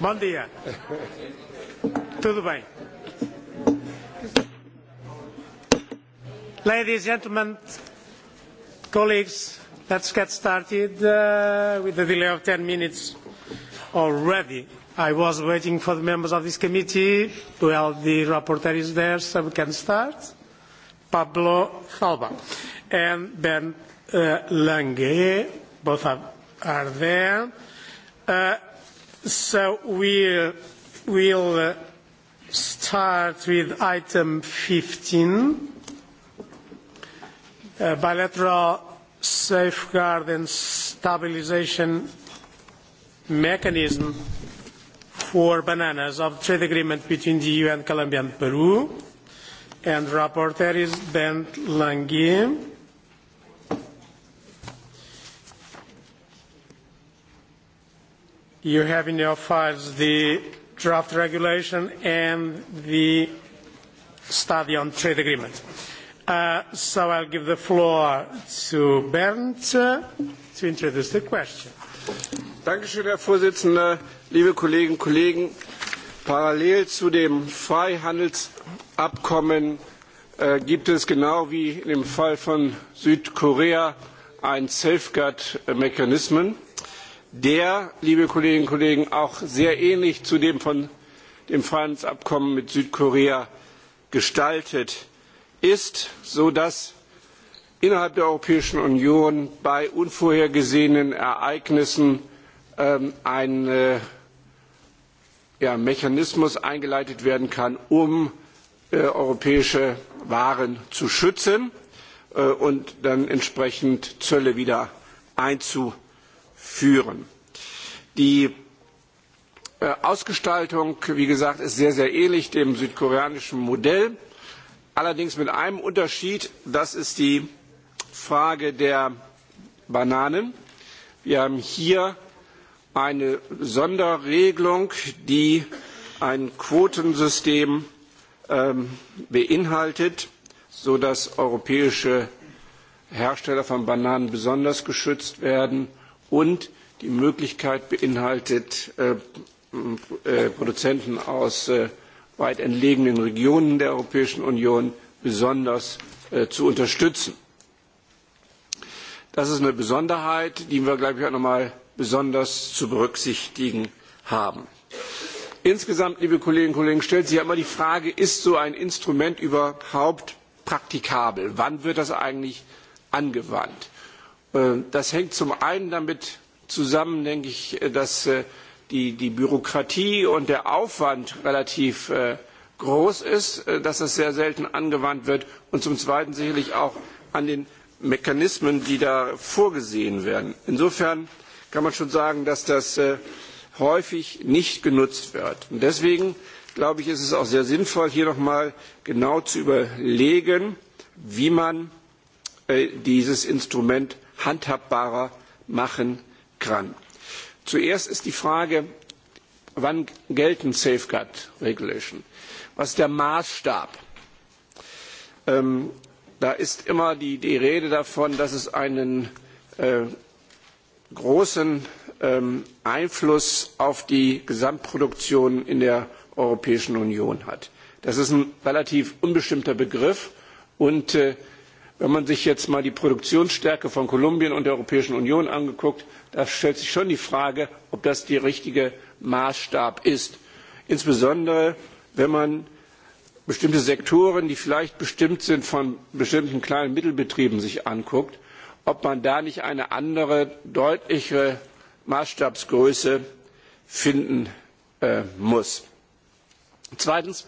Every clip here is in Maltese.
Bom dia. Tudo bem. Ladies and gentlemen, colleagues, let's get started uh, with the delay of 10 minutes already. I was waiting for the members of this committee. Well, the rapporteur is there, so we can start. Pablo Salva and Ben uh, Lange, both are, are there. Uh, So we uh, will uh, start with item 15, uh, bilateral safeguard and stabilization mechanism for bananas of trade agreement between the EU and Colombia and Peru. And rapporteur is Ben Langier. You have in your files the draft regulation and the study on trade agreement. Uh, so I'll give the floor to Bernd uh, to introduce the question. Dankeschön, Herr Vorsitzender, liebe Kolleginnen und Kollegen. Parallel zu dem Freihandelsabkommen äh, gibt es genau wie im Fall von Südkorea ein Safeguard-Mechanismus der, liebe Kolleginnen und Kollegen, auch sehr ähnlich zu dem von dem Freihandelsabkommen mit Südkorea gestaltet ist, sodass innerhalb der Europäischen Union bei unvorhergesehenen Ereignissen ähm, ein äh, ja, Mechanismus eingeleitet werden kann, um äh, europäische Waren zu schützen äh, und dann entsprechend Zölle wieder einzuführen führen. Die äh, Ausgestaltung, wie gesagt, ist sehr, sehr ähnlich dem südkoreanischen Modell, allerdings mit einem Unterschied, das ist die Frage der Bananen. Wir haben hier eine Sonderregelung, die ein Quotensystem ähm, beinhaltet, sodass europäische Hersteller von Bananen besonders geschützt werden und die Möglichkeit beinhaltet, äh, äh, Produzenten aus äh, weit entlegenen Regionen der Europäischen Union besonders zu unterstützen. Das ist eine Besonderheit, die wir, glaube ich, auch noch einmal besonders zu berücksichtigen haben. Insgesamt, liebe Kolleginnen und Kollegen, stellt sich ja immer die Frage, ist so ein Instrument überhaupt praktikabel? Wann wird das eigentlich angewandt? Äh, das hängt zum einen damit zusammen, denke ich, äh, dass äh, die, die Bürokratie und der Aufwand relativ groß ist, dass das sehr selten angewandt wird und zum Zweiten sicherlich auch an den Mechanismen, die da vorgesehen werden. Insofern kann man schon sagen, dass das häufig nicht genutzt wird. Und deswegen glaube ich, ist es auch sehr sinnvoll, hier noch nochmal genau zu überlegen, wie man dieses Instrument handhabbarer machen kann. Zuerst ist die Frage, wann gelten Safeguard Regulation? Was ist der Maßstab? Ähm, da ist immer die, die, Rede davon, dass es einen äh, großen ähm, Einfluss auf die Gesamtproduktion in der Europäischen Union hat. Das ist ein relativ unbestimmter Begriff und äh, Wenn man sich jetzt mal die Produktionsstärke von Kolumbien und der Europäischen Union angeguckt, da stellt sich schon die Frage, ob das der richtige Maßstab ist. Insbesondere, wenn man bestimmte Sektoren, die vielleicht bestimmt sind von bestimmten kleinen Mittelbetrieben, sich anguckt, ob man da nicht eine andere, deutlichere Maßstabsgröße finden äh, muss. Zweitens,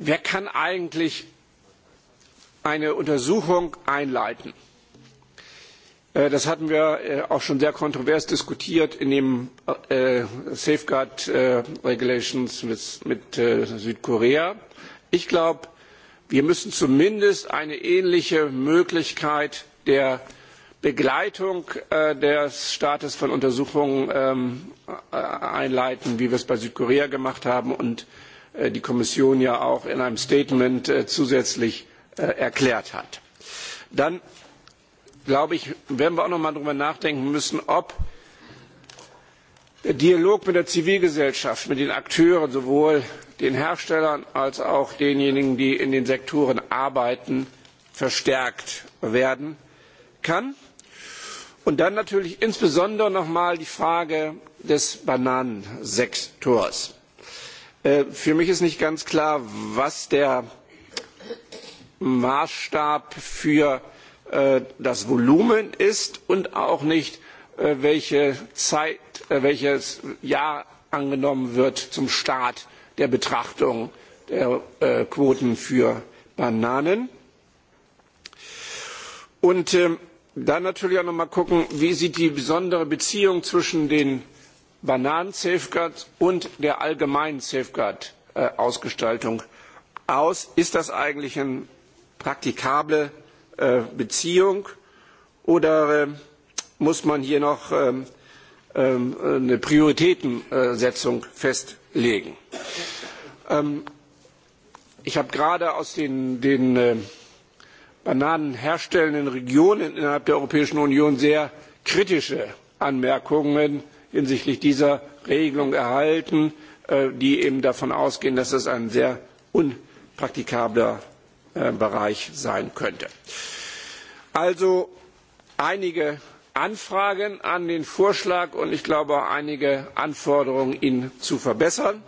wer kann eigentlich eine Untersuchung einleiten. Äh, das hatten wir äh, auch schon sehr kontrovers diskutiert in dem äh, Safeguard Regulations mit, Südkorea. Ich glaube, wir müssen zumindest eine ähnliche Möglichkeit der Begleitung des Staates von Untersuchungen ähm, einleiten, wie wir es bei Südkorea gemacht haben und die Kommission ja auch in einem Statement zusätzlich Äh, erklärt hat. Dann glaube ich, werden wir auch noch mal darüber nachdenken müssen, ob der Dialog mit der Zivilgesellschaft, mit den Akteuren, sowohl den Herstellern als auch denjenigen, die in den Sektoren arbeiten, verstärkt werden kann. Und dann natürlich insbesondere noch mal die Frage des Bananensektors. Äh, für mich ist nicht ganz klar, was der Maßstab für äh, das Volumen ist und auch nicht, äh, welche Zeit, äh, welches Jahr angenommen wird zum Start der Betrachtung der äh, Quoten für Bananen. Und ähm, dann natürlich auch noch gucken, wie sieht die besondere Beziehung zwischen den Bananen-Safeguards und der allgemeinen Safeguard-Ausgestaltung äh, aus? Ist das eigentlich ein praktikable äh, Beziehung oder äh, muss man hier noch ähm, ähm, eine Prioritätensetzung festlegen? Ähm, ich habe gerade aus den, den äh, bananenherstellenden Regionen innerhalb der Europäischen Union sehr kritische Anmerkungen hinsichtlich dieser Regelung erhalten, äh, die eben davon ausgehen, dass das ein sehr unpraktikabler Äh, Bereich sein könnte. Also einige Anfragen an den Vorschlag und ich glaube einige Anforderungen, ihn zu verbessern.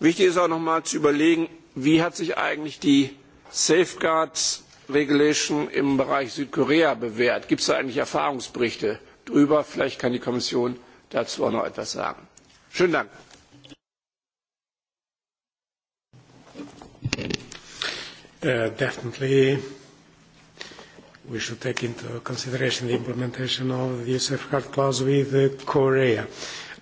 Wichtig ist auch noch mal zu überlegen, wie hat sich eigentlich die Safeguards Regulation im Bereich Südkorea bewährt? Gibt es da eigentlich Erfahrungsberichte darüber? Vielleicht kann die Kommission dazu auch noch etwas sagen. Schönen Dank. Uh, definitely, we should take into consideration the implementation of the safeguard clause with uh, Korea.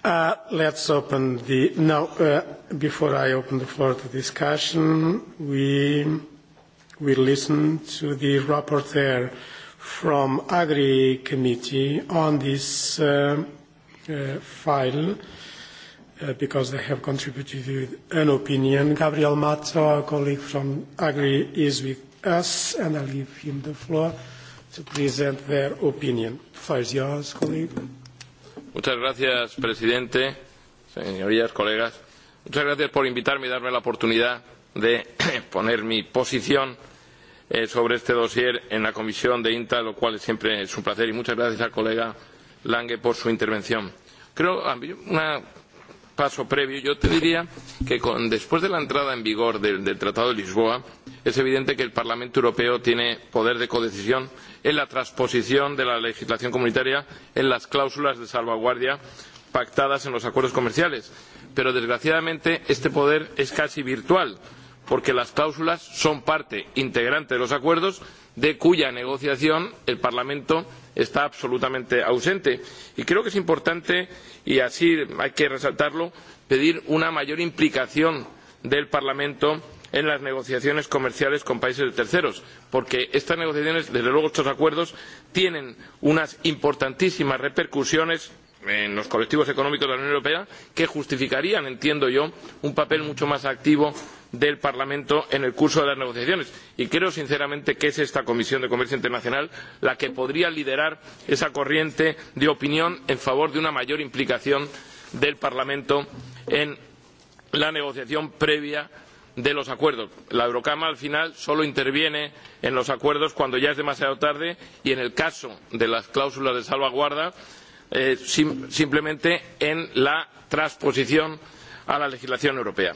Uh, let's open the... Now, uh, before I open the floor to discussion, we will listen to the rapporteur from Agri Committee on this uh, uh, file, Uh, because they have contributed with an opinion. Gabriel Mato, our colleague from Agri, is with us, and I'll give him the floor to present their opinion. The floor is yours, colleague. Muchas gracias, presidente, señorías, colegas. Muchas gracias por invitarme y darme la oportunidad de poner mi posición eh, sobre este dossier en la comisión de INTA, lo cual siempre es un placer, y muchas gracias al colega Lange por su intervención. Creo una paso previo, yo te diría que con, después de la entrada en vigor del, del Tratado de Lisboa, es evidente que el Parlamento Europeo tiene poder de codecisión en la transposición de la legislación comunitaria en las cláusulas de salvaguardia pactadas en los acuerdos comerciales. Pero, desgraciadamente, este poder es casi virtual, porque las cláusulas son parte integrante de los acuerdos de cuya negociación el Parlamento está absolutamente ausente. Y creo que es importante, y así hay que resaltarlo, pedir una mayor implicación del Parlamento en las negociaciones comerciales con países de terceros, porque estas negociaciones, desde luego estos acuerdos, tienen unas importantísimas repercusiones en los colectivos económicos de la Unión Europea que justificarían, entiendo yo, un papel mucho más activo del Parlamento en el curso de las negociaciones. Y creo sinceramente que es esta Comisión de Comercio Internacional la que podría liderar esa corriente de opinión en favor de una mayor implicación del Parlamento en la negociación previa de los acuerdos. La Eurocama al final solo interviene en los acuerdos cuando ya es demasiado tarde y en el caso de las cláusulas de salvaguarda eh, sim simplemente en la transposición a la legislación europea.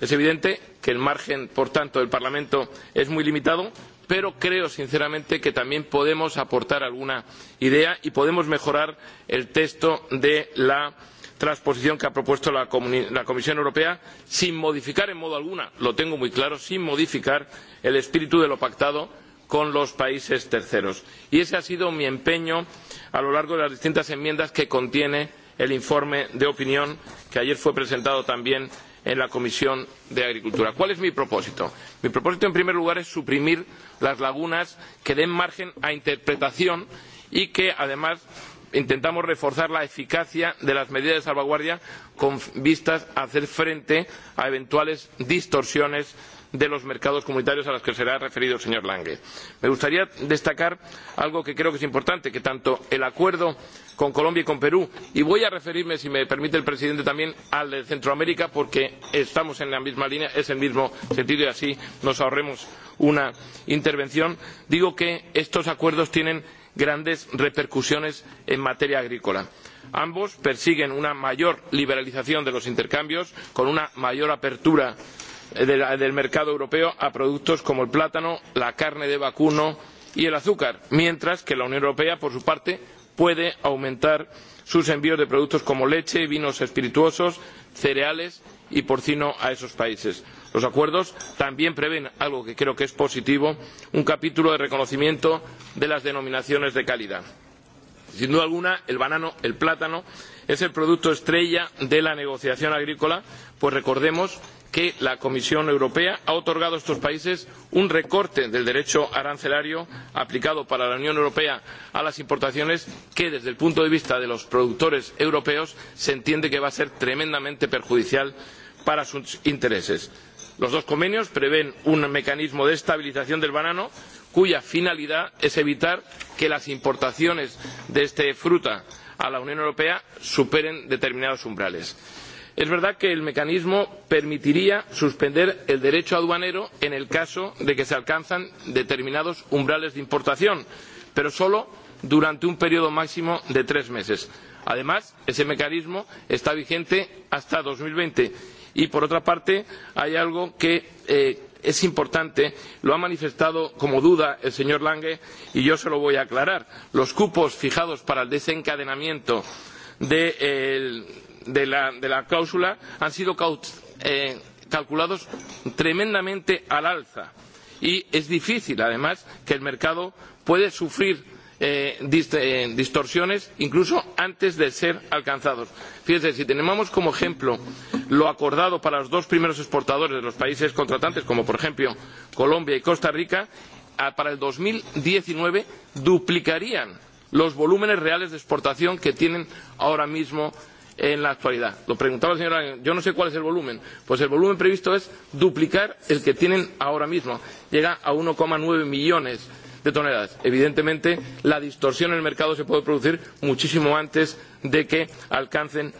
Es evidente que el margen, por tanto, del Parlamento es muy limitado, pero creo sinceramente que también podemos aportar alguna idea y podemos mejorar el texto de la transposición que ha propuesto la, la, Comisión Europea sin modificar en modo alguna, lo tengo muy claro, sin modificar el espíritu de lo pactado con los países terceros. Y ese ha sido mi empeño a lo largo de las distintas enmiendas que contiene el informe de opinión que ayer fue presentado también en la Comisión de Agricultura. ¿Cuál es mi propósito? Mi propósito, en primer lugar, es suprimir las lagunas que den margen a interpretación y que, además, intentamos reforzar la eficacia de las medidas de salvaguardia con vistas a hacer frente a eventuales distorsiones de los mercados comunitarios a los que será referido el señor Lange. Me gustaría destacar algo que creo que es importante, que tanto el acuerdo con Colombia y con Perú, y voy a referirme, si me permite el presidente, también al de Centroamérica, porque estamos en la misma línea, es el mismo sentido y así nos ahorremos una intervención. Digo que estos acuerdos tienen grandes repercusiones en materia agrícola. Ambos persiguen una mayor liberalización de los intercambios, con una mayor apertura Eh, del, eh, del mercado europeo a productos como el plátano, la carne de vacuno y el azúcar, mientras que la Unión Europea, por su parte, puede aumentar sus envíos de productos como leche, vinos espirituosos, cereales y porcino a esos países. Los acuerdos también prevén algo que creo que es positivo un capítulo de reconocimiento de las denominaciones de calidad. Sin duda alguna, el banano, el plátano, es el producto estrella de la negociación agrícola, pues recordemos que la Comisión Europea ha otorgado a estos países un recorte del derecho arancelario aplicado para la Unión Europea a las importaciones que desde el punto de vista de los productores europeos se entiende que va a ser tremendamente perjudicial para sus intereses. Los dos convenios prevén un mecanismo de estabilización del banano cuya finalidad es evitar que las importaciones de esta fruta a la Unión Europea superen determinados umbrales. Es verdad que el mecanismo permitiría suspender el derecho aduanero en el caso de que se alcanzan determinados umbrales de importación, pero solo durante un periodo máximo de tres meses. Además, ese mecanismo está vigente hasta dos mil veinte. Y, por otra parte, hay algo que eh, es importante, lo ha manifestado como duda el señor Lange y yo se lo voy a aclarar. Los cupos fijados para el desencadenamiento del de, de la, de la cláusula han sido eh, calculados tremendamente al alza y es difícil además que el mercado puede sufrir eh, dist eh, distorsiones incluso antes de ser alcanzados. Fíjense, si tenemos como ejemplo lo acordado para los dos primeros exportadores de los países contratantes, como por ejemplo Colombia y Costa Rica, para el dos mil diecinueve duplicarían los volúmenes reales de exportación que tienen ahora mismo en la actualidad. Lo preguntaba señor señora, yo no sé cuál es el volumen. Pues el volumen previsto es duplicar el que tienen ahora mismo. Llega a uno nueve millones de toneladas. Evidentemente, la distorsión en el mercado se puede producir muchísimo antes de que alcancen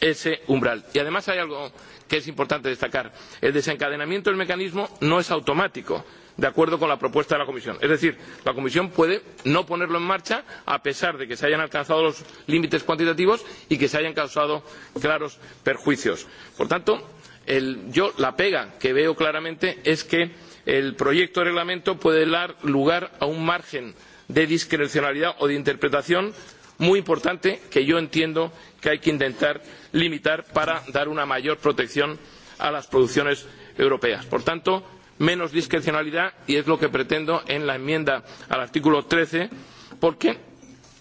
ese umbral. Y además hay algo que es importante destacar. El desencadenamiento del mecanismo no es automático de acuerdo con la propuesta de la Comisión. Es decir, la Comisión puede no ponerlo en marcha a pesar de que se hayan alcanzado los límites cuantitativos y que se hayan causado claros perjuicios. Por tanto, el, yo la pega que veo claramente es que el proyecto de reglamento puede dar lugar a un margen de discrecionalidad o de interpretación muy importante que yo entiendo que hay que intentar limitar para dar una mayor protección a las producciones europeas. Por tanto, menos discrecionalidad y es lo que pretendo en la enmienda al artículo trece porque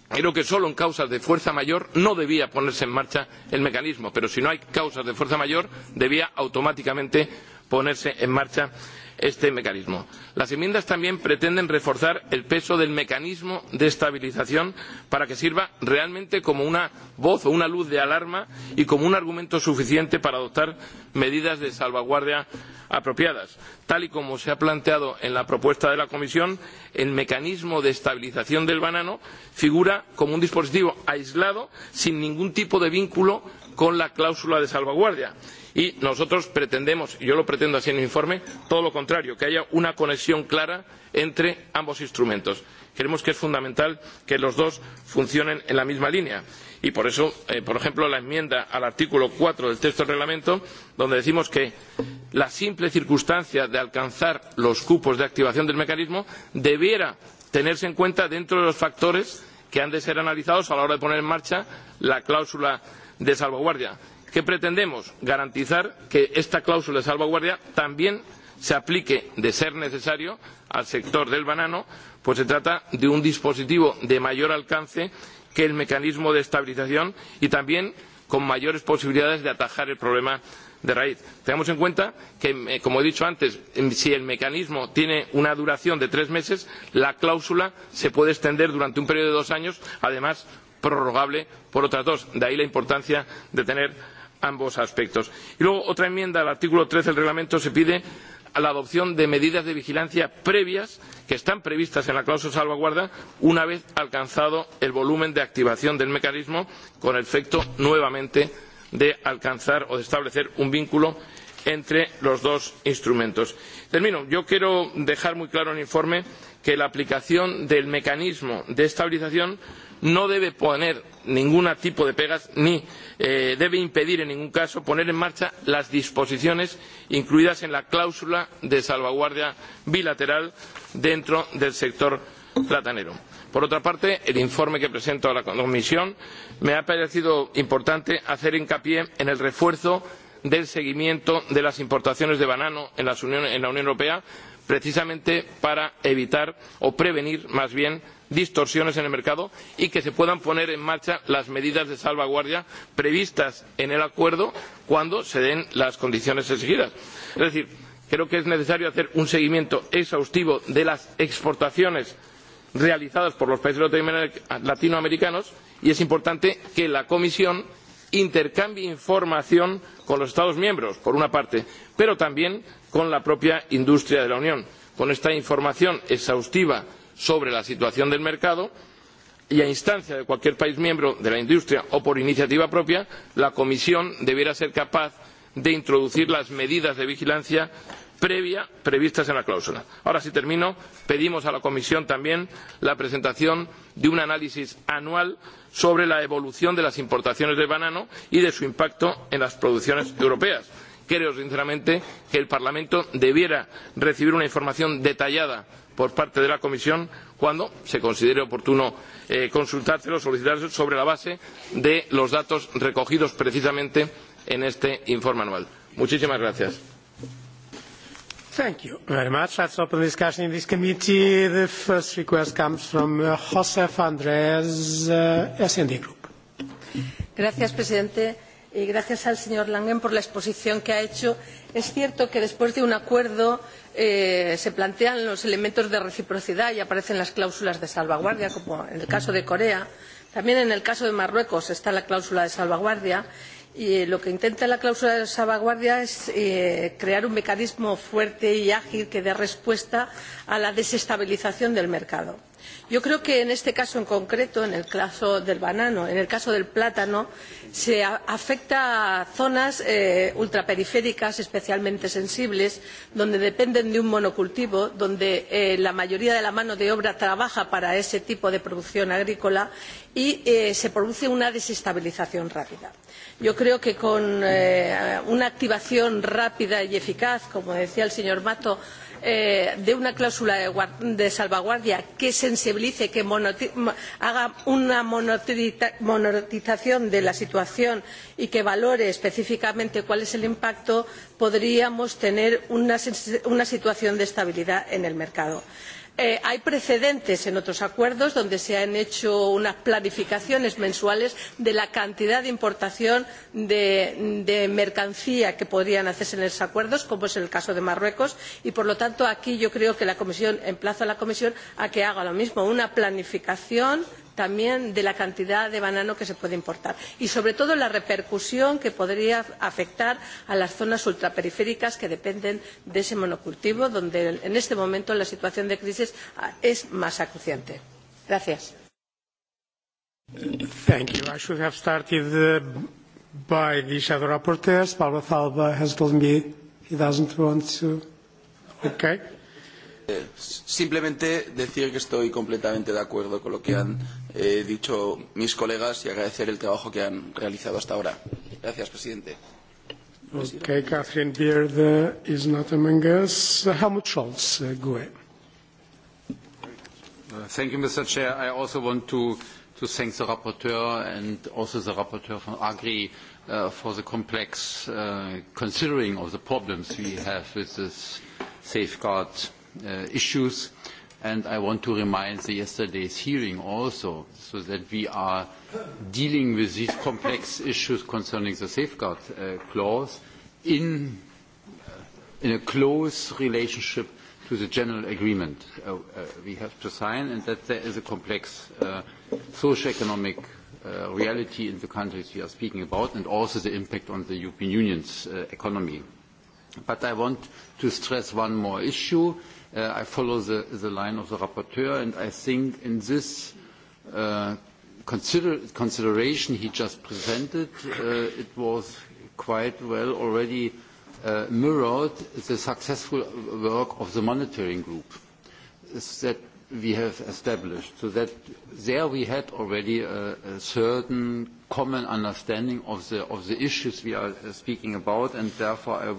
Creo que solo en causas de fuerza mayor no debía ponerse en marcha el mecanismo, pero si no hay causas de fuerza mayor, debía automáticamente ponerse en marcha este mecanismo. Las enmiendas también pretenden reforzar el peso del mecanismo de estabilización para que sirva realmente como una voz o una luz de alarma y como un argumento suficiente para adoptar medidas de salvaguardia apropiadas. Tal y como se ha planteado en la propuesta de la Comisión, el mecanismo de estabilización del banano figura como un dispositivo aislado sin ningún tipo de vínculo con la cláusula de salvaguardia Y nosotros pretendemos, yo lo pretendo así en mi informe, todo lo contrario, que haya una conexión clara entre ambos instrumentos. Creemos que es fundamental que los dos funcionen en la misma línea. Y por eso, eh, por ejemplo, la enmienda al artículo cuatro del texto del reglamento, donde decimos que la simple circunstancia de alcanzar los cupos de activación del mecanismo debiera tenerse en cuenta dentro de los factores que han de ser analizados a la hora de poner en marcha la cláusula de salvaguardia que pretendemos garantizar que esta cláusula de salvaguardia también se aplique, de ser necesario, al sector del banano, pues se trata de un dispositivo de mayor alcance que el mecanismo de estabilización y también con mayores posibilidades de atajar el problema de raíz. Tengamos en cuenta que, eh, como he dicho antes, si el mecanismo tiene una duración de tres meses, la cláusula se puede extender durante un periodo de dos años, además prorrogable por otras dos. De ahí la importancia de tener ambos aspectos. Y luego, otra enmienda al artículo trece del reglamento se pide la adopción de medidas de vigilancia previas que están previstas en la cláusula de salvaguarda una vez alcanzado el volumen de activación del mecanismo con el efecto nuevamente de alcanzar o de establecer un vínculo entre los dos instrumentos. Termino. Yo quiero dejar muy claro en el informe que la aplicación del mecanismo de estabilización no debe poner ningún tipo de pegas ni eh, debe impedir en ningún caso poner en marcha las disposiciones incluidas en la cláusula de salvaguardia bilateral dentro del sector platanero. Por otra parte, el informe que presento a la Comisión me ha parecido importante hacer hincapié en el refuerzo del seguimiento de las importaciones de banano en, Unión, en la Unión Europea, precisamente para evitar o prevenir más bien distorsiones en el mercado y que se puedan poner en marcha las medidas de salvaguardia previstas en el acuerdo cuando se den las condiciones exigidas. Es decir, creo que es necesario hacer un seguimiento exhaustivo de las exportaciones realizadas por los países latinoamericanos y es importante que la Comisión intercambie información con los Estados miembros, por una parte, pero también con la propia industria de la Unión. Con esta información exhaustiva sobre la situación del mercado y a instancia de cualquier país miembro de la industria o por iniciativa propia, la Comisión debiera ser capaz de introducir las medidas de vigilancia previa previstas en la cláusula. Ahora sí termino. Pedimos a la Comisión también la presentación de un análisis anual sobre la evolución de las importaciones de banano y de su impacto en las producciones europeas. Creo sinceramente que el Parlamento debiera recibir una información detallada por parte de la Comisión cuando se considere oportuno eh, consultárselo, solicitárselo sobre la base de los datos recogidos precisamente en este informe anual. Muchísimas gracias. Thank you very much. Let's open discussion in this committee. The first request comes from uh, Josef uh, S&D Group. Gracias, presidente. Y gracias al señor Langen por la exposición que ha hecho. Es cierto que después de un acuerdo eh, se plantean los elementos de reciprocidad y aparecen las cláusulas de salvaguardia, como en el caso de Corea. También en el caso de Marruecos está la cláusula de salvaguardia. Y lo que intenta la cláusula de salvaguardia es eh, crear un mecanismo fuerte y ágil que dé respuesta a la desestabilización del mercado. Yo creo que en este caso en concreto, en el caso del banano, en el caso del plátano, se afecta a zonas eh, ultraperiféricas especialmente sensibles, donde dependen de un monocultivo, donde eh, la mayoría de la mano de obra trabaja para ese tipo de producción agrícola y eh, se produce una desestabilización rápida. Yo creo que con eh, una activación rápida y eficaz, como decía el señor Mato, eh, de una cláusula de, de salvaguardia que sensibilice, que haga una monotización de la situación y que valore específicamente cuál es el impacto, podríamos tener una, una situación de estabilidad en el mercado. Eh, hay precedentes en otros acuerdos donde se han hecho unas planificaciones mensuales de la cantidad de importación de, de mercancía que podrían hacerse en esos acuerdos, como es el caso de Marruecos, y por lo tanto aquí yo creo que la Comisión emplazo a la Comisión a que haga lo mismo, una planificación también de la cantidad de banano que se puede importar y sobre todo la repercusión que podría afectar a las zonas ultraperiféricas que dependen de ese monocultivo donde en este momento la situación de crisis es más acuciante. Gracias. Thank you. I should have started uh, by the shadow rapporteurs. Pablo Salva has told me he doesn't want to. Okay. Eh, simplemente decir que estoy completamente de acuerdo con lo que han eh, dicho mis colegas y agradecer el trabajo que han realizado hasta ahora. Gracias, presidente. Okay, Catherine Beard uh, is not among us. Uh, Helmut Scholz, uh, go ahead. Uh, thank you, Mr. Chair. I also want to, to thank the rapporteur and also the rapporteur from Agri uh, for the complex uh, considering of the problems we have with this safeguard uh, issues. And I want to remind the yesterday's hearing also, so that we are dealing with these complex issues concerning the safeguard uh, clause in, uh, in a close relationship to the general agreement uh, uh, we have to sign and that there is a complex uh, socio-economic uh, reality in the countries we are speaking about and also the impact on the European Union's uh, economy. But I want to stress one more issue Uh, I follow the, the line of the rapporteur, and I think in this uh, consider consideration he just presented, uh, it was quite well already uh, mirrored the successful work of the monitoring group that we have established. So that there we had already a, a certain common understanding of the, of the issues we are uh, speaking about, and therefore I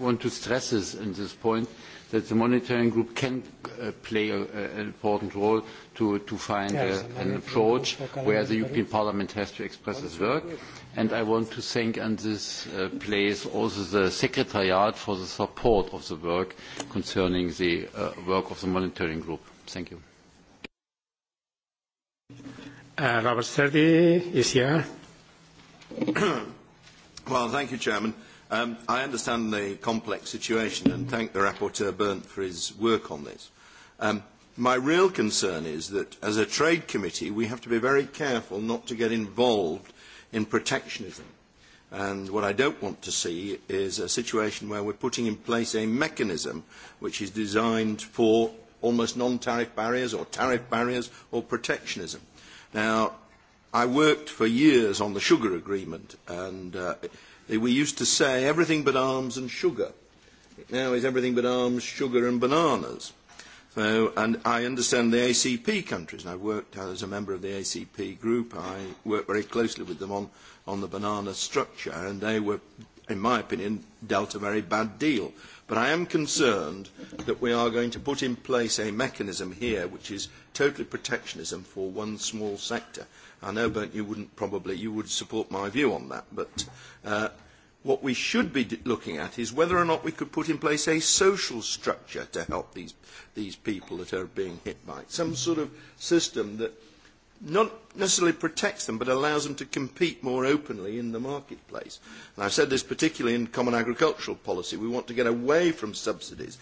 want to stress this in this point that the monitoring group can uh, play a, an important role to, to find a, an approach where the European Parliament has to express its work. And I want to thank in this uh, place also the Secretariat for the support of the work concerning the uh, work of the monitoring group. Thank you. Uh, Robert Sturdy is here. well, thank you, Chairman. Um, I understand the complex situation and thank the Rapporteur Bernd for his work on this. Um, my real concern is that as a trade committee we have to be very careful not to get involved in protectionism. And what I don't want to see is a situation where we're putting in place a mechanism which is designed for almost non-tariff barriers or tariff barriers or protectionism. Now, I worked for years on the sugar agreement and uh, We used to say everything but arms and sugar. It now is everything but arms, sugar and bananas. So, and I understand the ACP countries, and I've worked as a member of the ACP group, I worked very closely with them on, on the banana structure, and they were, in my opinion, dealt a very bad deal. But I am concerned that we are going to put in place a mechanism here which is totally protectionism for one small sector. I know, Bernd, you wouldn't probably, you would support my view on that, but uh, what we should be looking at is whether or not we could put in place a social structure to help these, these people that are being hit by it. Some sort of system that not necessarily protects them but allows them to compete more openly in the marketplace. And I've said this particularly in common agricultural policy. We want to get away from subsidies,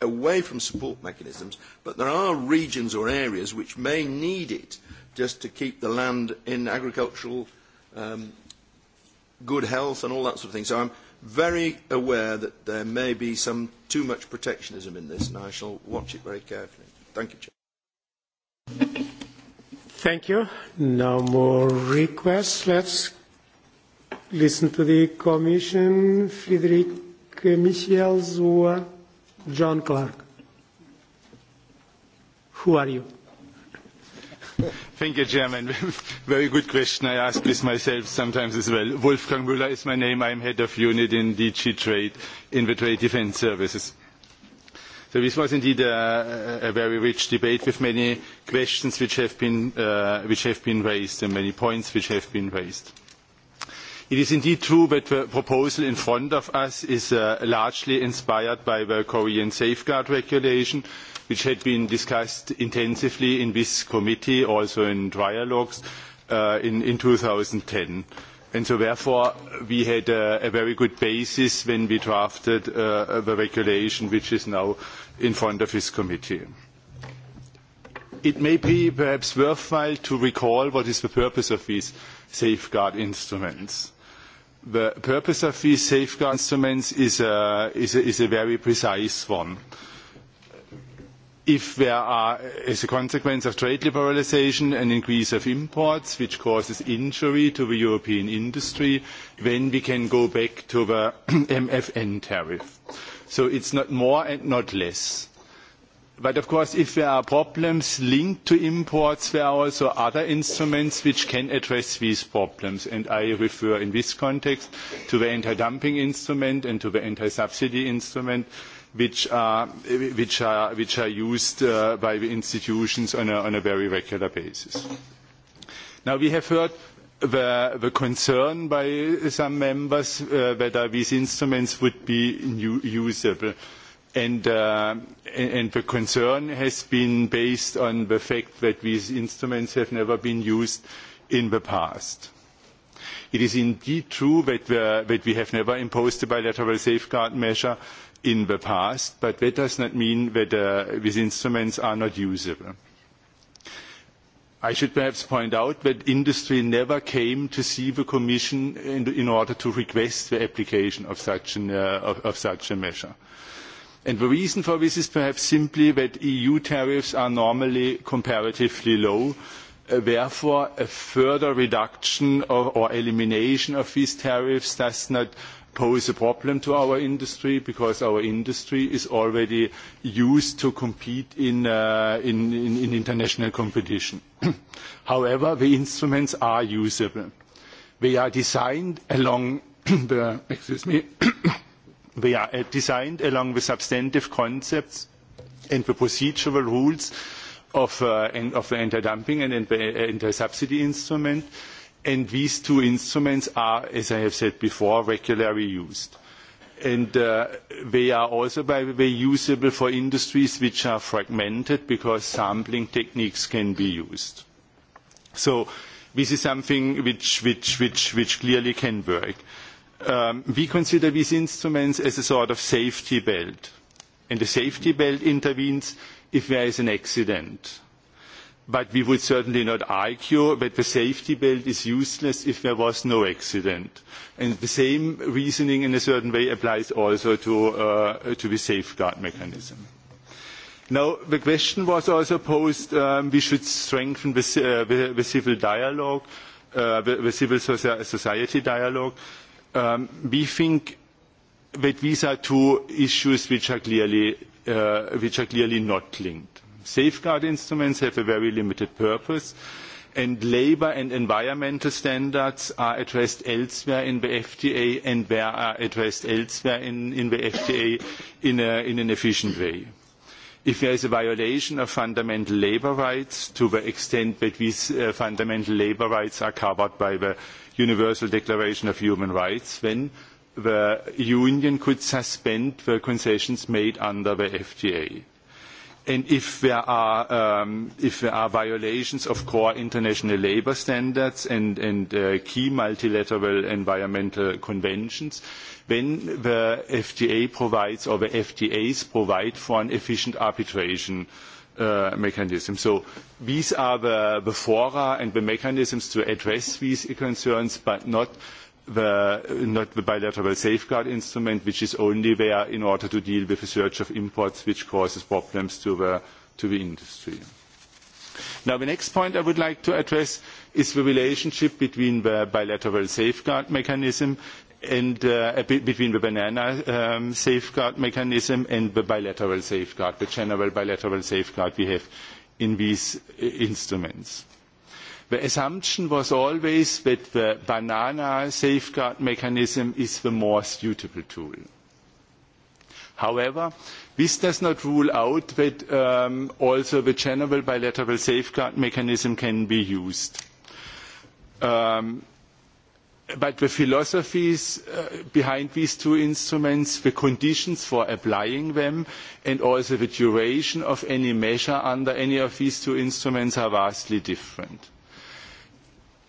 away from support mechanisms, but there are regions or areas which may need it just to keep the land in agricultural um, good health and all that sort of thing. So I'm very aware that there may be some too much protectionism in this, and I shall watch it very carefully. Thank you, Chair. Thank you. No more requests. Let's listen to the Commission. Friedrich Michels or John Clark. Who are you? Thank you, Chairman. Very good question. I ask this myself sometimes as well. Wolfgang Müller is my name. I am head of unit in DG Trade in the Trade Defence Services. So this was indeed a, a very rich debate with many questions which have, been, uh, which have been raised and many points which have been raised. It is indeed true that the proposal in front of us is uh, largely inspired by the Korean safeguard regulation which had been discussed intensively in this committee, also in trialogues uh, in, in 2010. And so therefore, we had a, a very good basis when we drafted uh, the regulation, which is now in front of this committee. It may be perhaps worthwhile to recall what is the purpose of these safeguard instruments. The purpose of these safeguard instruments is a, is a, is a very precise one if there are, as uh, a consequence of trade liberalisation, an increase of imports, which causes injury to the European industry, then we can go back to the MFN tariff. So it's not more and not less. But of course, if there are problems linked to imports, there are also other instruments which can address these problems. And I refer in this context to the anti-dumping instrument and to the anti-subsidy instrument, which are, which are, which are used uh, by the institutions on a, on a very regular basis. Now we have heard the, the concern by some members uh, whether these instruments would be new, usable. And, uh, and the concern has been based on the fact that these instruments have never been used in the past. It is indeed true that, the, that we have never imposed a bilateral safeguard measure in the past, but that does not mean that uh, these instruments are not usable. I should perhaps point out that industry never came to see the Commission in, in order to request the application of such, an, uh, of, of such a measure. And the reason for this is perhaps simply that EU tariffs are normally comparatively low, uh, therefore a further reduction or, or elimination of these tariffs does not pose a problem to our industry because our industry is already used to compete in, uh, in, in, in international competition. However, the instruments are usable. They are designed along the, excuse me, they are uh, designed along the substantive concepts and the procedural rules of, uh, and of the anti-dumping and, and the anti-subsidy instrument And these two instruments are, as I have said before, regularly used. And uh, they are also, by the way, usable for industries which are fragmented because sampling techniques can be used. So this is something which, which, which, which clearly can work. Um, we consider these instruments as a sort of safety belt. And the safety belt intervenes if there is an accident but we would certainly not argue that the safety belt is useless if there was no accident. And the same reasoning in a certain way applies also to, uh, to the safeguard mechanism. Now, the question was also posed, um, we should strengthen the, uh, the, the civil dialogue, uh, the, the civil society dialogue. Um, we think that these are two issues which are clearly, uh, which are clearly not linked safeguard instruments have a very limited purpose and labour and environmental standards are addressed elsewhere in the FTA and they are addressed elsewhere in, in the FTA in, a, in an efficient way. If there is a violation of fundamental labour rights to the extent that these uh, fundamental labour rights are covered by the Universal Declaration of Human Rights, then the Union could suspend the concessions made under the FTA. And if there are, um, if there are violations of core international labour standards and, and uh, key multilateral environmental conventions, then the FTA provides or the FTAs provide for an efficient arbitration uh, mechanism. So these are the, the fora and the mechanisms to address these concerns, but not the, not the bilateral safeguard instrument, which is only there in order to deal with the surge of imports, which causes problems to the, to the industry. Now, the next point I would like to address is the relationship between the bilateral safeguard mechanism and uh, between the banana um, safeguard mechanism and the bilateral safeguard, the general bilateral safeguard we have in these uh, instruments. The assumption was always that the banana safeguard mechanism is the more suitable tool. However, this does not rule out that um, also the general bilateral safeguard mechanism can be used. Um, but the philosophies uh, behind these two instruments, the conditions for applying them, and also the duration of any measure under any of these two instruments are vastly different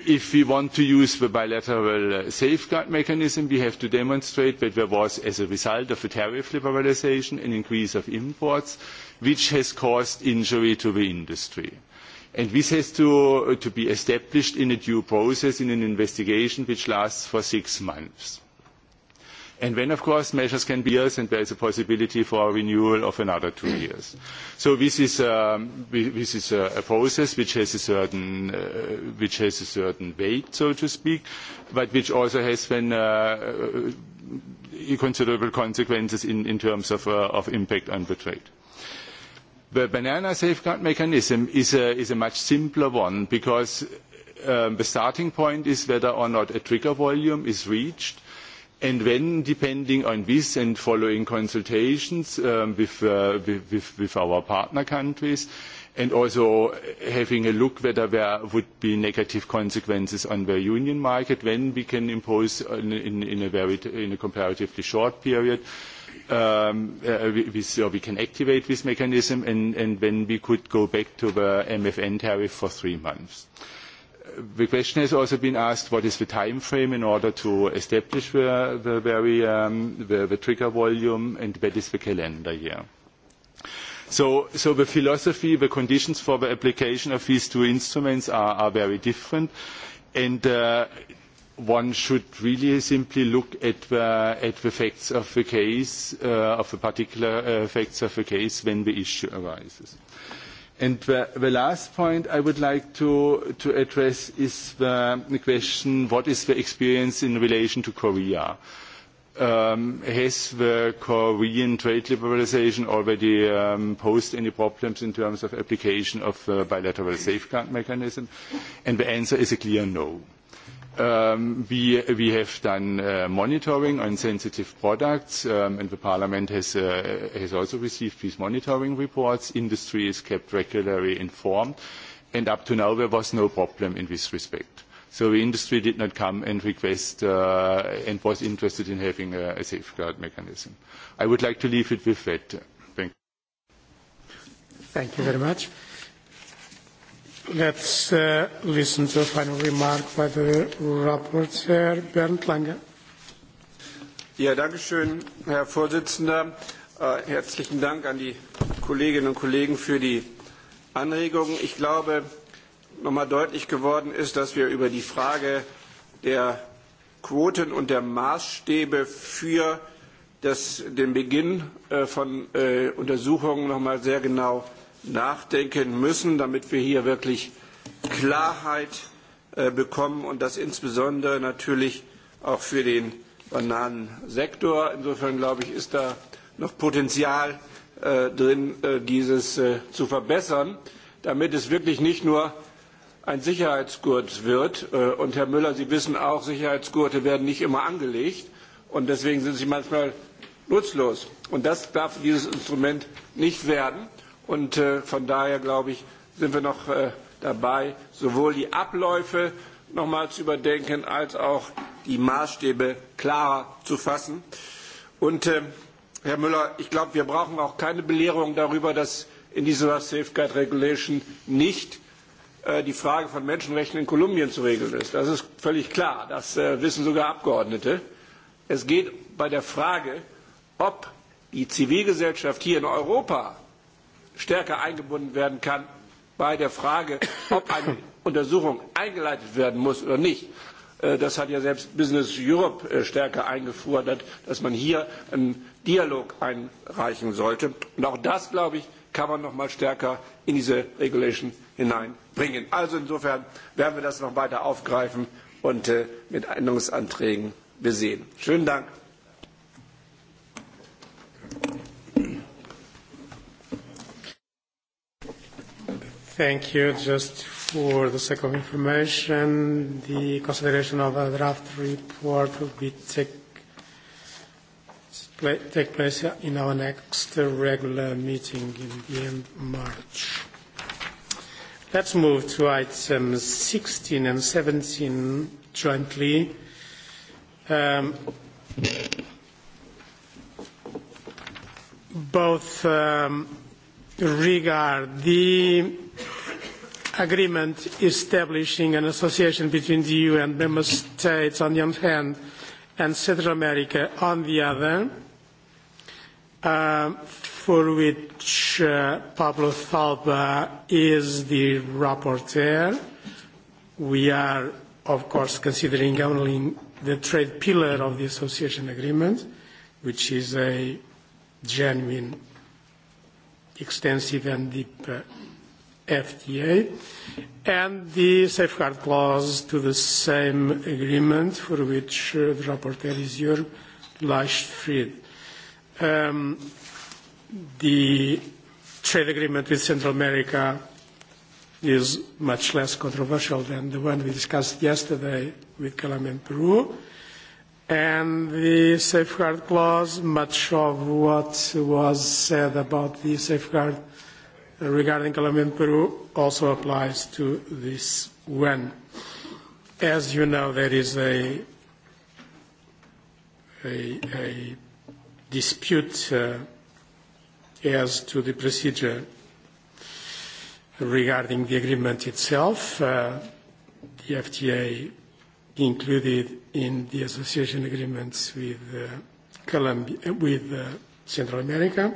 if we want to use the bilateral uh, safeguard mechanism, we have to demonstrate that there was, as a result of the tariff liberalisation, an increase of imports, which has caused injury to the industry. And this has to, uh, to be established in a due process, in an investigation which lasts for six months. And then, of course, measures can be years, and there is a possibility for a renewal of another two mm. years. So this is, um, this is a, a process which has a, certain, uh, which has a certain weight, so to speak, but which also has been uh, uh considerable consequences in, in terms of, uh, of impact on the trade. The banana safeguard mechanism is a, is a much simpler one because um, the starting point is whether or not a trigger volume is reached – And when, depending on this and following consultations um, with, uh, with, with our partner countries, and also having a look whether there would be negative consequences on the union market, when we can impose in, in, in, a, very, in a comparatively short period, um, uh, we, we, so we can activate this mechanism, and, and when we could go back to the MFN tariff for three months. Uh, the question has also been asked, what is the time frame in order to establish the, the, very, um, the, the trigger volume, and that is the calendar year. So, so the philosophy, the conditions for the application of these two instruments are, are very different, and uh, one should really simply look at the, at the facts of the case, uh, of the particular uh, facts of the case when the issue arises. Uh, And the, last point I would like to, address is the, question, what is the experience in relation to Korea? Um, has the Korean trade liberalization already um, posed any problems in terms of application of the bilateral safeguard mechanism? And the answer is a clear no. Um, ähm, we, we have done uh, äh, monitoring on sensitive products, um, ähm, and the parliament has, uh, has also received these monitoring reports. Industry is kept regularly informed, and up to now, there was no problem in this respect. So the industry did not come and request uh, and was interested in having a, a safeguard mechanism. I would like to leave it with that. Thank you. Thank you very much. Let's uh, listen to a final remark by the rapporteur, Bernd Lange. Ja, danke schön, Herr Vorsitzender. Uh, herzlichen Dank an die Kolleginnen und Kollegen für die Anregungen. Ich glaube, nochmal deutlich geworden ist, dass wir über die Frage der Quoten und der Maßstäbe für das, den Beginn äh, von äh, Untersuchungen nochmal sehr genau nachdenken müssen, damit wir hier wirklich Klarheit äh, bekommen und das insbesondere natürlich auch für den Bananensektor. Insofern glaube ich, ist da noch Potenzial äh, drin, dies äh, dieses zu verbessern, damit es wirklich nicht nur ein Sicherheitsgurt wird. und Herr Müller, Sie wissen auch, Sicherheitsgurte werden nicht immer angelegt und deswegen sind sie manchmal nutzlos. Und das darf dieses Instrument nicht werden. Und äh, von daher, glaube ich, sind wir noch äh, dabei, sowohl die Abläufe nochmal zu überdenken, als auch die Maßstäbe klarer zu fassen. Und äh, Herr Müller, ich glaube, wir brauchen auch keine Belehrung darüber, dass in dieser Safeguard Regulation nicht äh, die Frage von Menschenrechten in Kolumbien zu regeln ist. Das ist völlig klar. Das äh, wissen sogar Abgeordnete. Es geht bei der Frage, ob die Zivilgesellschaft hier in Europa stärker eingebunden werden kann bei der Frage, ob eine Untersuchung eingeleitet werden muss oder nicht. Äh, das hat ja selbst Business Europe äh, stärker eingefordert, dass man hier einen Dialog einreichen sollte. Und auch das, glaube ich, kann man noch mal stärker in diese Regulation hineinbringen. Also insofern werden wir das noch weiter aufgreifen und äh, mit Änderungsanträgen besehen. Schönen Dank. Thank you. Just for the sake of information, the consideration of a draft report will be take, take place in our next regular meeting in the end of March. Let's move to items 16 and 17 jointly. Um, both um, regard the agreement establishing an association between the EU and member states on the one hand and Central America on the other, uh, for which uh, Pablo Thalba is the rapporteur. We are, of course, considering only the trade pillar of the association agreement, which is a genuine, extensive and deep uh, FTA and the safeguard clause to the same agreement for which uh, the rapporteur is Jörg Leichtfried. Um, the trade agreement with Central America is much less controversial than the one we discussed yesterday with Calam and Peru. And the safeguard clause, much of what was said about the safeguard regarding Colombian Peru also applies to this one. As you know, there is a, a, a dispute uh, as to the procedure regarding the agreement itself. Uh, the FTA included in the association agreements with uh, Colombia, with uh, Central America.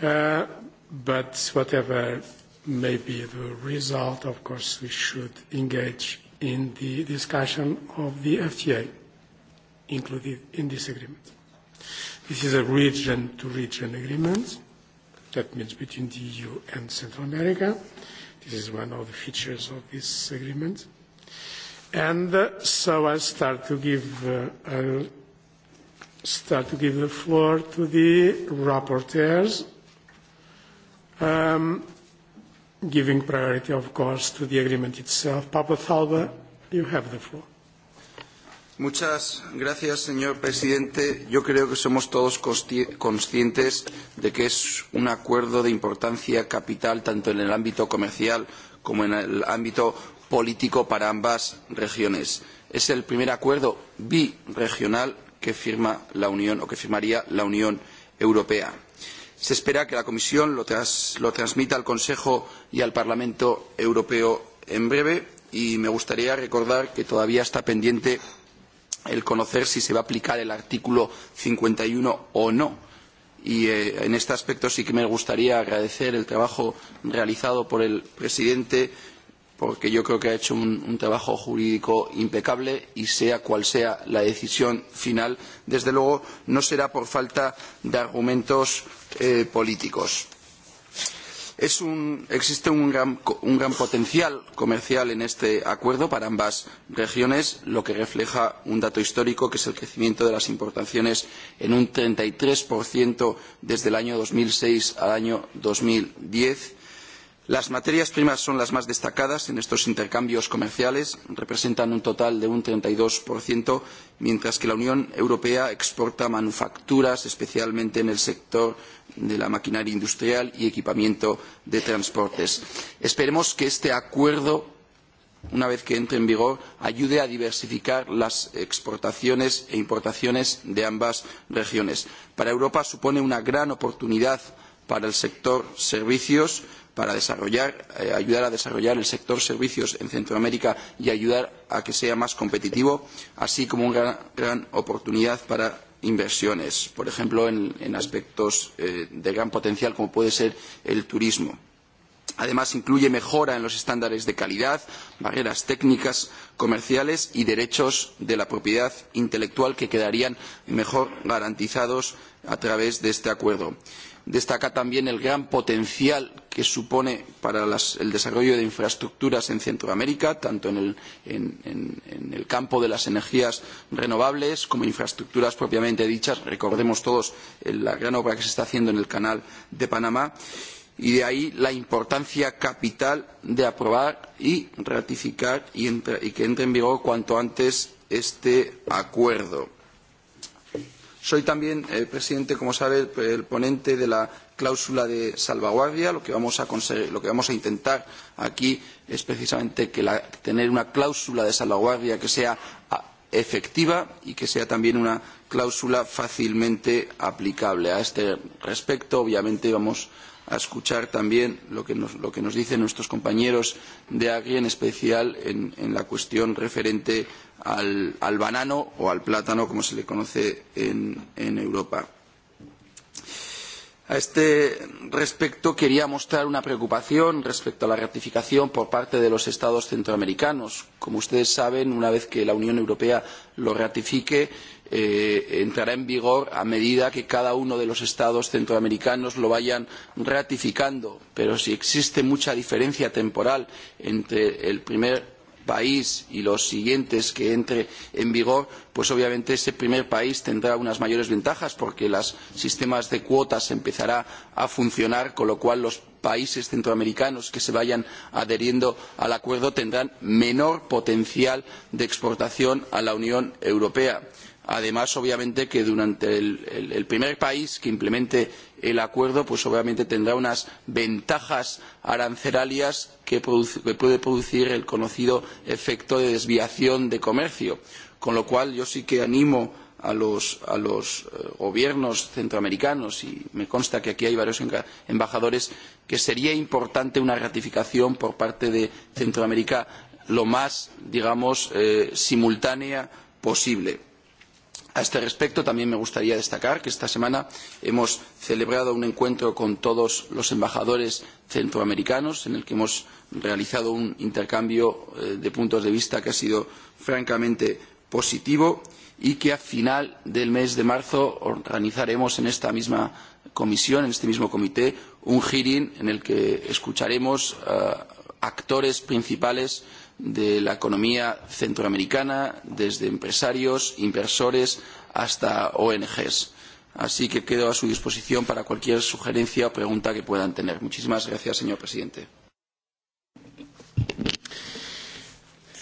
Uh, But whatever may be the result, of course, we should engage in the discussion of the FTA included in this agreement. This is a region-to-region -region agreement, that means between the EU and Central America. This is one of the features of this agreement. And uh, so I start to give, uh, I'll start to give the floor to the rapporteurs Um, giving priority, of course, to the agreement itself. Pablo Zalba, you have the floor. Muchas gracias, señor presidente. Yo creo que somos todos conscientes de que es un acuerdo de importancia capital tanto en el ámbito comercial como en el ámbito político para ambas regiones. Es el primer acuerdo birregional que firma la Unión o que firmaría la Unión Europea se espera que la Comisión lo, tras, lo transmita al Consejo y al Parlamento Europeo en breve y me gustaría recordar que todavía está pendiente el conocer si se va a aplicar el artículo 51 o no. Y eh, en este aspecto sí que me gustaría agradecer el trabajo realizado por el presidente porque yo creo que ha hecho un, un trabajo jurídico impecable y sea cual sea la decisión final, desde luego no será por falta de argumentos eh, políticos. Es un, existe un gran, un gran potencial comercial en este acuerdo para ambas regiones, lo que refleja un dato histórico que es el crecimiento de las importaciones en un 33% desde el año 2006 al año 2010 Las materias primas son las más destacadas en estos intercambios comerciales, representan un total de un treinta y dos, mientras que la Unión Europea exporta manufacturas, especialmente en el sector de la maquinaria industrial y equipamiento de transportes. Esperemos que este acuerdo, una vez que entre en vigor, ayude a diversificar las exportaciones e importaciones de ambas regiones. Para Europa supone una gran oportunidad para el sector servicios, para desarrollar, eh, ayudar a desarrollar el sector servicios en Centroamérica y ayudar a que sea más competitivo, así como una gran, gran oportunidad para inversiones, por ejemplo, en, en aspectos eh, de gran potencial como puede ser el turismo. Además, incluye mejora en los estándares de calidad, barreras técnicas, comerciales y derechos de la propiedad intelectual que quedarían mejor garantizados a través de este acuerdo. Destaca también el gran potencial que supone para las, el desarrollo de infraestructuras en Centroamérica, tanto en el, en, en, en el campo de las energías renovables como infraestructuras propiamente dichas. Recordemos todos eh, la gran obra que se está haciendo en el canal de Panamá y de ahí la importancia capital de aprobar y ratificar y, entre, y que entre en vigor cuanto antes este acuerdo. Soy también, eh, presidente, como sabe, el ponente de la cláusula de salvaguardia. Lo que vamos a, conseguir, lo que vamos a intentar aquí es precisamente que la, tener una cláusula de salvaguardia que sea ah, efectiva y que sea también una cláusula fácilmente aplicable. A este respecto, obviamente, vamos a escuchar también lo que nos, lo que nos dicen nuestros compañeros de Agri, en especial en, en la cuestión referente al, al banano o al plátano, como se le conoce en, en Europa. A este respecto quería mostrar una preocupación respecto a la ratificación por parte de los Estados centroamericanos. Como ustedes saben, una vez que la Unión Europea lo ratifique, eh, entrará en vigor a medida que cada uno de los Estados centroamericanos lo vayan ratificando. Pero si existe mucha diferencia temporal entre el primer país y los siguientes que entre en vigor, pues obviamente ese primer país tendrá unas mayores ventajas porque los sistemas de cuotas empezarán a funcionar, con lo cual los países centroamericanos que se vayan adheriendo al acuerdo tendrán menor potencial de exportación a la Unión Europea. Además, obviamente, que durante el, el, el primer país que implemente el acuerdo, pues obviamente tendrá unas ventajas arancelarias que, produce, que puede producir el conocido efecto de desviación de comercio. Con lo cual, yo sí que animo a los, a los eh, gobiernos centroamericanos y me consta que aquí hay varios embajadores que sería importante una ratificación por parte de Centroamérica lo más, digamos, eh, simultánea posible. A este respecto, también me gustaría destacar que esta semana hemos celebrado un encuentro con todos los embajadores centroamericanos, en el que hemos realizado un intercambio eh, de puntos de vista que ha sido francamente positivo y que a final del mes de marzo organizaremos en esta misma comisión, en este mismo comité, un hearing en el que escucharemos uh, actores principales de la economía centroamericana, desde empresarios, inversores hasta ONG. Así que quedo a su disposición para cualquier sugerencia o pregunta que puedan tener. Muchísimas gracias, señor presidente.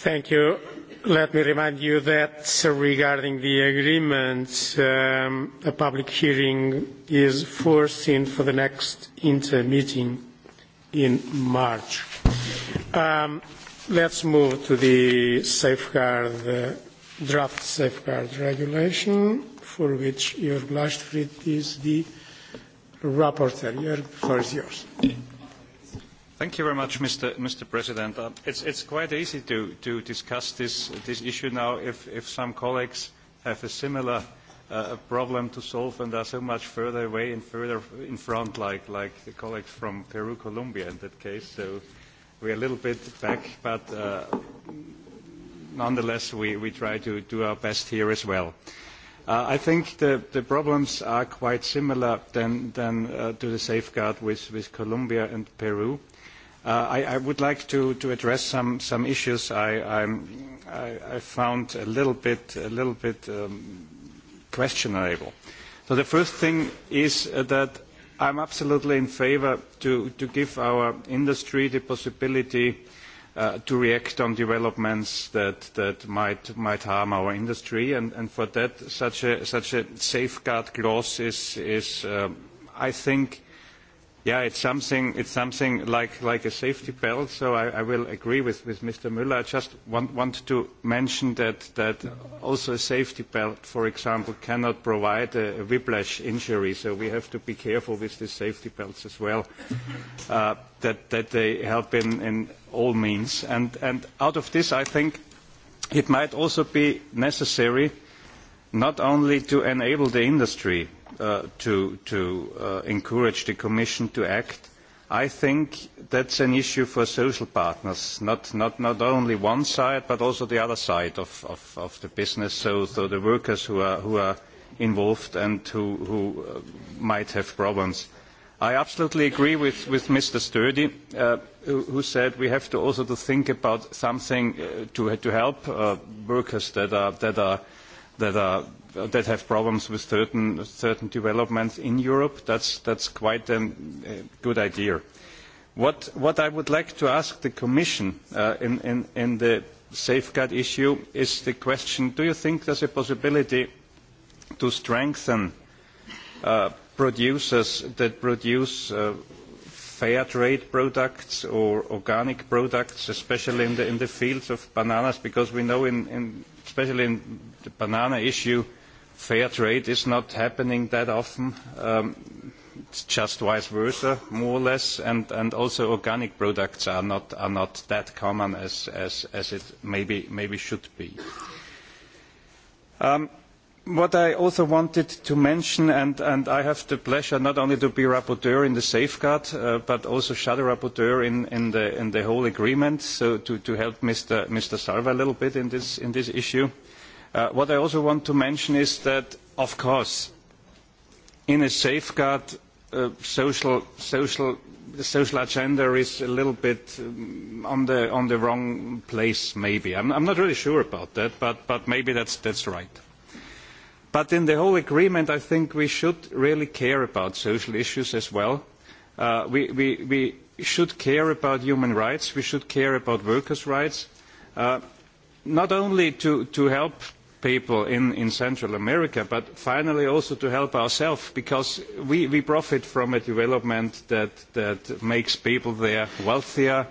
Thank you. Let me remind you that regarding the agreement, um, a public hearing is foreseen for the next inter meeting in March. Um, Let's move to the safeguard, uh, draft safeguard regulation, for which Jörg Lashfried is the rapporteur. Jörg, the floor is yours. Thank you very much, Mr. Mr. President. Uh, it's, it's quite easy to, to discuss this, this issue now if, if some colleagues have a similar uh, problem to solve and are so much further away and further in front, like, like the colleagues from Peru, Colombia in that case. So we're a little bit back, but uh, nonetheless, we, we try to do our best here as well. Uh, I think the, the problems are quite similar than, than uh, to the safeguard with, with Colombia and Peru. Uh, I, I would like to, to address some, some issues I, I'm, I, I found a little bit, a little bit um, questionable. So the first thing is uh, that I am absolutely in favour to, to give our industry the possibility uh, to react on developments that, that might, might harm our industry and, and for that such a, such a safeguard clause is, is um, I think, Yeah, it's something, it's something like, like a safety belt, so I, I will agree with, with Mr. Müller. I just want, want to mention that, that also a safety belt, for example, cannot provide a, whiplash injury, so we have to be careful with these safety belts as well, uh, that, that they help in, in all means. And, and out of this, I think it might also be necessary not only to enable the industry, uh, to, to uh, encourage the Commission to act. I think that's an issue for social partners, not, not, not only one side, but also the other side of, of, of the business, so, so the workers who are, who are involved and who, who uh, might have problems. I absolutely agree with, with Mr. Sturdy, uh, who, who said we have to also to think about something uh, to, to help uh, workers that are, that are, that are that have problems with certain, certain developments in Europe. That's, that's quite um, a good idea. What, what I would like to ask the Commission uh, in, in, in the safeguard issue is the question, do you think there's a possibility to strengthen uh, producers that produce uh, fair trade products or organic products, especially in the, in the fields of bananas, because we know, in, in, especially in the banana issue, fair trade is not happening that often. Um, it's just vice versa, more or less, and, and also organic products are not, are not that common as, as, as it maybe, maybe should be. Um, what I also wanted to mention, and, and I have the pleasure not only to be rapporteur in the safeguard, uh, but also shadow rapporteur in, in, the, in the whole agreement, so to, to help Mr. Mr. Sarva a little bit in this, in this issue. Uh, what I also want to mention is that, of course, in a safeguard uh, social, social, the social agenda is a little bit um, on, the, on the wrong place, maybe. I'm, I'm not really sure about that, but, but maybe that's, that's right. But in the whole agreement, I think we should really care about social issues as well. Uh, we, we, we should care about human rights. We should care about workers' rights. Uh, not only to, to help people in, in Central America, but finally also to help ourselves because we, we profit from a development that, that makes people there wealthier,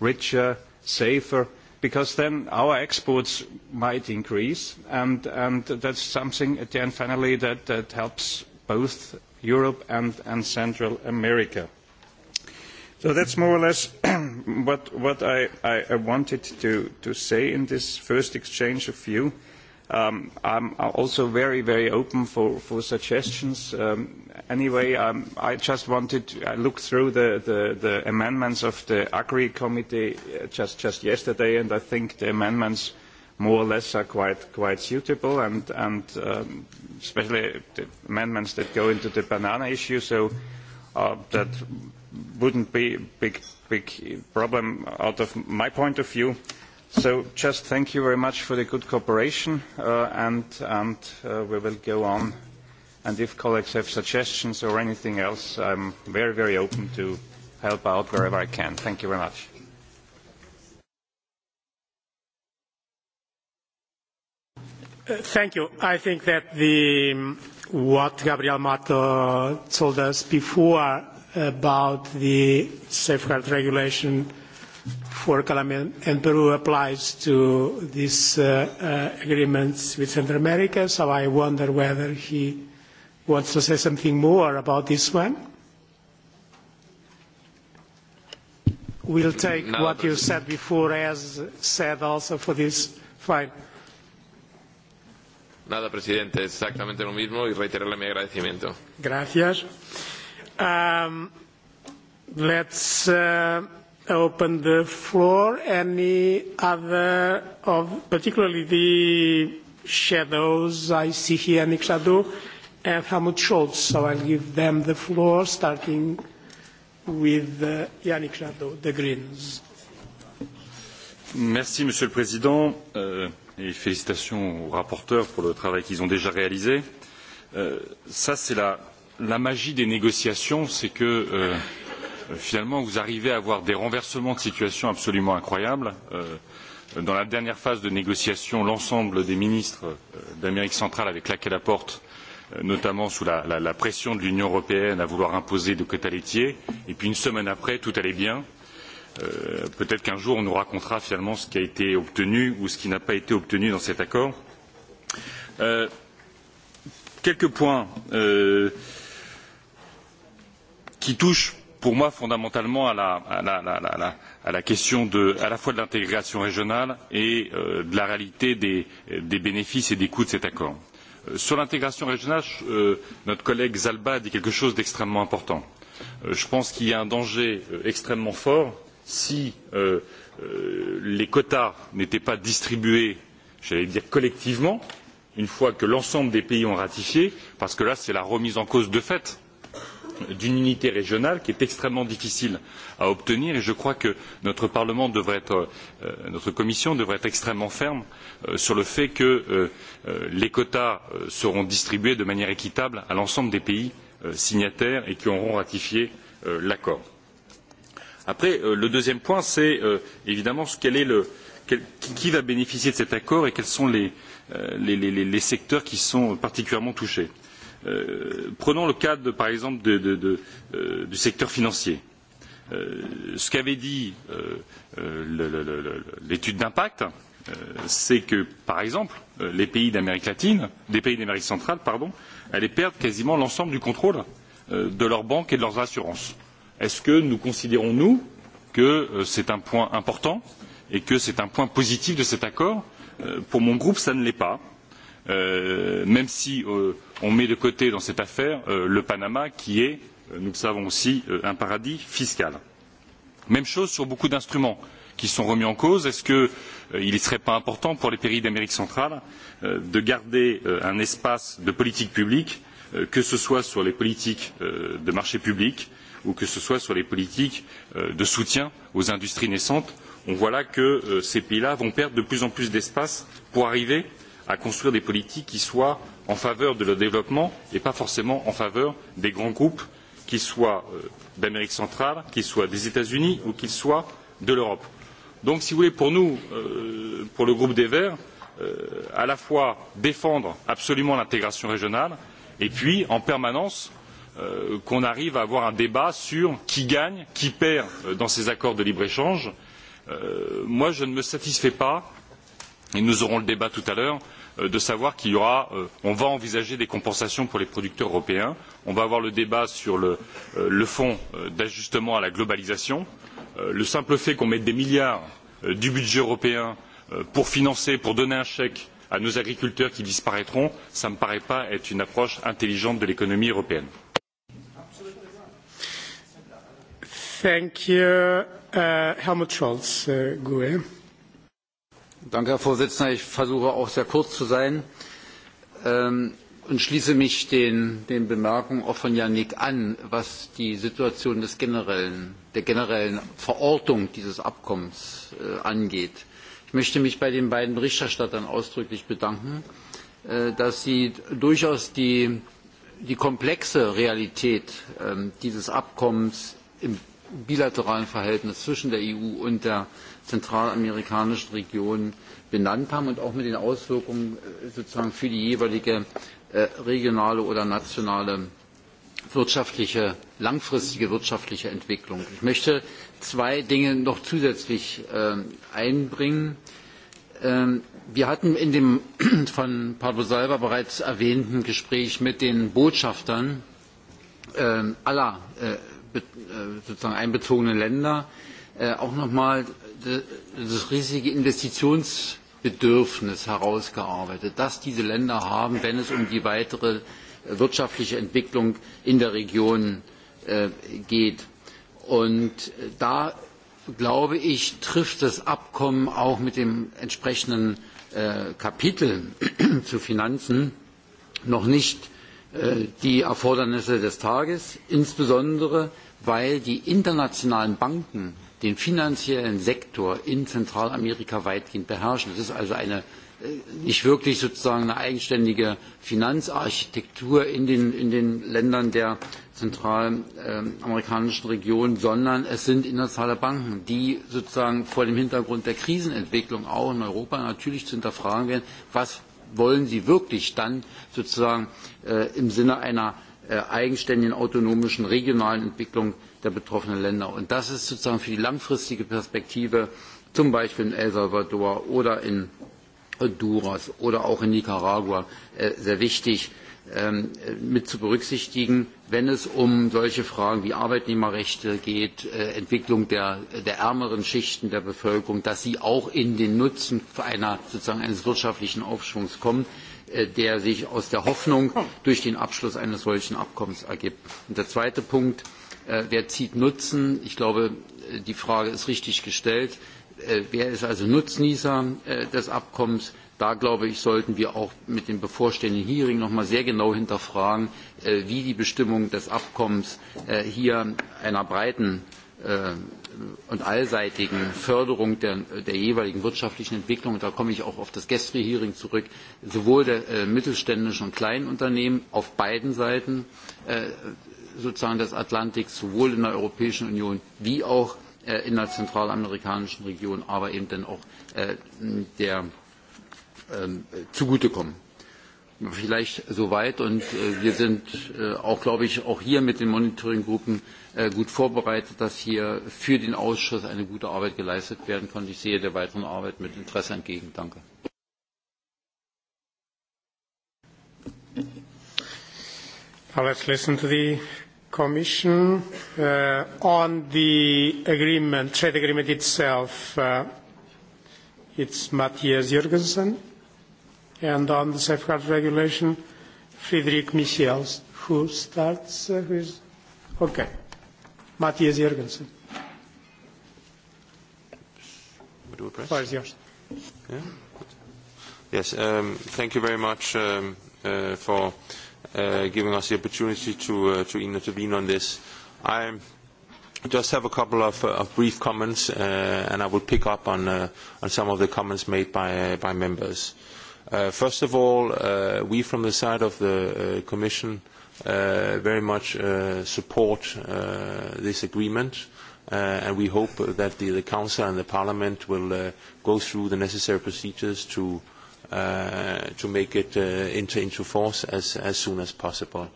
richer, safer, because then our exports might increase, and, and that's something, again, finally, that, that helps both Europe and, and Central America. So that's more or less what, what I, I wanted to, to say in this first exchange of view. Um, I'm also very, very open for, for suggestions. Um, anyway, um, I just wanted to I looked through the, the, the amendments of the Agri Committee uh, just, just yesterday, and I think the amendments more or less are quite, quite suitable, and, and um, especially the amendments that go into the banana issue, so uh, that wouldn't be a big, big problem out of my point of view. So just thank you very much for the good cooperation, uh, and, and uh, we will go on. And if colleagues have suggestions or anything else, I'm very, very open to help out wherever I can. Thank you very much. Uh, thank you. I think that the, um, what Gabriel Mato told us before about the safeguard regulation for Colombia and Peru applies to these uh, uh, agreements with Central America, so I wonder whether he wants to say something more about this one. We'll take no, what you said before as said also for this fine. Nada, presidente, exactamente lo mismo y reiterarle mi agradecimiento. Gracias. Um, let's uh, open the floor. Any other of particularly the shadows I see here, Nick Shadow and Helmut Schultz. So I'll give them the floor, starting with uh, Yannick Shadow, the Greens. Merci, Monsieur le Président, euh, et félicitations aux rapporteurs pour le travail qu'ils ont déjà réalisé. Euh, ça, c'est la, la magie des négociations, c'est que euh, Euh, finalement, vous arrivez à avoir des renversements de situation absolument incroyables. Euh, dans la dernière phase de négociation, l'ensemble des ministres euh, d'Amérique centrale avaient claqué la porte, notamment sous la, la, la pression de l'Union européenne à vouloir imposer des quotas laitiers. Et puis une semaine après, tout allait bien. Peut-être qu'un jour, on nous racontera finalement ce qui a été obtenu ou ce qui n'a pas été obtenu dans cet accord. Euh, quelques points euh, qui touchent pour moi fondamentalement à la, à la, à la, à la question de, à la fois de l'intégration régionale et euh, de la réalité des, des bénéfices et des coûts de cet accord. Euh, sur l'intégration régionale, euh, notre collègue Zalba a dit quelque chose d'extrêmement important. Euh, je pense qu'il y a un danger euh, extrêmement fort si euh, euh, les quotas n'étaient pas distribués, j'allais dire collectivement, une fois que l'ensemble des pays ont ratifié, parce que là c'est la remise en cause de fait d'une unité régionale qui est extrêmement difficile à obtenir et je crois que notre Parlement devrait être, euh, notre Commission devrait être extrêmement ferme euh, sur le fait que euh, les quotas seront distribués de manière équitable à l'ensemble des pays signataires et qui auront ratifié l'accord. Après, le deuxième point, c'est évidemment quel est le, quel, qui va bénéficier de cet accord et quels sont les, les, les, les secteurs qui sont particulièrement touchés. Euh, prenons le cadre, par exemple, de, de, de, euh, du secteur financier. Euh, ce qu'avait dit euh, euh, l'étude d'impact, c'est que, par exemple, les pays d'Amérique latine, des pays d'Amérique centrale, pardon, allaient perdre quasiment l'ensemble du contrôle de leurs banques et de leurs assurances. Est-ce que nous considérons, nous, que c'est un point important et que c'est un point positif de cet accord Pour mon groupe, ça ne l'est pas euh, même si euh, on met de côté dans cette affaire euh, le Panama, qui est, euh, nous le savons aussi, euh, un paradis fiscal. Même chose sur beaucoup d'instruments qui sont remis en cause. Est-ce qu'il euh, ne serait pas important pour les pays d'Amérique centrale de garder un espace de politique publique, que ce soit sur les politiques de marché public ou que ce soit sur les politiques de soutien aux industries naissantes on voit là que ces pays-là vont perdre de plus en plus d'espace pour arriver à construire des politiques qui soient en faveur de leur développement et pas forcément en faveur des grands groupes, qu'ils soient euh, d'Amérique centrale, qu'ils soient des États-Unis ou qu'ils soient de l'Europe. Donc, si vous voulez, pour nous, euh, pour le groupe des Verts, euh, à la fois défendre absolument l'intégration régionale et puis en permanence qu'on arrive à avoir un débat sur qui gagne, qui perd dans ces accords de libre-échange. moi, je ne me satisfais pas, et nous aurons le débat tout à l'heure, Euh, de savoir qu'il y aura, euh, on va envisager des compensations pour les producteurs européens. On va avoir le débat sur le, euh, le fonds d'ajustement à la globalisation. Le simple fait qu'on mette des milliards du budget européen pour financer, pour donner un chèque à nos agriculteurs qui disparaîtront, ça ne me paraît pas être une approche intelligente de l'économie européenne. Thank you. Uh, Helmut Scholz, uh, Danke, Herr Vorsitzender. Ich versuche auch sehr kurz zu sein ähm, und schließe mich den, den Bemerkungen auch von Yannick an, was die Situation des generellen, der generellen Verortung dieses Abkommens äh, angeht. Ich möchte mich bei den beiden Berichterstattern ausdrücklich bedanken, äh, dass sie durchaus die, die komplexe Realität äh, dieses Abkommens im bilateralen Verhältnis zwischen der EU und der EU zentralamerikanischen Regionen benannt haben und auch mit den Auswirkungen äh, sozusagen für die jeweilige äh, regionale oder nationale wirtschaftliche, langfristige wirtschaftliche Entwicklung. Ich möchte zwei Dinge noch zusätzlich ähm, einbringen. Ähm, wir hatten in dem von Pablo Salva bereits erwähnten Gespräch mit den Botschaftern ähm, aller äh, sozusagen einbezogenen Länder auch nochmal das riesige Investitionsbedürfnis herausgearbeitet, das diese Länder haben, wenn es um die weitere wirtschaftliche Entwicklung in der Region äh, geht. Und da glaube ich, trifft das Abkommen auch mit dem entsprechenden äh, Kapitel zu Finanzen noch nicht äh, die Erfordernisse des Tages, insbesondere weil die internationalen Banken den finanziellen Sektor in Zentralamerika weitgehend beherrschen. Es ist also eine äh, nicht wirklich sozusagen eine eigenständige Finanzarchitektur in den, in den Ländern der zentralamerikanischen ähm, Region, sondern es sind internationale Banken, die sozusagen vor dem Hintergrund der Krisenentwicklung auch in Europa natürlich zu hinterfragen werden, was wollen sie wirklich dann sozusagen äh, im Sinne einer äh, eigenständigen, autonomischen, regionalen Entwicklung der betroffenen Länder. Und das ist sozusagen für die langfristige Perspektive, zum Beispiel in El Salvador oder in Honduras oder auch in Nicaragua, äh, sehr wichtig ähm, mit zu berücksichtigen, wenn es um solche Fragen wie Arbeitnehmerrechte geht, äh, Entwicklung der, der ärmeren Schichten der Bevölkerung, dass sie auch in den Nutzen einer, sozusagen eines wirtschaftlichen Aufschwungs kommen, äh, der sich aus der Hoffnung durch den Abschluss eines solchen Abkommens ergibt. Und der zweite Punkt Äh, wer zieht Nutzen? Ich glaube, äh, die Frage ist richtig gestellt. Äh, wer ist also Nutznießer des Abkommens? Da glaube ich, sollten wir auch mit dem bevorstehenden Hearing noch einmal sehr genau hinterfragen, wie die Bestimmungen des Abkommens hier einer breiten und allseitigen Förderung der, der jeweiligen wirtschaftlichen Entwicklung, und da komme ich auch auf das gestrige Hearing zurück, sowohl der äh, mittelständischen und kleinen Unternehmen auf beiden Seiten äh, sozusagen des Atlantiks, sowohl in der Europäischen Union wie auch äh, in der zentralamerikanischen Region, aber eben dann auch äh, der äh, zugutekommen. Vielleicht soweit und äh, wir sind äh, auch, glaube ich, auch hier mit den Monitoringgruppen äh, gut vorbereitet, dass hier für den Ausschuss eine gute Arbeit geleistet werden kann. Ich sehe der weiteren Arbeit mit Interesse entgegen. Danke. Now let's listen to the Commission uh, on the agreement, trade agreement itself. Uh, it's Matthias Jurgensen, and on the safeguard regulation, Friedrich Michels. Who starts? Uh, who is? Okay, Matthias Jurgensen. Do we press? Where's yours? Yeah? Yes. Um, thank you very much um, uh, for uh, giving us the opportunity to, uh, to intervene on this. I just have a couple of, uh, of brief comments, uh, and I will pick up on, uh, on some of the comments made by, uh, by members. Uh, first of all, uh, we from the side of the uh, Commission uh, very much uh, support uh, this agreement, uh, and we hope that the, the Council and the Parliament will uh, go through the necessary procedures to uh, to make it uh, enter into force as, as soon as possible.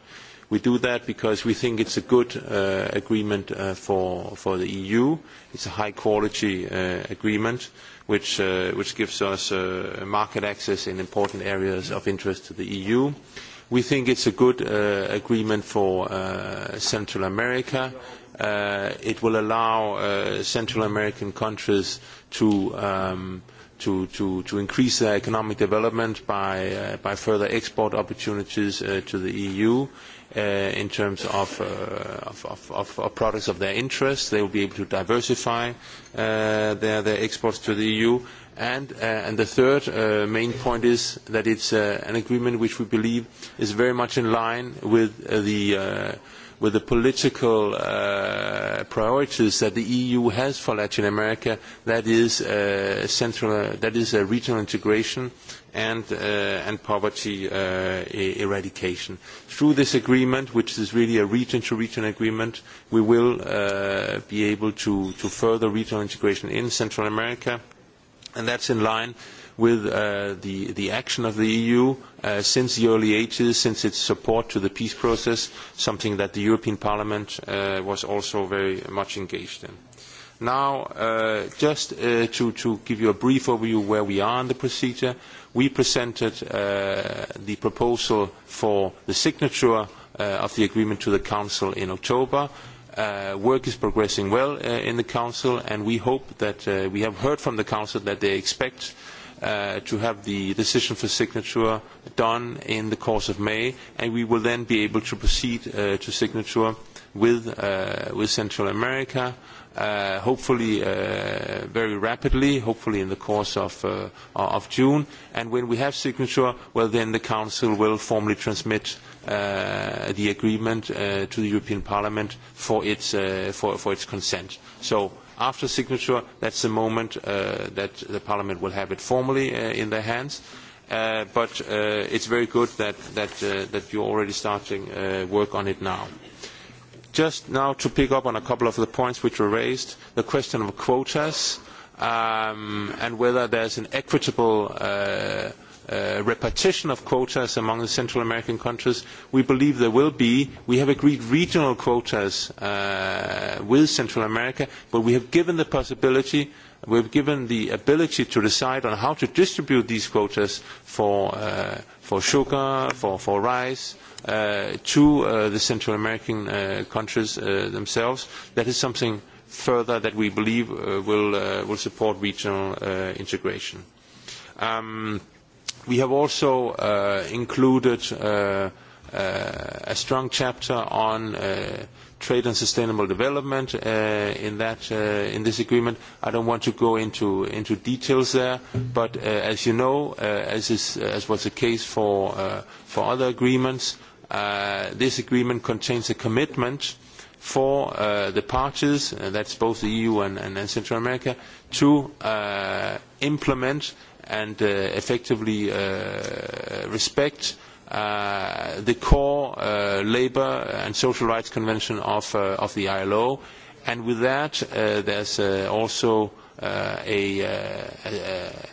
We do that because we think it's a good uh, agreement uh, for, for the EU. It's a high-quality uh, agreement which, uh, which gives us uh, market access in important areas of interest to the EU. We think it's a good uh, agreement for uh, Central America. Uh, it will allow uh, Central American countries to um, – to, to, to increase their economic development by, uh, by further export opportunities uh, to the EU uh, in terms of, uh, of, of, of, of products of their interest. They will be able to diversify uh, their, their exports to the EU. And, uh, and the third uh, main point is that it's uh, an agreement which we believe is very much in line with uh, the uh, with the political uh, priorities that the EU has for Latin America, that is, uh, central, uh, that is uh, regional integration and, uh, and poverty uh, e-, eradication. Through this agreement, which is really a region-to-region -region agreement, we will uh, be able to, to further regional integration in Central America, and that's in line uh, with uh, the, the action of the EU uh, since the early ages, since its support to the peace process, something that the European Parliament uh, was also very much engaged in. Now, uh, just uh, to, to give you a brief overview where we are in the procedure, we presented uh, the proposal for the signature uh, of the agreement to the Council in October. Uh, work is progressing well uh, in the Council, and we hope that uh, we have heard from the Council that they expect uh, to have the decision for signature done in the course of May, and we will then be able to proceed uh, to signature with, uh, with Central America, uh, hopefully uh, very rapidly, hopefully in the course of, uh, of June. And when we have signature, well, then the Council will formally transmit uh, the agreement uh, to the European Parliament for its, uh, for, for its consent. So after signature, that's the moment uh, that the Parliament will have it formally uh, in their hands. Uh, but uh, it's very good that, that, uh, that you're already starting uh, work on it now. Just now to pick up on a couple of the points which were raised, the question of quotas um, and whether there's an equitable uh, uh, repetition of quotas among the Central American countries. We believe there will be. We have agreed regional quotas uh, with Central America, but we have given the possibility, we have given the ability to decide on how to distribute these quotas for, uh, for sugar, for, for rice, uh, to uh, the Central American uh, countries uh, themselves. That is something further that we believe uh, will, uh, will support regional uh, integration. Um, We have also uh, included uh, uh, a strong chapter on uh, trade and sustainable development uh, in that uh, in this agreement. I don't want to go into into details there, but uh, as you know, uh, as is, as was the case for uh, for other agreements, uh, this agreement contains a commitment for uh, the parties, uh, that's both the EU and, and Central America, to uh, implement and uh, effectively uh, respect uh, the core uh, labor and social rights convention of, uh, of the ILO. And with that, uh, there's uh, also uh, a, uh, a,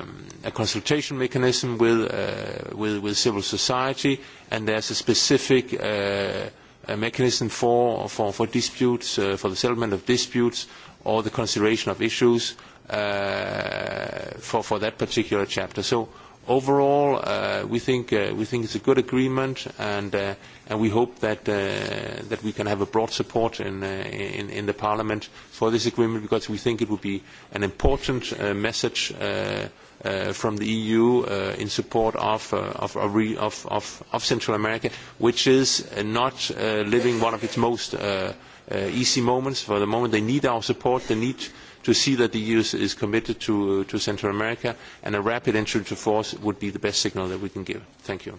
um, a consultation mechanism with, uh, with, with civil society, and there's a specific uh, a uh, mechanism for, for, for disputes, uh, for the settlement of disputes or the consideration of issues uh, for, for that particular chapter. So overall, uh, we, think, uh, we think it's a good agreement and, uh, and we hope that, uh, that we can have a broad support in, uh, in, in the Parliament for this agreement because we think it would be an important uh, message uh, uh, from the EU uh, in support of, uh, of, of, of, of Central America, which is uh, not uh, living one of its most uh, uh, easy moments. For the moment, they need our support. They need to see that the EU is committed to, uh, to Central America, and a rapid entry into force would be the best signal that we can give. Thank you.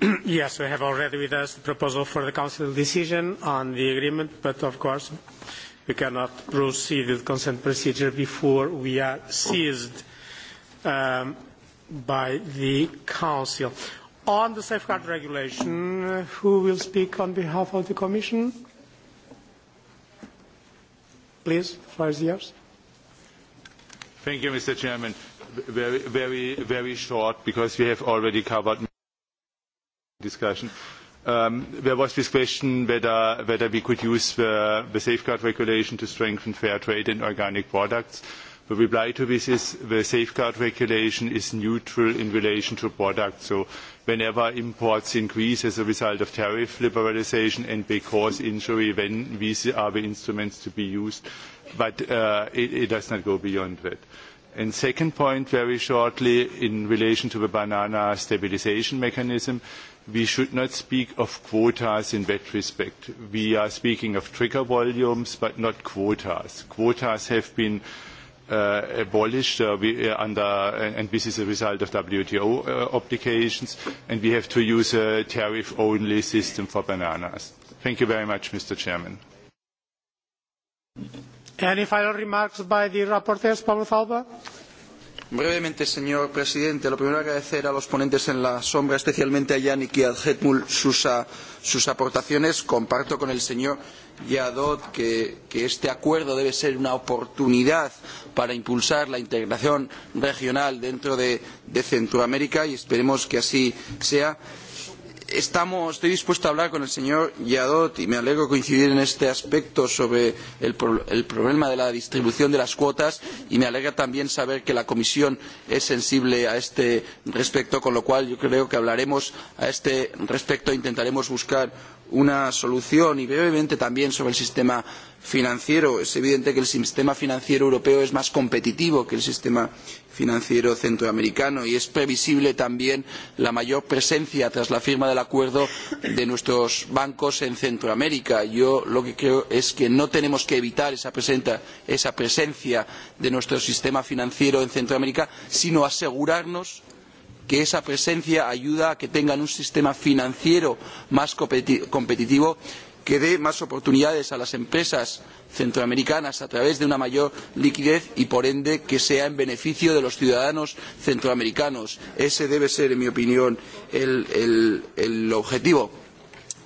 yes, we have already with us the proposal for the Council decision on the agreement, but of course we cannot proceed with consent procedure before we are seized um, by the Council. On the safeguard regulation, who will speak on behalf of the Commission? Please, the floor is yours. Thank you, Mr. Chairman. Very, very, very short, because we have already covered discussion. Um, there was this question whether, whether we could use the, the safeguard regulation to strengthen fair trade in organic products. The reply to this is the safeguard regulation is neutral in relation to products. So whenever imports increase as a result of tariff liberalisation and they cause injury, then these are the instruments to be used. But uh, it, it does not go beyond that. And second point, very shortly, in relation to the banana stabilisation mechanism, we should not speak of quotas in that respect. We are speaking of trigger volumes, but not quotas. Quotas have been uh, abolished uh, we, uh, under, uh, and this is a result of WTO uh, obligations, and we have to use a tariff-only system for bananas. Thank you very much, Mr. Chairman. Any final remarks by the rapporteurs, Pablo Salva? Brevemente, señor presidente, lo primero agradecer a los ponentes en la sombra, especialmente a Yannick y a Hetmul, sus, a, sus aportaciones. Comparto con el señor Yadot que, que este acuerdo debe ser una oportunidad para impulsar la integración regional dentro de, de Centroamérica y esperemos que así sea estamos, estoy dispuesto a hablar con el señor Yadot y me alegro coincidir en este aspecto sobre el, pro, el problema de la distribución de las cuotas y me alegra también saber que la Comisión es sensible a este respecto, con lo cual yo creo que hablaremos a este respecto e intentaremos buscar una solución y brevemente también sobre el sistema financiero. Es evidente que el sistema financiero europeo es más competitivo que el sistema financiero centroamericano y es previsible también la mayor presencia tras la firma del acuerdo de nuestros bancos en Centroamérica. Yo lo que creo es que no tenemos que evitar esa, presenta, esa presencia de nuestro sistema financiero en Centroamérica, sino asegurarnos que esa presencia ayuda a que tengan un sistema financiero más competitivo que dé más oportunidades a las empresas centroamericanas a través de una mayor liquidez y por ende que sea en beneficio de los ciudadanos centroamericanos. Ese debe ser, en mi opinión, el, el, el objetivo.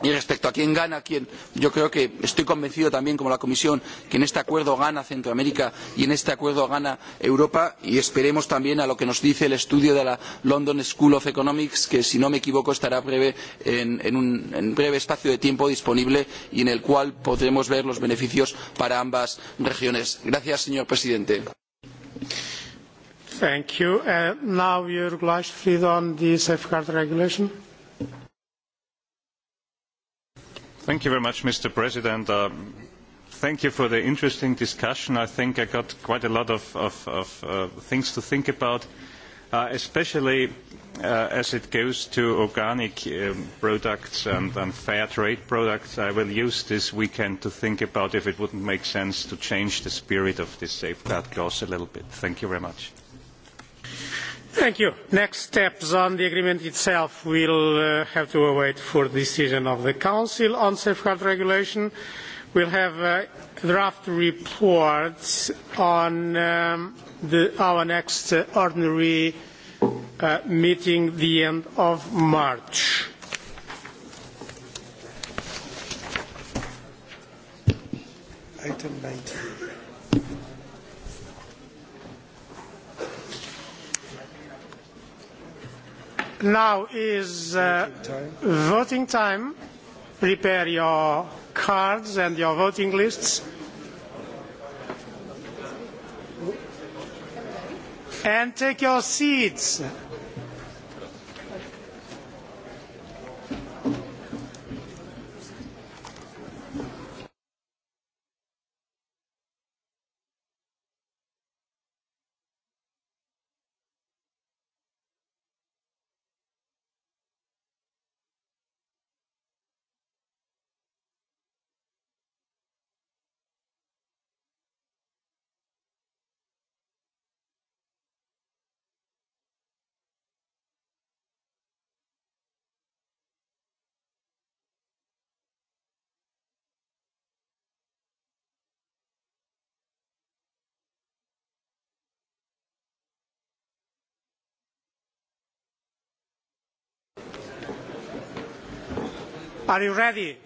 Y respecto a quién gana, quién, yo creo que estoy convencido también, como la Comisión, que en este acuerdo gana Centroamérica y en este acuerdo gana Europa. Y esperemos también a lo que nos dice el estudio de la London School of Economics, que si no me equivoco estará breve en, en un en breve espacio de tiempo disponible y en el cual podremos ver los beneficios para ambas regiones. Gracias, señor presidente. Thank you. Uh, now you're on the safeguard regulation. Thank you very much, Mr. President. Uh, thank you for the interesting discussion. I think I got quite a lot of, uh, things to think about, uh, especially as it goes to organic um, products and, fair trade products. I will use this weekend to think about if it would not make sense to change the spirit of this safeguard clause a little bit. Thank you very much. Thank you. Next steps on the agreement itself will uh, have to await for the decision of the Council on safeguard regulation. We'll have a draft report on um, the, our next uh, ordinary uh, meeting the end of March. Item 19. Now is uh, voting time. Prepare your cards and your voting lists. And take your seats. Are you ready?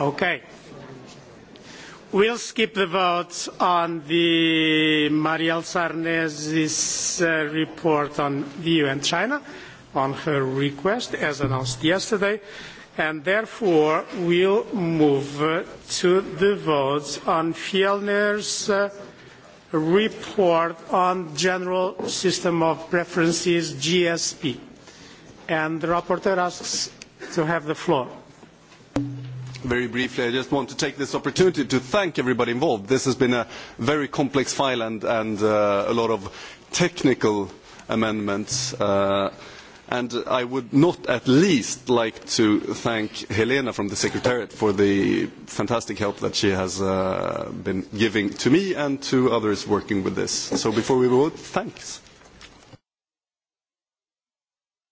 Okay. We'll skip the votes on the Mariel Sarnez's uh, report on the EU and China on her request as announced yesterday and therefore we'll move uh, to the votes on Fjellner's uh, report on general system of preferences GSP and the rapporteur asks to have the floor very briefly, I just want to take this opportunity to thank everybody involved. This has been a very complex file and, and uh, a lot of technical amendments. Uh, and I would not at least like to thank Helena from the Secretariat for the fantastic help that she has uh, been giving to me and to others working with this. So before we vote, thanks.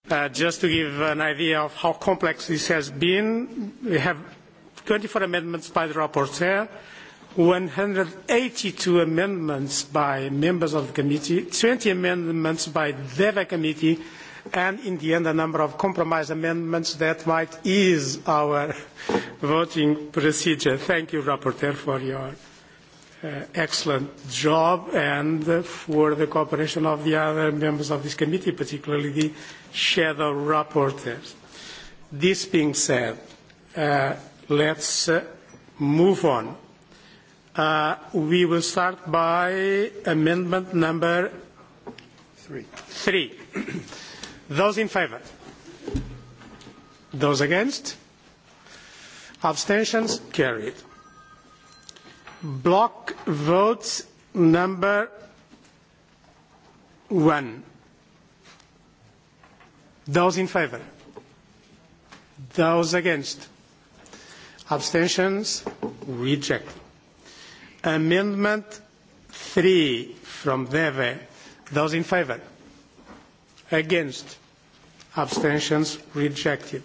Uh, just to give an idea of how complex this has been, we have twenty four amendments by the rapporteur, one hundred and eighty two amendments by members of the committee, twenty amendments by the committee, and in the end a number of compromise amendments that might ease our voting procedure. Thank you, Rapporteur, for your uh, excellent job and for the cooperation of the other members of this committee, particularly the shadow rapporteurs. This being said, uh, Let's uh, move on. Uh, we will start by amendment number three. three. Those in favor? Those against? Abstentions? Carried. Block votes number one. Those in favor? Those against? Abstentions? Rejected. Amendment 3 from DEVE. Those in favor? Against? Abstentions? Rejected.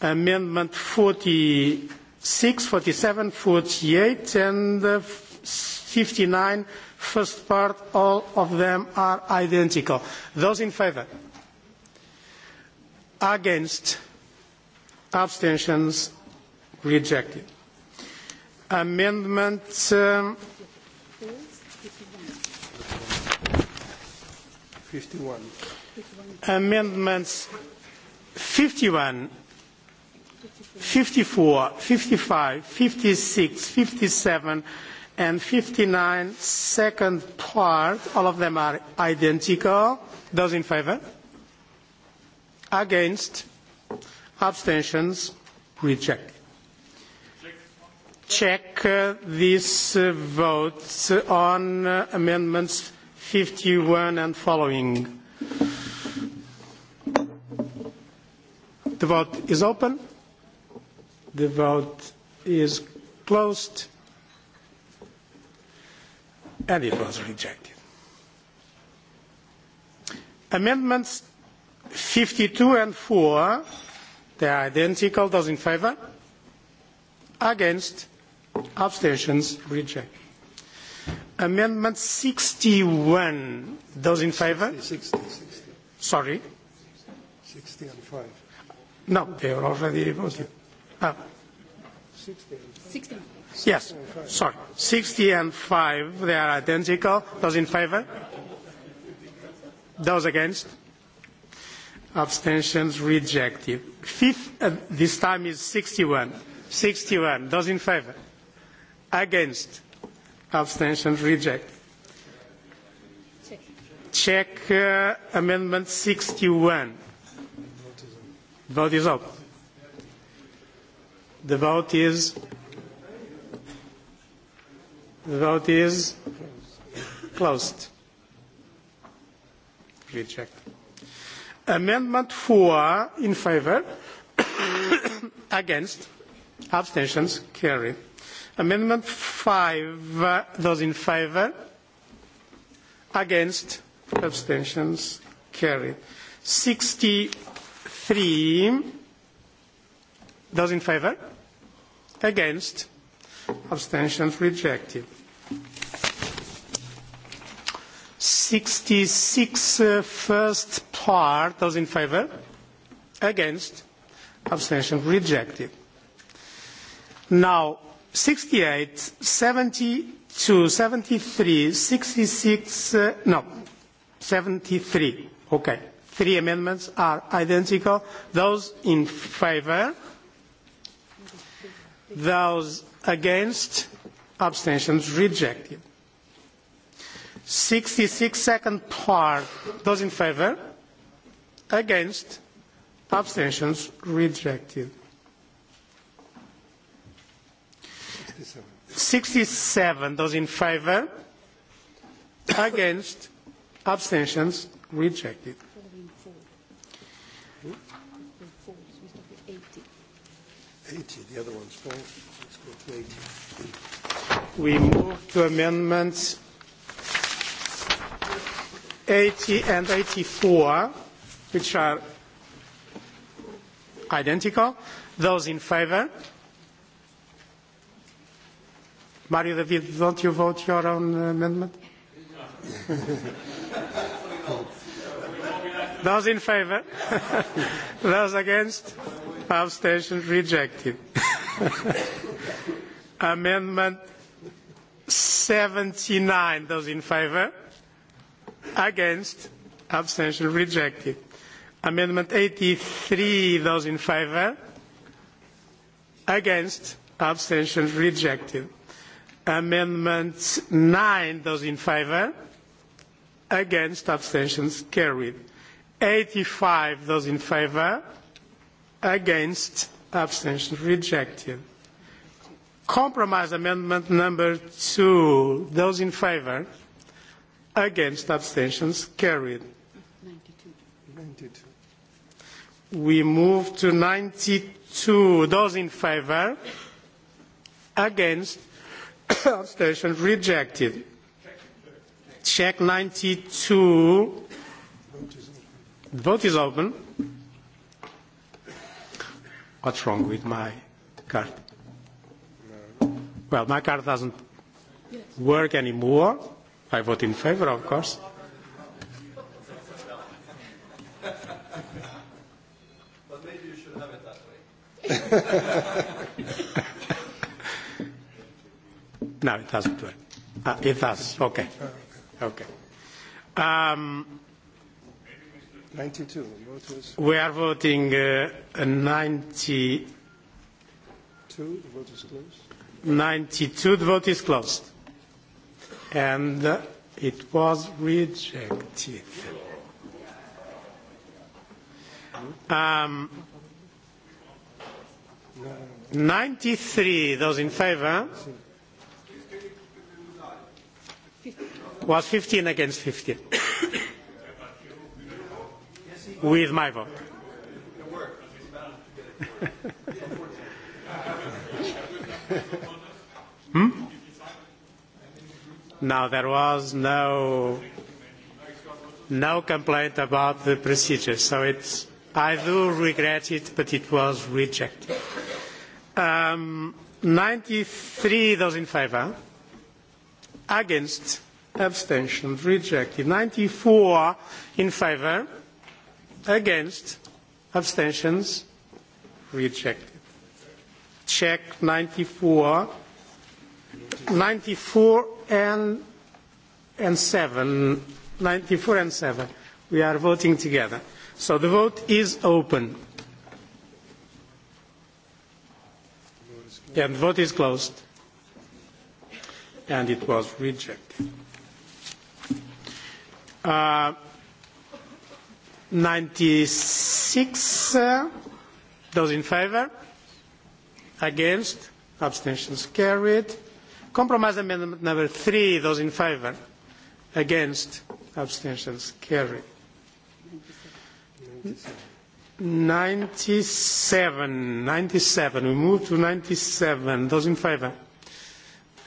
Amendment 46, 47, 48 and 59, first part, all of them are identical. Those in favor? Against? Abstentions? rejected. Amendment um, 51. Amendments 51, 54, 55, 56, 57 and 59, second part, all of them are identical. Those in favor? Against? Abstentions? Rejected check uh, these uh, votes on uh, amendments 51 and following. The vote is open. The vote is closed. And it was rejected. Amendments 52 and 4, they are identical. Those in favor? Against? Abstentions reject. Amendment 61. Those in favour? 60, 60. Sorry? 60 and 5. No, they are already voted. Ah. 60. 60. Yes, sorry. 60 and 5, they are identical. Those in favour? Those against? Abstentions rejected. Fifth, uh, this time is 61. 61. Those in favour? against abstention reject check uh, amendment 61 vote is up the vote is the vote is closed reject amendment 4 in favor against abstentions carried Amendment 5, uh, those in favour, against, abstentions, carried. 63, those in favour, against, abstentions, rejected. 66, uh, first part, those in favour, against, Abstentions rejected. Now, 68, 72, 73, 66, uh, no, 73. Okay, three amendments are identical. Those in favor, those against, abstentions rejected. 66 second part, those in favor, against, abstentions rejected. 67 those in favor against abstentions rejected We move to amendments 80 and 84, which are identical. Those in favor? Mario David, don't you vote your own amendment? Those in favor? Those against? Abstention rejected. amendment 79. Those in favor? Against? Abstention rejected. Amendment 83. Those in favor? Against? Abstention rejected. Amendment nine, those in favour? Against, abstentions carried. Eighty five, those in favour? Against, abstentions rejected. Compromise amendment number two, those in favour? Against, abstentions carried. 92. 92. We move to ninety two. Those in favour? Against, abstention rejected. Check 92. Vote is open. What's wrong with my card? Well, my card doesn't work anymore. I vote in favor, of course. But maybe you should have it that way. No, it doesn't work. Uh, it does. Okay. Okay. Um, 92. We are voting uh, 92. The vote is closed. 92. The vote is closed. And uh, it was rejected. Um, 93. Those in favor? was 15 against 15 with my vote. hmm? Now there was no no complaint about the procedure, so it's I do regret it, but it was rejected. Um, 93 those in favour against abstention rejected 94 in favor against abstentions rejected check 94 94 and and 7 94 and 7 we are voting together so the vote is open and vote is closed and it was rejected. Uh, 96 uh, those in favor against abstentions carried compromise amendment number three. those in favor against abstentions carried 97 97 we move to 97 those in favor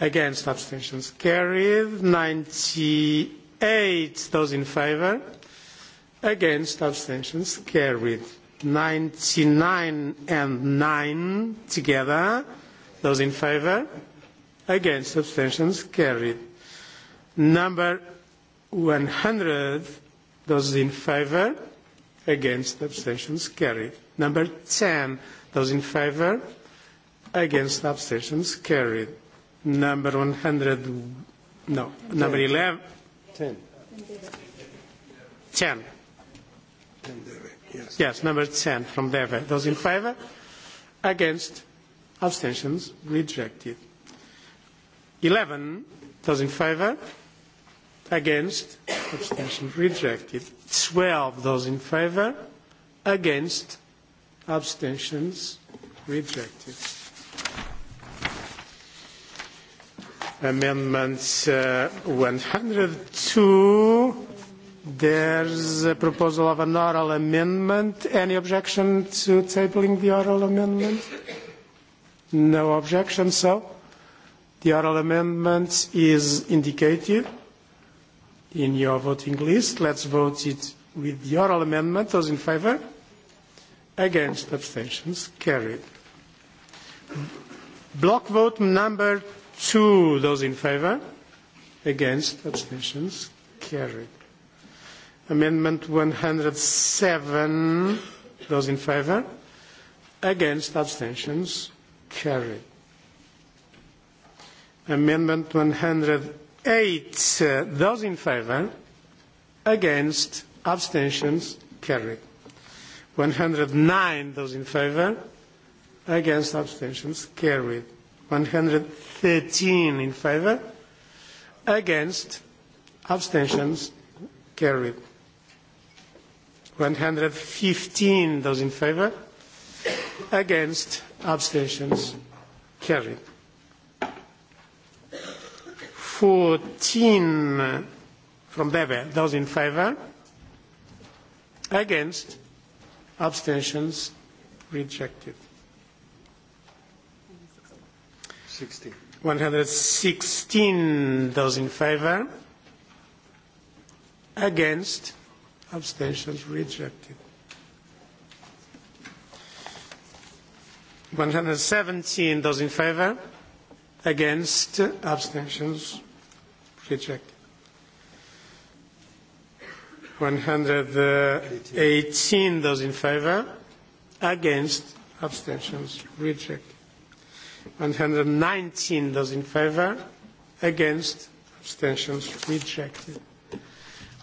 Against abstentions carried. 98 those in favour. Against abstentions carried. 99 and 9 together. Those in favour? Against abstentions carried. Number 100. Those in favour? Against abstentions carried. Number 10. Those in favour? Against abstentions carried number 100, no, Ten. number 11. 10. 10. Yes. yes, number 10 from DEVE. Those in favor? Against? Abstentions? Rejected. 11. Those in favor? Against? Abstentions? Rejected. 12. Those in favor? Against? Abstentions? Rejected. Amendments uh, 102. There's a proposal of an oral amendment. Any objection to tabling the oral amendment? No objection, so the oral amendment is indicated in your voting list. Let's vote it with the oral amendment. Those in favour? Against abstentions? Carried. Block vote number Two, those in favour? Against? Abstentions? Carried. Amendment 107, those in favour? Against? Abstentions? Carried. Amendment 108, uh, those in favour? Against? Abstentions? Carried. 109, those in favour? Against? Abstentions? Carried. 113 in favor against abstentions carried 115 those in favor against abstentions carried 14 from Deve those in favor against abstentions rejected 116. 116 those in favor. Against. Abstentions rejected. 117 those in favor. Against. Abstentions rejected. 118 those in favor. Against. Abstentions rejected. 119 those in favor against abstentions rejected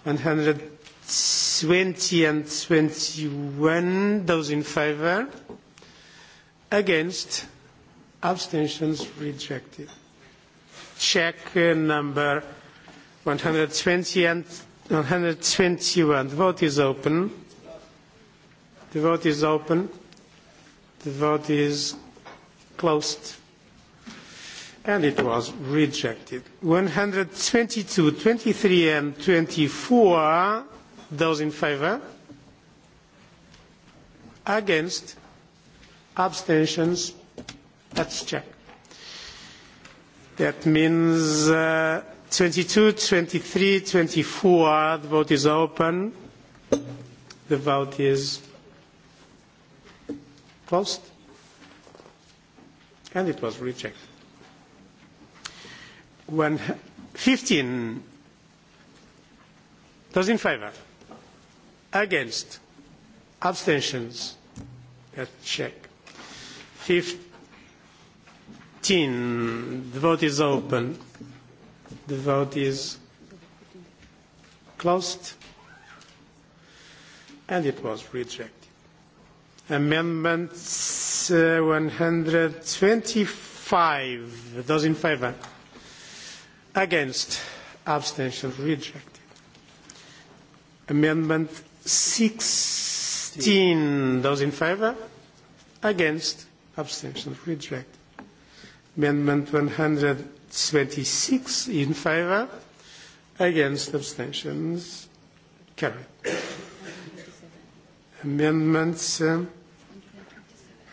120 and 21 those in favor against abstentions rejected check uh, number 120 and 121 the vote is open the vote is open the vote is Closed. And it was rejected. 122, 23 and 24, those in favor? Against? Abstentions? Let's check. That means uh, 22, 23, 24. The vote is open. The vote is closed and it was rejected. When 15 those in favour, against, abstentions, let's check. 15, the vote is open. The vote is closed and it was rejected. Amendment uh, 125. Those in favour? Against? Abstentions rejected. Amendment 16. Those in favour? Against? Abstentions rejected. Amendment 126 in favour? Against? Abstentions carried. Amendments. Um,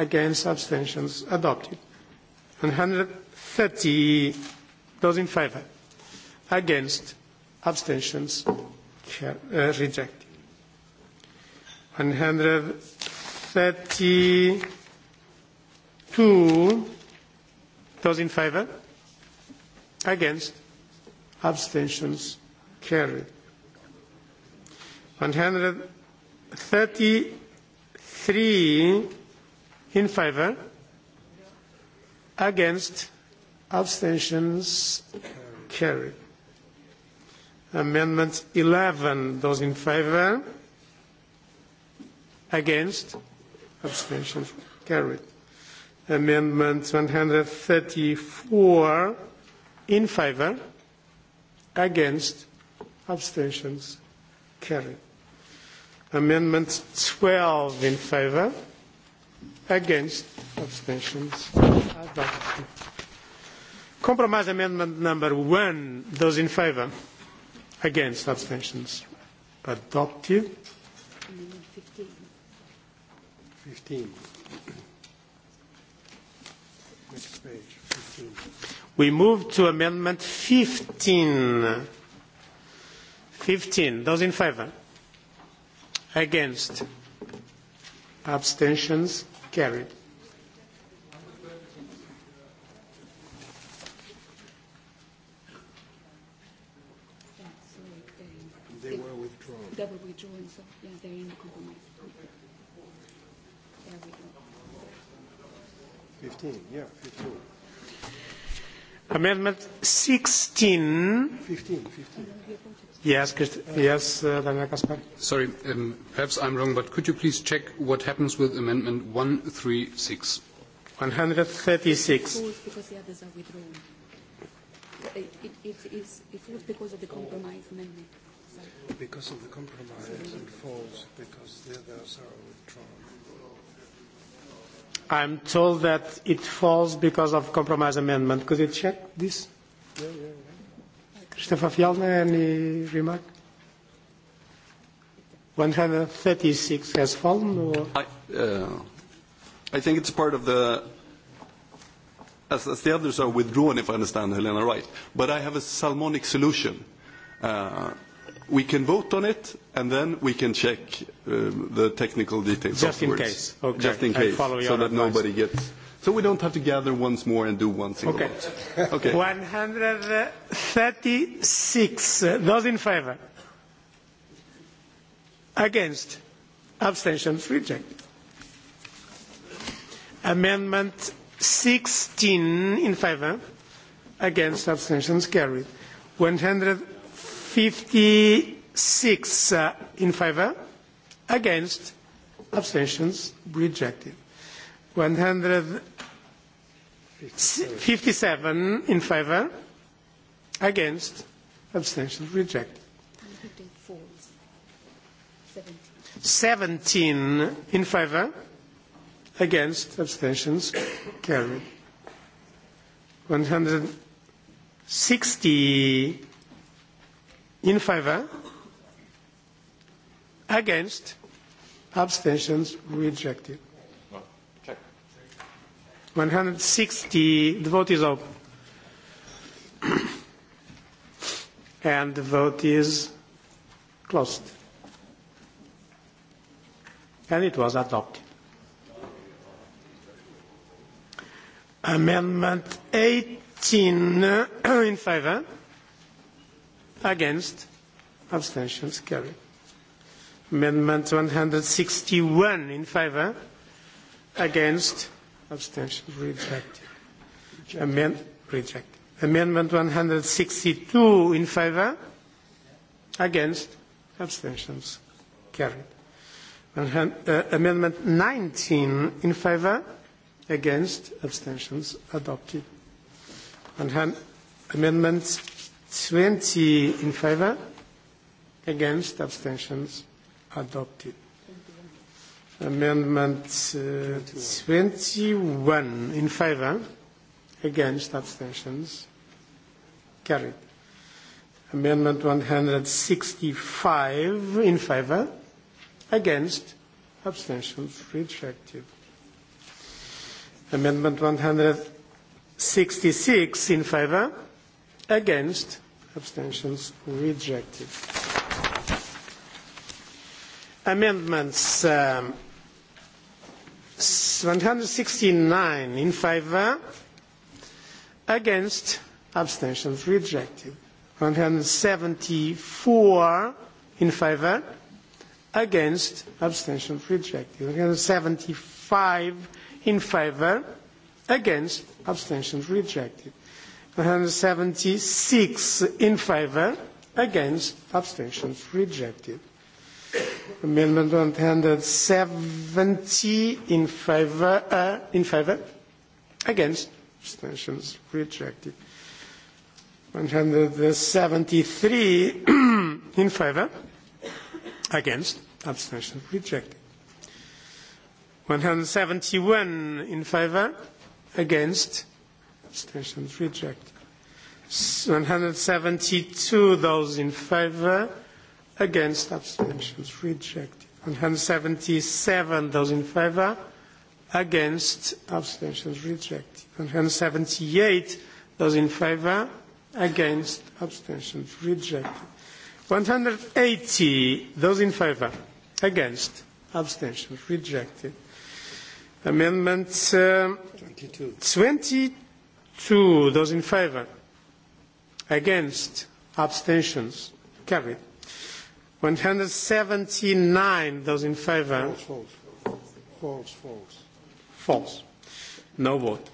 against abstentions adopted. 130 those in favour against abstentions uh, rejected. 132 those in favour against abstentions carried. 133 in favour against abstentions carried amendment 11 those in favour against abstentions carried amendment 134 in favour against abstentions carried amendment 12 in favour Against. Abstentions. Adopted. Compromise amendment number one. Those in favour? Against. Abstentions. Adopted. 15. 15. page. 15. We move to amendment 15. 15. Those in favour? Against. Abstentions Carried. They were withdrawn. They were so yeah, they're in the compromise. There we go. 15, yeah, 15. Amendment 16. 15, 15. Yes, yes, uh, Daniel Kasper. Sorry, um, perhaps I'm wrong, but could you please check what happens with Amendment 136? 136. It falls because the others are withdrawn. It, it, it, it falls because of the compromise amendment. Because of the compromise, it falls because the others are withdrawn. I'm told that it falls because of compromise amendment. Could you check this? Yeah, yeah, yeah. Stefan Fjellner, any remark? 136 has fallen? Or? I, uh, I think it's part of the as, as the others are withdrawn, if I understand Helena right. But I have a Salmonic solution. Uh, we can vote on it, and then we can check um, the technical details Just afterwards. in case. Okay. Just in case, so that advice. nobody gets so we don't have to gather once more and do one single okay. vote. Okay. 136. Those in favor? Against? Abstentions rejected. Amendment 16 in favor. Against abstentions carried. 156 uh, in favor. Against abstentions rejected. 157 in favor, against, abstention, reject. 17 in favor, against, abstentions, carried. 160 in favor, against, abstentions, rejected. 160, the vote is open. and the vote is closed. And it was adopted. Amendment 18 in favor, against, abstentions carried. Amendment 161 in favor, against, abstentions rejected. Amend, rejected. Amendment 162 in favor, against, abstentions carried. Uh, amendment 19 in favor, against, abstentions adopted. Amendment 20 in favor, against, abstentions adopted. Amendment uh, 21 in favor, against abstentions, carried. Amendment 165 in favor, against abstentions, rejected. Amendment 166 in favor, against abstentions, rejected. Amendments um, 169 in favor, against, abstentions rejected. 174 in favor, against, abstentions rejected. 175 in favor, against, abstentions rejected. 176 in favor, against, abstentions rejected. Amendment 170 in favor, uh, in favor, against, abstentions rejected. 173 in favor, against, abstentions rejected. 171 in favor, against, abstentions rejected. 172 those in favor, against abstentions rejected 177 those in favor against abstentions rejected 178 those in favor against abstentions rejected 180 those in favor against abstentions rejected amendment uh, 22. 22 those in favor against abstentions carried 179, those in favor? False, false. False, false. False. No vote.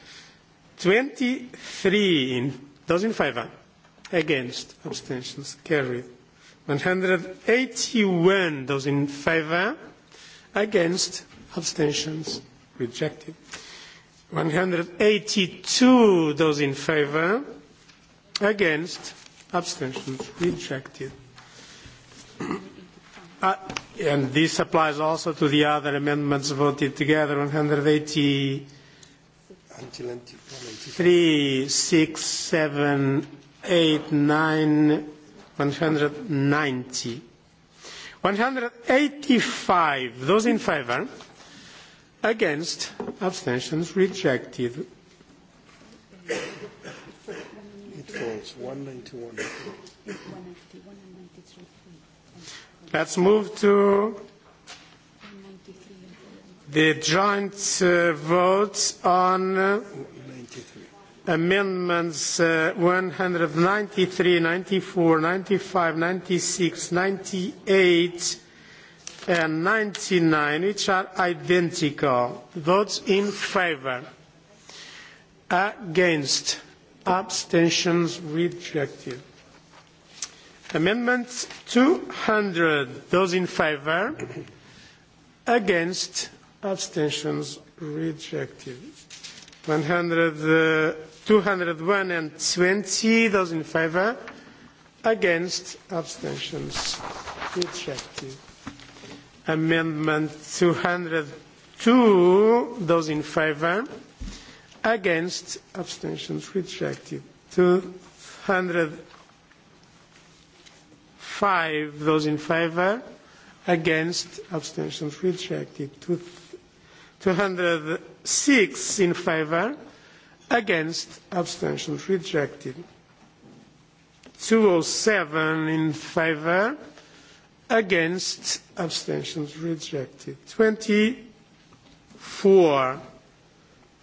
23, in, those in favor? Against, abstentions, carried. 181, those in favor? Against, abstentions, rejected. 182, those in favor? Against, abstentions, rejected. Uh, and this applies also to the other amendments voted together, 180, until 183, 6, 7, 8, 9, 190. 185, those in favor, against, abstentions, rejected. It falls, 191. 191. Let's move to the joint uh, votes on uh, amendments uh, 193, 94, 95, 96, 98 and 99, which are identical. Votes in favor. Against. Abstentions rejected. Amendment 200. Those in favour? Against? Abstentions? Rejected. 100, uh, 201 and 20. Those in favour? Against? Abstentions? Rejected. Amendment 202. Those in favour? Against? Abstentions? Rejected. 200 five, those in favour, against, abstentions rejected. Two, hundred six in favour, against, abstentions rejected. Two o seven in favour, against, abstentions rejected. Twenty four.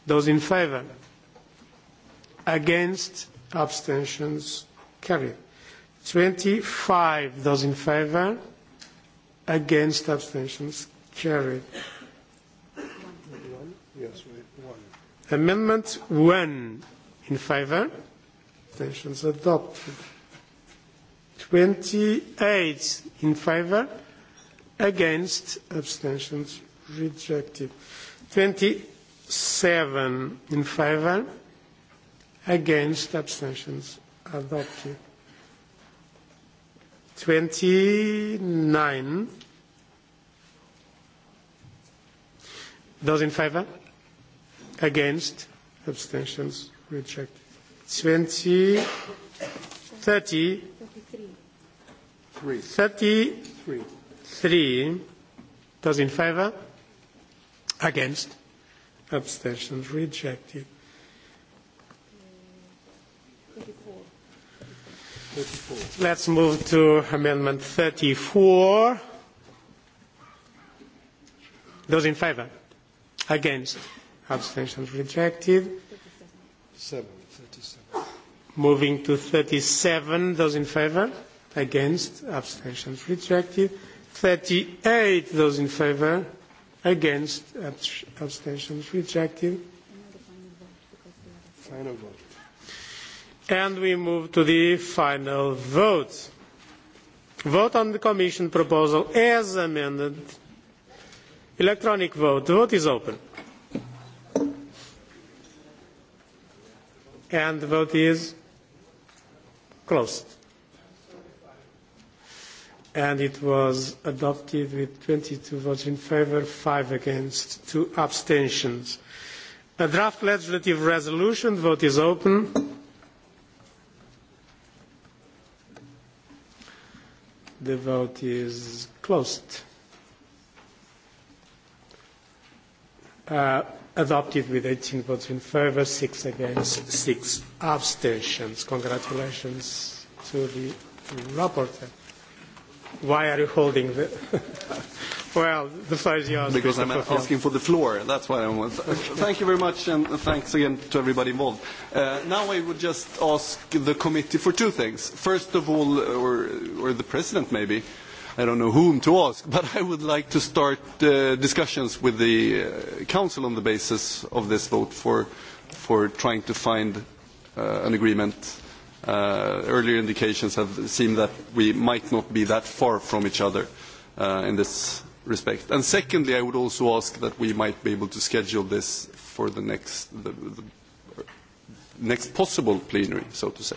those in favour, against, abstentions carried. 25, those in favour, against abstentions, carried. One? Yes, one. Amendment 1, in favour, abstentions adopted. 28 in favour, against, abstentions rejected. 27 in favour, against, abstentions adopted. 29. Those in favor? Against? Abstentions? Rejected. 20, 30, 33. 33. Those in favor? Against? Abstentions? Rejected. 34. Let's move to Amendment 34. Those in favour? Against? Abstentions rejected. 37. Moving to 37. Those in favour? Against? Abstentions rejected. 38. Those in favour? Against? Abstentions rejected. Final vote And we move to the final vote. Vote on the Commission proposal as amended. Electronic vote. The vote is open. And the vote is closed. And it was adopted with 22 votes in favor, 5 against, 2 abstentions. A draft legislative resolution. The vote is open. The is closed. Uh, adopted with 18 votes in favor, 6 against, 6 abstentions. Congratulations to the rapporteur. Why are you holding the... well, the floor is yours. Because I'm asking for the floor. That's why I want... Thank you very much, and thanks again to everybody involved. Uh, now I would just ask the committee for two things. First of all, uh, or, or the president maybe, I don't know whom to ask, but I would like to start uh, discussions with the uh, council on the basis of this vote for, for trying to find uh, an agreement uh, earlier indications have seemed that we might not be that far from each other uh, in this respect. And secondly, I would also ask that we might be able to schedule this for the next, the, the next possible plenary, so to say.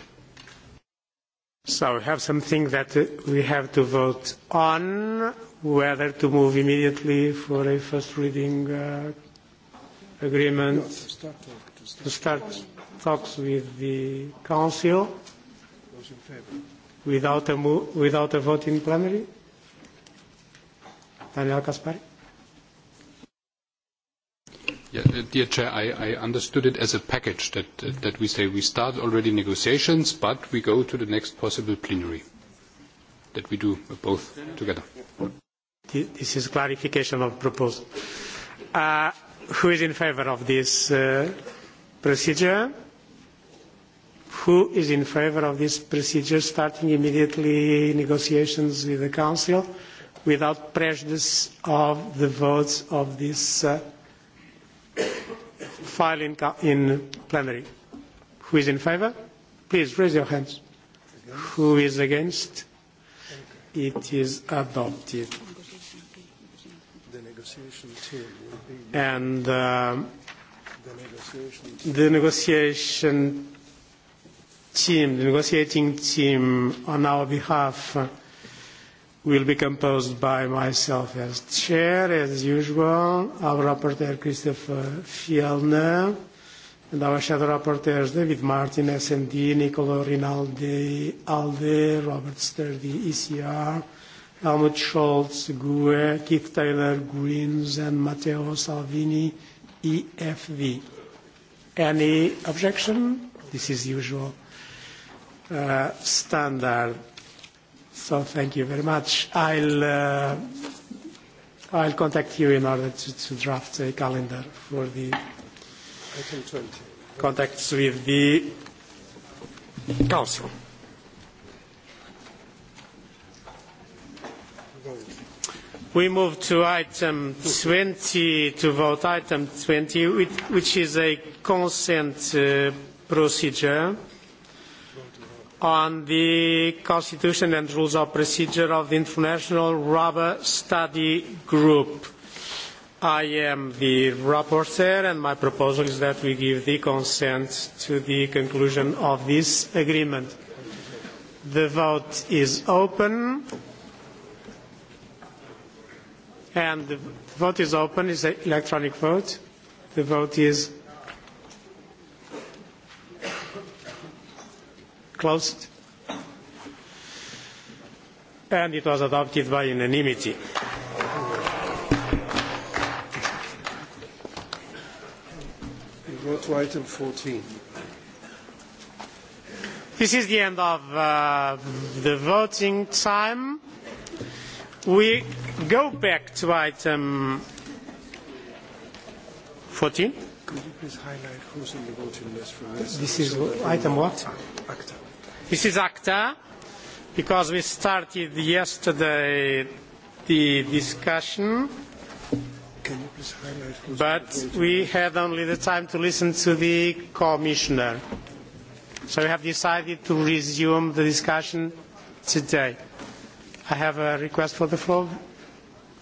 So we have something that we have to vote on, whether to move immediately for a first reading uh, agreement. No, to start. To start. To start talks with the Council Those in favor. Without, a mo without a vote in plenary? Daniel Kaspari? Yeah, uh, dear Chair, I, I understood it as a package that, uh, that we say we start already negotiations, but we go to the next possible plenary. That we do both together. This is clarification of proposal. Uh, who is in favor of this uh, procedure? Who is in favour of this procedure starting immediately negotiations with the Council without prejudice of the votes of this uh, file in, in plenary? Who is in favour? Please raise your hands. Against. Who is against? It is adopted. The negotiation team will be... And um, the negotiation The negotiation team, the negotiating team on our behalf uh, will be composed by myself as chair, as usual, our rapporteur Christopher Fielner, and our shadow rapporteurs David Martin, SMD, Nicolo Rinaldi, Alde, Robert Sturdy, ECR, Helmut Scholz, GUE, Keith Taylor, Greens, and Matteo Salvini, EFV. Any objection? This is usual uh, standard. So thank you very much. I'll, uh, I'll contact you in order to, to draft a calendar for the contacts with the council. We move to item 20, to vote item 20, which is a consent uh, procedure on the Constitution and Rules of Procedure of the International Rubber Study Group. I am the rapporteur and my proposal is that we give the consent to the conclusion of this agreement. The vote is open and the vote is open. It's an electronic vote. The vote is Closed. And it was adopted by unanimity. We go to item 14. This is the end of uh, the voting time. We go back to item 14. Could you please highlight who's in the voting list for this? This is item what? ACTA. This is Acta, because we started yesterday the discussion, but we had only the time to listen to the Commissioner. So we have decided to resume the discussion today. I have a request for the floor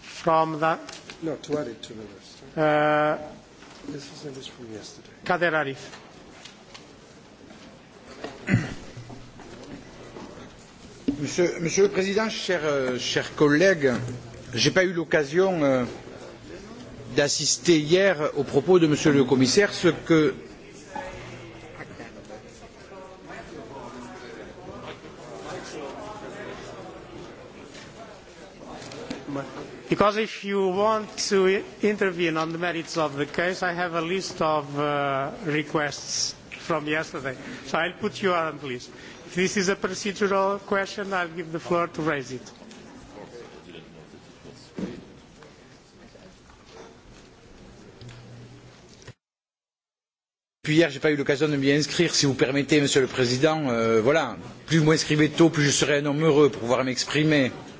from the... No, to add it to the list. Uh, this is from yesterday. Kader Arif. Monsieur, Monsieur le Président, chers, euh, cher collègues, je n'ai pas eu l'occasion euh, d'assister hier aux propos de Monsieur le Commissaire, ce que Because if you want to intervene on the merits of the case, I have a list of uh, requests from yesterday. So I'll put you on, please this is a procedural question, I'll give the floor to raise it. Puis hier, je n'ai pas eu l'occasion de m'y inscrire. Si vous permettez, Monsieur le Président, euh, voilà, plus vous m'inscrivez tôt, plus je serai un homme heureux pour pouvoir m'exprimer. Euh,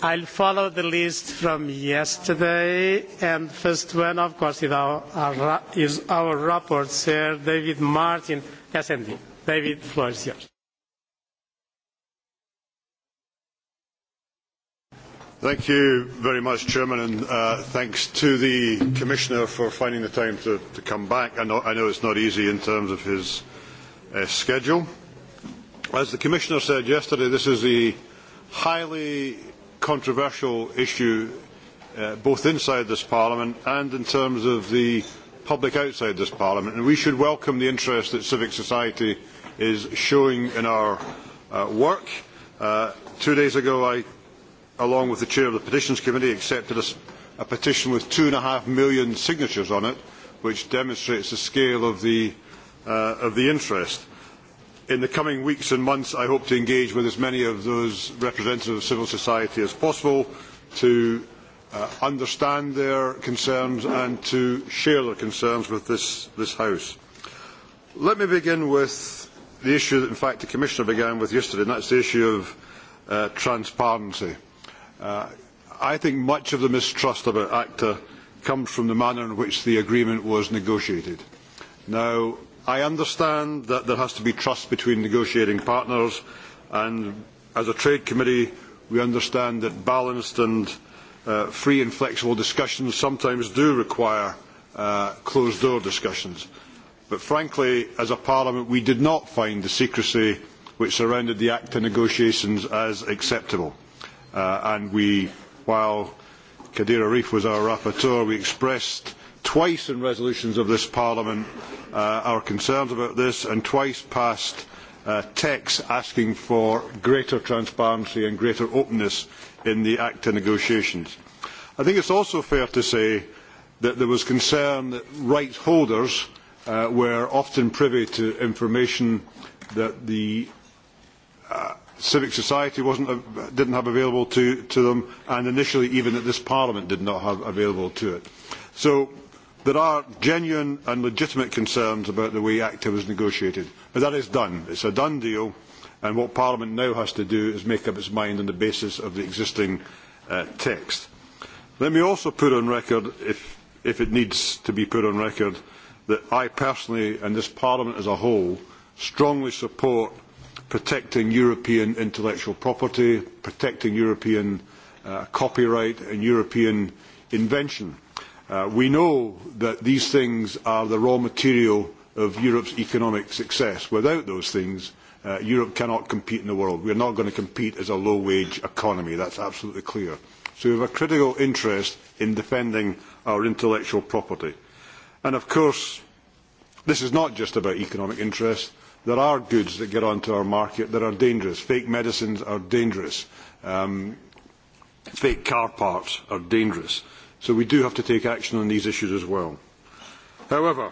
I'll follow the list from yesterday, and first one, of course, is our, our, is our Sir David Martin, SND. David, floor is yours. Thank you very much, Chairman, and uh, thanks to the Commissioner for finding the time to, to come back. I know, I know it's not easy in terms of his uh, schedule. As the Commissioner said yesterday, this is the highly controversial issue uh, both inside this Parliament and in terms of the public outside this Parliament. And we should welcome the interest that civic society is showing in our uh, work. Uh, two days ago, I, along with the chair of the Petitions Committee, accepted a, a petition with two and a half million signatures on it, which demonstrates the scale of the, uh, of the interest. In the coming weeks and months, I hope to engage with as many of those representatives of civil society as possible to uh, understand their concerns and to share their concerns with this, this House. Let me begin with the issue that, in fact, the Commissioner began with yesterday, and that is the issue of uh, transparency. Uh, I think much of the mistrust about ACTA comes from the manner in which the agreement was negotiated. Now, I understand that there has to be trust between negotiating partners, and as a trade committee, we understand that balanced and uh, free and flexible discussions sometimes do require uh, closed door discussions. But frankly, as a parliament, we did not find the secrecy which surrounded the ACTA negotiations as acceptable. Uh, and we, while Kadir Arif was our rapporteur, we expressed twice in resolutions of this Parliament uh, our concerns about this and twice passed uh, texts asking for greater transparency and greater openness in the ACTA negotiations. I think it is also fair to say that there was concern that rights holders uh, were often privy to information that the uh, civic society wasn't, uh, didn't have available to, to them and initially even that this Parliament did not have available to it. So There are genuine and legitimate concerns about the way ACTA was negotiated, but that is done. It is a done deal, and what Parliament now has to do is make up its mind on the basis of the existing uh, text. Let me also put on record, if, if it needs to be put on record, that I personally and this Parliament as a whole strongly support protecting European intellectual property, protecting European uh, copyright and European invention. Uh, we know that these things are the raw material of Europe's economic success. Without those things, uh, Europe cannot compete in the world. We are not going to compete as a low-wage economy. That is absolutely clear. So we have a critical interest in defending our intellectual property. And of course, this is not just about economic interest. There are goods that get onto our market that are dangerous. Fake medicines are dangerous. Um, fake car parts are dangerous. So we do have to take action on these issues as well. However,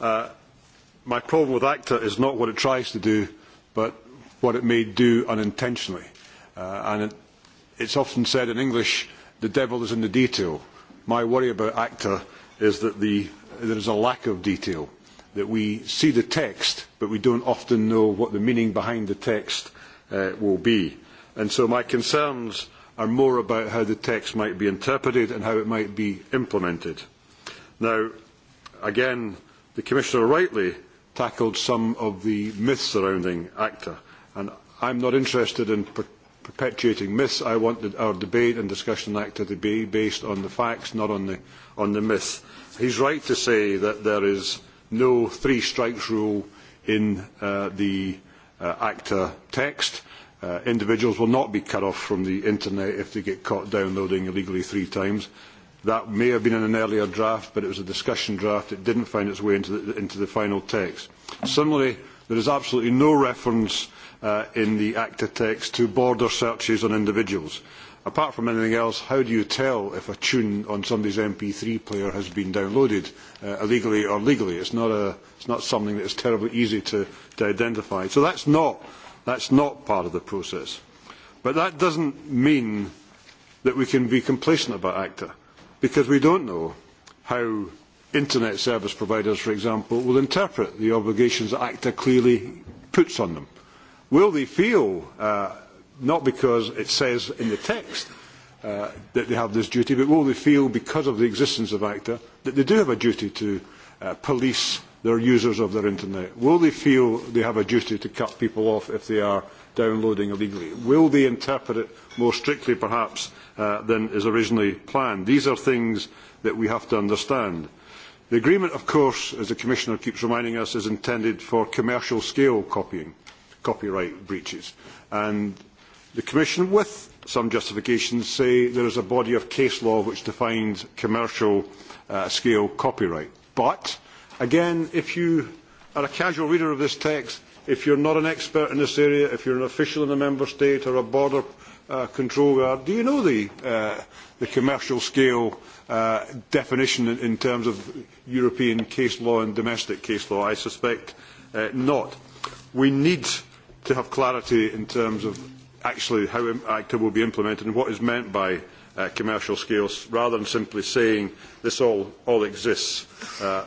uh, my problem with ACTA is not what it tries to do, but what it may do unintentionally. Uh, and it, it's often said in English, the devil is in the detail. My worry about ACTA is that the, there is a lack of detail, that we see the text, but we don't often know what the meaning behind the text uh, will be. And so my concerns are more about how the text might be interpreted and how it might be implemented. Now, again, the Commissioner rightly tackled some of the myths surrounding ACTA, and I am not interested in per perpetuating myths. I want our debate and discussion on ACTA to be based on the facts, not on the, on the myths. He's right to say that there is no three strikes rule in uh, the uh, ACTA text Uh, individuals will not be cut off from the internet if they get caught downloading illegally three times. That may have been in an earlier draft, but it was a discussion draft. It did not find its way into the, into the, final text. Similarly, there is absolutely no reference uh, in the ACTA text to border searches on individuals. Apart from anything else, how do you tell if a tune on somebody's MP3 player has been downloaded uh, illegally or legally? It is not something that is terribly easy to, to identify. So that is not That is not part of the process. But that does not mean that we can be complacent about ACTA, because we do not know how internet service providers, for example, will interpret the obligations that ACTA clearly puts on them. Will they feel, uh, not because it says in the text uh, that they have this duty, but will they feel because of the existence of ACTA that they do have a duty to uh, police their users of their internet? Will they feel they have a duty to cut people off if they are downloading illegally? Will they interpret it more strictly, perhaps, uh, than is originally planned? These are things that we have to understand. The agreement, of course, as the Commissioner keeps reminding us, is intended for commercial scale copying, copyright breaches. And the Commission, with some justifications, say there is a body of case law which defines commercial uh, scale copyright. But Again, if you are a casual reader of this text, if you are not an expert in this area, if you are an official in a member state or a border uh, control guard, do you know the, uh, the commercial scale uh, definition in, in terms of European case law and domestic case law? I suspect uh, not. We need to have clarity in terms of actually how ACTA will be implemented and what is meant by uh, commercial scales, rather than simply saying this all, all exists. Uh,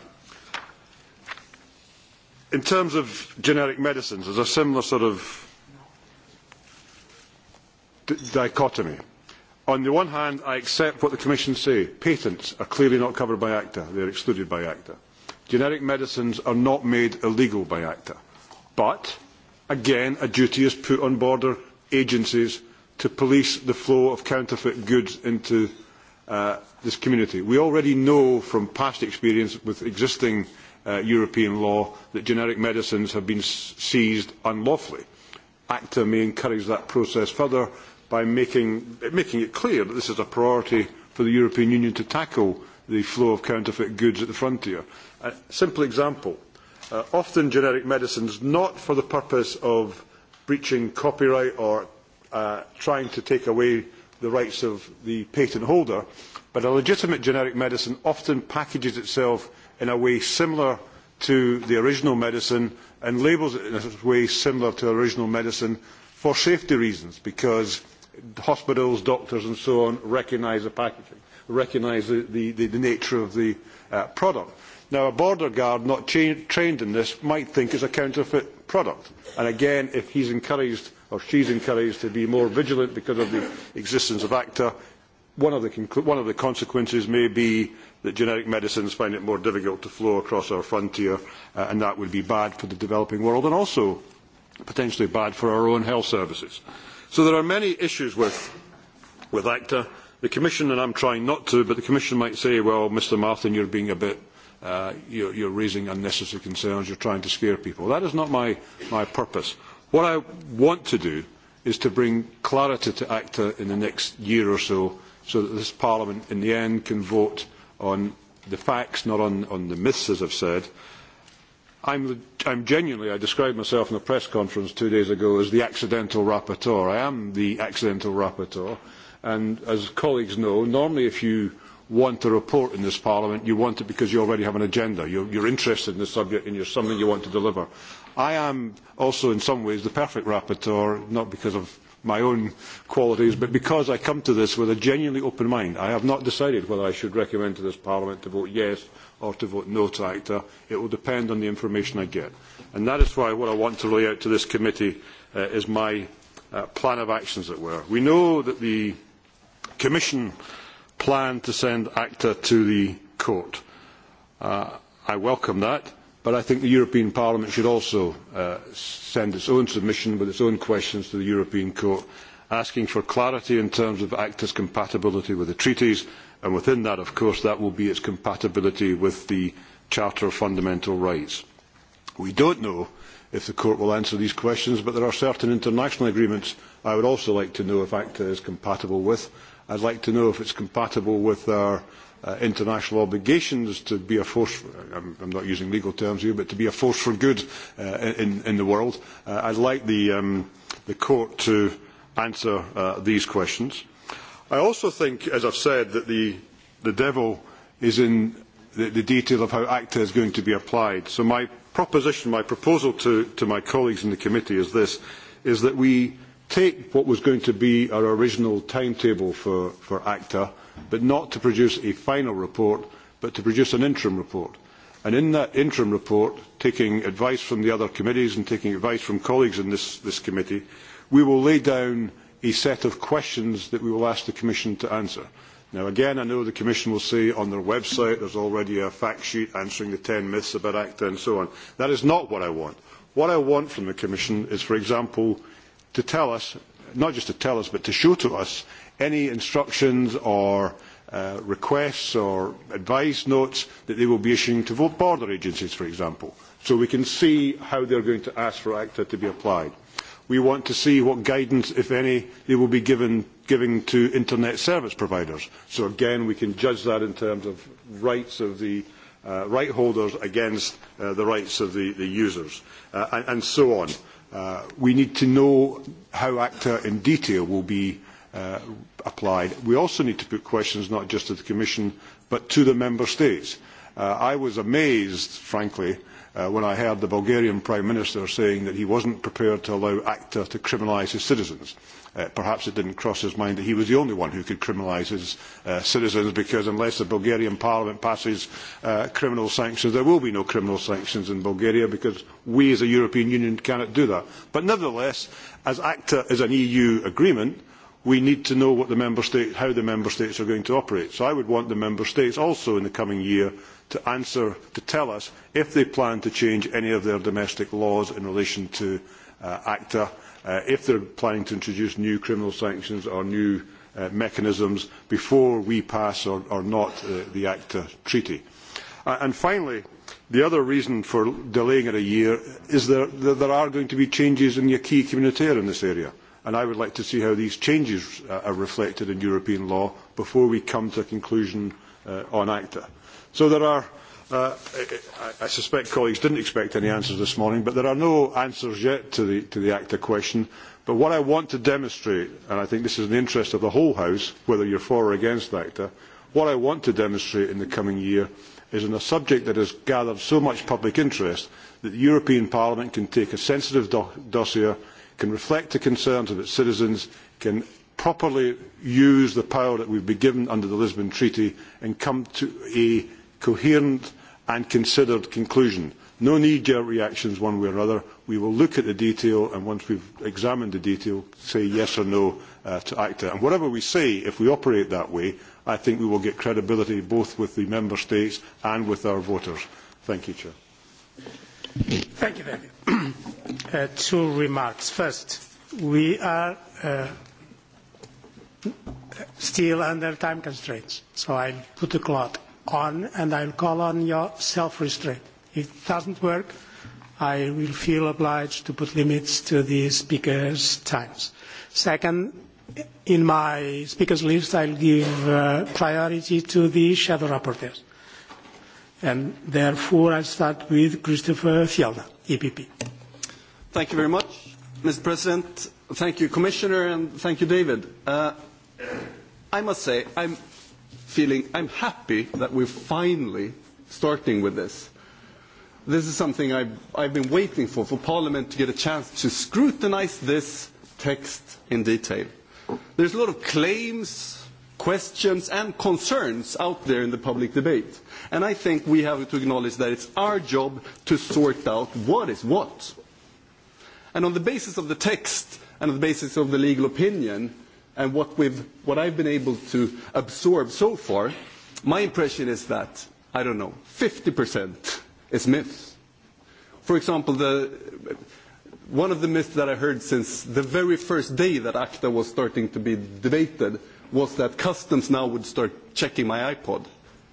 in terms of generic medicines, there's a similar sort of dichotomy. On the one hand, I accept what the Commission say. Patents are clearly not covered by ACTA. They are excluded by ACTA. Generic medicines are not made illegal by ACTA. But, again, a duty is put on border agencies to police the flow of counterfeit goods into uh, this community. We already know from past experience with existing uh, Uh, European law that generic medicines have been seized unlawfully. ACTA may encourage that process further by making, making it clear that this is a priority for the European Union to tackle the flow of counterfeit goods at the frontier. A simple example, uh, often generic medicines not for the purpose of breaching copyright or uh, trying to take away the rights of the patent holder, but a legitimate generic medicine often packages itself in a way similar to the original medicine and labels it in a way similar to original medicine for safety reasons because hospitals, doctors and so on recognise the packaging, recognise the, the, the nature of the uh, product. Now a border guard not trained in this might think it's a counterfeit product and again if he's encouraged or she's encouraged to be more vigilant because of the existence of ACTA one of, the, one of the consequences may be that generic medicines find it more difficult to flow across our frontier, uh, and that would be bad for the developing world and also potentially bad for our own health services. So there are many issues with, with ACTA. The Commission, and I am trying not to, but the Commission might say, well, Mr Martin, you are being a bit, uh, you're, you're raising unnecessary concerns, you are trying to scare people. That is not my, my purpose. What I want to do is to bring clarity to ACTA in the next year or so so that this Parliament in the end can vote on the facts, not on, on the myths, as I've said. I'm, I'm genuinely, I described myself in a press conference two days ago as the accidental rapporteur. I am the accidental rapporteur. And as colleagues know, normally if you want a report in this Parliament, you want it because you already have an agenda. You're, you're interested in the subject and you're something you want to deliver. I am also in some ways the perfect rapporteur, not because of my own qualities, but because I come to this with a genuinely open mind, I have not decided whether I should recommend to this Parliament to vote yes or to vote no to ACTA. It will depend on the information I get. And that is why what I want to lay out to this committee uh, is my uh, plan of action, as it were. We know that the Commission planned to send ACTA to the court. Uh, I welcome that. But I think the European Parliament should also uh, send its own submission with its own questions to the European Court, asking for clarity in terms of ACTA's compatibility with the treaties, and within that, of course, that will be its compatibility with the Charter of Fundamental Rights. We do not know if the court will answer these questions, but there are certain international agreements I would also like to know if ACTA is compatible with. I would like to know if it is compatible with our uh, international obligations to be a force, I'm, I'm not using legal terms here, but to be a force for good uh, in, in the world. Uh, I'd like the, um, the court to answer uh, these questions. I also think, as I've said, that the, the devil is in the, the detail of how ACTA is going to be applied. So my proposition, my proposal to, to my colleagues in the committee is this, is that we take what was going to be our original timetable for, for ACTA but not to produce a final report, but to produce an interim report. And in that interim report, taking advice from the other committees and taking advice from colleagues in this, this committee, we will lay down a set of questions that we will ask the Commission to answer. Now, again, I know the Commission will say on their website there's already a fact sheet answering the 10 myths about ACTA and so on. That is not what I want. What I want from the Commission is, for example, to tell us, not just to tell us, but to show to us any instructions or uh, requests or advice notes that they will be issuing to vote border agencies, for example, so we can see how they are going to ask for ACTA to be applied. We want to see what guidance, if any, they will be given, giving to internet service providers. So again, we can judge that in terms of rights of the uh, right holders against uh, the rights of the, the users, uh, and, and so on. Uh, we need to know how ACTA in detail will be uh, applied. We also need to put questions not just to the Commission but to the Member States. Uh, I was amazed, frankly, uh, when I heard the Bulgarian Prime Minister saying that he wasn't prepared to allow ACTA to criminalise his citizens. Uh, perhaps it didn't cross his mind that he was the only one who could criminalise his uh, citizens because unless the Bulgarian parliament passes uh, criminal sanctions, there will be no criminal sanctions in Bulgaria because we as a European Union cannot do that. But nevertheless, as ACTA is an EU agreement, we need to know what the member state, how the member states are going to operate. So I would want the member states also in the coming year to answer, to tell us if they plan to change any of their domestic laws in relation to uh, ACTA, uh, if they are planning to introduce new criminal sanctions or new uh, mechanisms before we pass or, or not uh, the ACTA treaty. and finally, the other reason for delaying it a year is that there are going to be changes in the acquis communautaire in this area and I would like to see how these changes uh, are reflected in European law before we come to a conclusion uh, on ACTA. So there are, uh, I, I suspect colleagues didn't expect any answers this morning, but there are no answers yet to the, to the ACTA question. But what I want to demonstrate, and I think this is in the interest of the whole House, whether you're for or against ACTA, what I want to demonstrate in the coming year is on a subject that has gathered so much public interest that the European Parliament can take a sensitive do dossier can reflect the concerns of its citizens, can properly use the power that we have been given under the Lisbon Treaty and come to a coherent and considered conclusion. No knee-jerk reactions one way or another. We will look at the detail and once we have examined the detail, say yes or no uh, to ACTA. And whatever we say, if we operate that way, I think we will get credibility both with the Member States and with our voters. Thank you, Chair. Thank you, very much. uh, two remarks. First, we are uh, still under time constraints, so I'll put the clock on and I'll call on your self-restraint. If it doesn't work, I will feel obliged to put limits to the speakers' times. Second, in my speakers list, I'll give uh, priority to the shadow rapporteurs. And therefore, I start with Christopher Fjellner, EPP. Thank you very much, Mr. President. Thank you, Commissioner, and thank you, David. Uh, I must say, I'm feeling, I'm happy that we're finally starting with this. This is something I've, I've been waiting for, for Parliament to get a chance to scrutinize this text in detail. There's a lot of claims, questions, and concerns out there in the public debate. And I think we have to acknowledge that it's our job to sort out what is what. And on the basis of the text and on the basis of the legal opinion and what, we've, what I've been able to absorb so far, my impression is that, I don't know, 50% is myths. For example, the, one of the myths that I heard since the very first day that ACTA was starting to be debated was that customs now would start checking my iPod.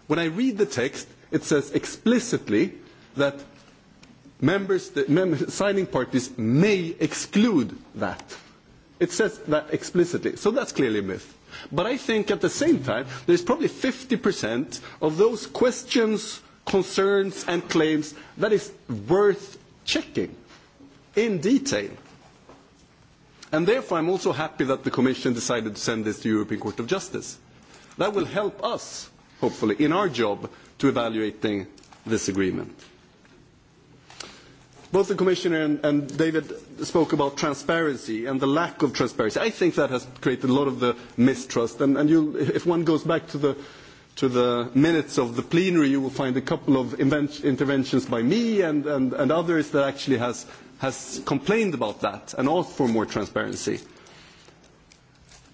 When I read the text, it says explicitly that members, the, mem signing parties may exclude that. It says that explicitly. So that's clearly a myth. But I think at the same time, there's probably 50% of those questions, concerns, and claims that is worth checking in detail. And therefore, I'm also happy that the Commission decided to send this to the European Court of Justice. That will help us hopefully, in our job to evaluating this agreement. Both the Commissioner and, and David spoke about transparency and the lack of transparency. I think that has created a lot of the mistrust. And, and you'll, if one goes back to the, to the minutes of the plenary, you will find a couple of interventions by me and, and, and others that actually has, has complained about that and asked for more transparency.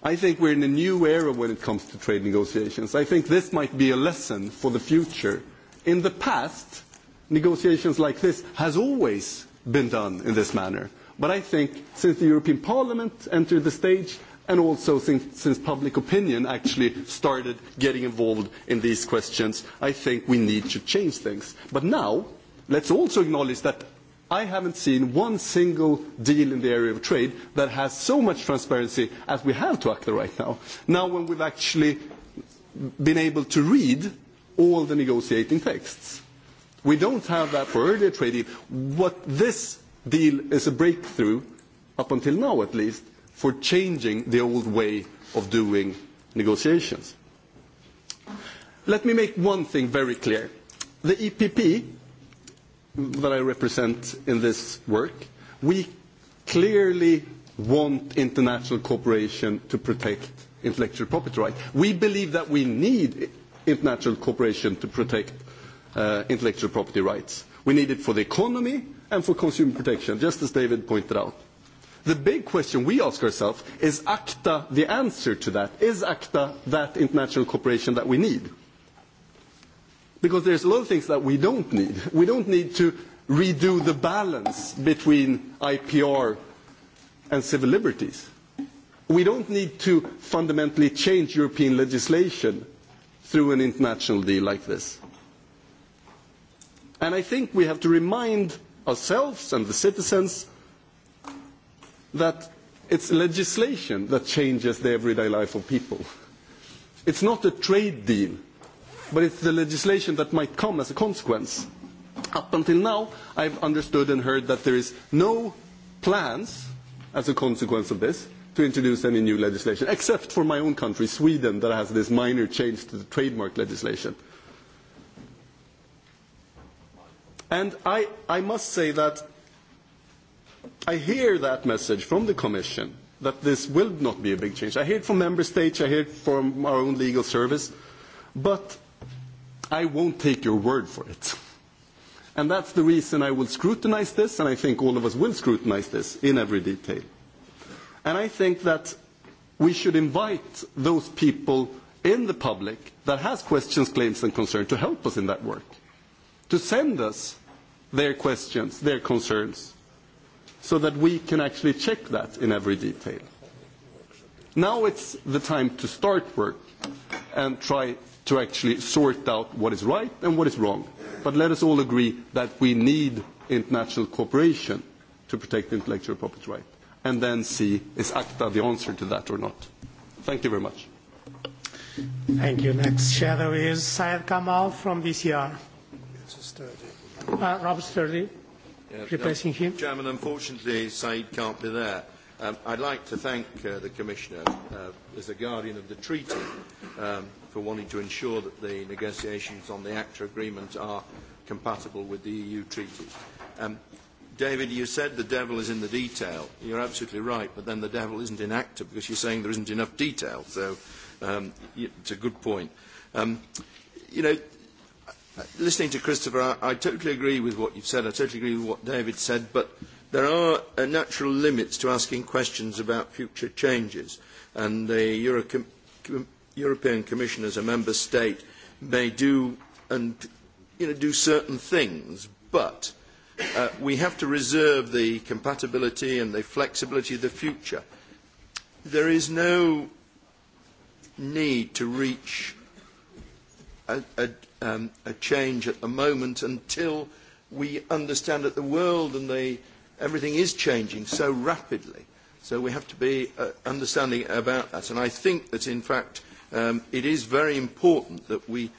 I think we're in a new era when it comes to trade negotiations. I think this might be a lesson for the future. In the past, negotiations like this has always been done in this manner. But I think since the European Parliament entered the stage and also since, since public opinion actually started getting involved in these questions, I think we need to change things. But now, let's also acknowledge that I haven't seen one single deal in the area of trade that has so much transparency as we have to ACTA right now. Now when we've actually been able to read all the negotiating texts. We don't have that for earlier trade deal. What this deal is a breakthrough, up until now at least, for changing the old way of doing negotiations. Let me make one thing very clear. The EPP that I represent in this work, we clearly want international cooperation to protect intellectual property rights. We believe that we need international cooperation to protect uh, intellectual property rights. We need it for the economy and for consumer protection, just as David pointed out. The big question we ask ourselves is ACTA the answer to that? Is ACTA that international cooperation that we need? because there's a lot of things that we don't need. We don't need to redo the balance between IPR and civil liberties. We don't need to fundamentally change European legislation through an international deal like this. And I think we have to remind ourselves and the citizens that it's legislation that changes the everyday life of people. It's not a trade deal but it's the legislation that might come as a consequence. Up until now, I've understood and heard that there is no plans as a consequence of this to introduce any new legislation, except for my own country, Sweden, that has this minor change to the trademark legislation. And I, I must say that I hear that message from the Commission that this will not be a big change. I hear it from member states, I hear it from our own legal service, but I won't take your word for it. And that's the reason I will scrutinize this, and I think all of us will scrutinize this in every detail. And I think that we should invite those people in the public that has questions, claims and concerns to help us in that work, to send us their questions, their concerns, so that we can actually check that in every detail. Now it's the time to start work and try to actually sort out what is right and what is wrong. But let us all agree that we need international cooperation to protect intellectual property rights, and then see is ACTA the answer to that or not. Thank you very much. Thank you. Next shadow is Syed Kamal from VCR. Uh, Robert Sturdy, yeah, replacing him. Chairman, unfortunately, Said can't be there. Um, I'd like to thank uh, the Commissioner uh, as a guardian of the treaty um, for wanting to ensure that the negotiations on the ACTA agreement are compatible with the EU treaties. Um, David, you said the devil is in the detail. You're absolutely right, but then the devil isn't in ACTA because you're saying there isn't enough detail. So um, it's a good point. Um, you know, listening to Christopher, I, I totally agree with what you've said. I totally agree with what David said, but there are uh, natural limits to asking questions about future changes. And the Euro com European Commission as a member state may do and you know, do certain things, but uh, we have to reserve the compatibility and the flexibility of the future. There is no need to reach a, a, um, a change at the moment until we understand that the world and the, everything is changing so rapidly. So we have to be uh, understanding about that. And I think that, in fact, um, it is very important that we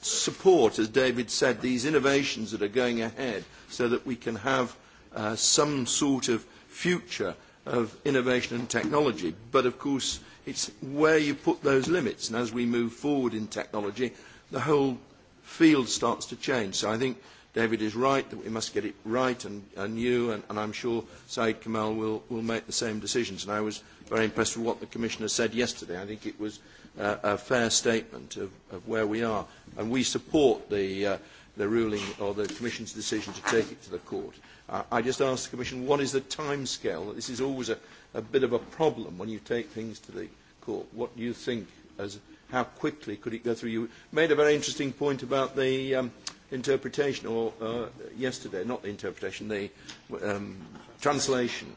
support, as David said, these innovations that are going ahead so that we can have uh, some sort of future of innovation and technology. But of course, it's where you put those limits. And as we move forward in technology, the whole field starts to change. So I think David is right that we must get it right, and, and you and, and I'm sure Saeed Kamal will, will make the same decisions. And I was very impressed with what the Commissioner said yesterday. I think it was uh, a fair statement of, of where we are. And we support the, uh, the ruling or the Commission's decision to take it to the court. Uh, I just asked the Commission, what is the timescale? This is always a, a bit of a problem when you take things to the court. What do you think as how quickly could it go through? You made a very interesting point about the... Um, interpretation, or uh, yesterday, not the interpretation, the um, translation.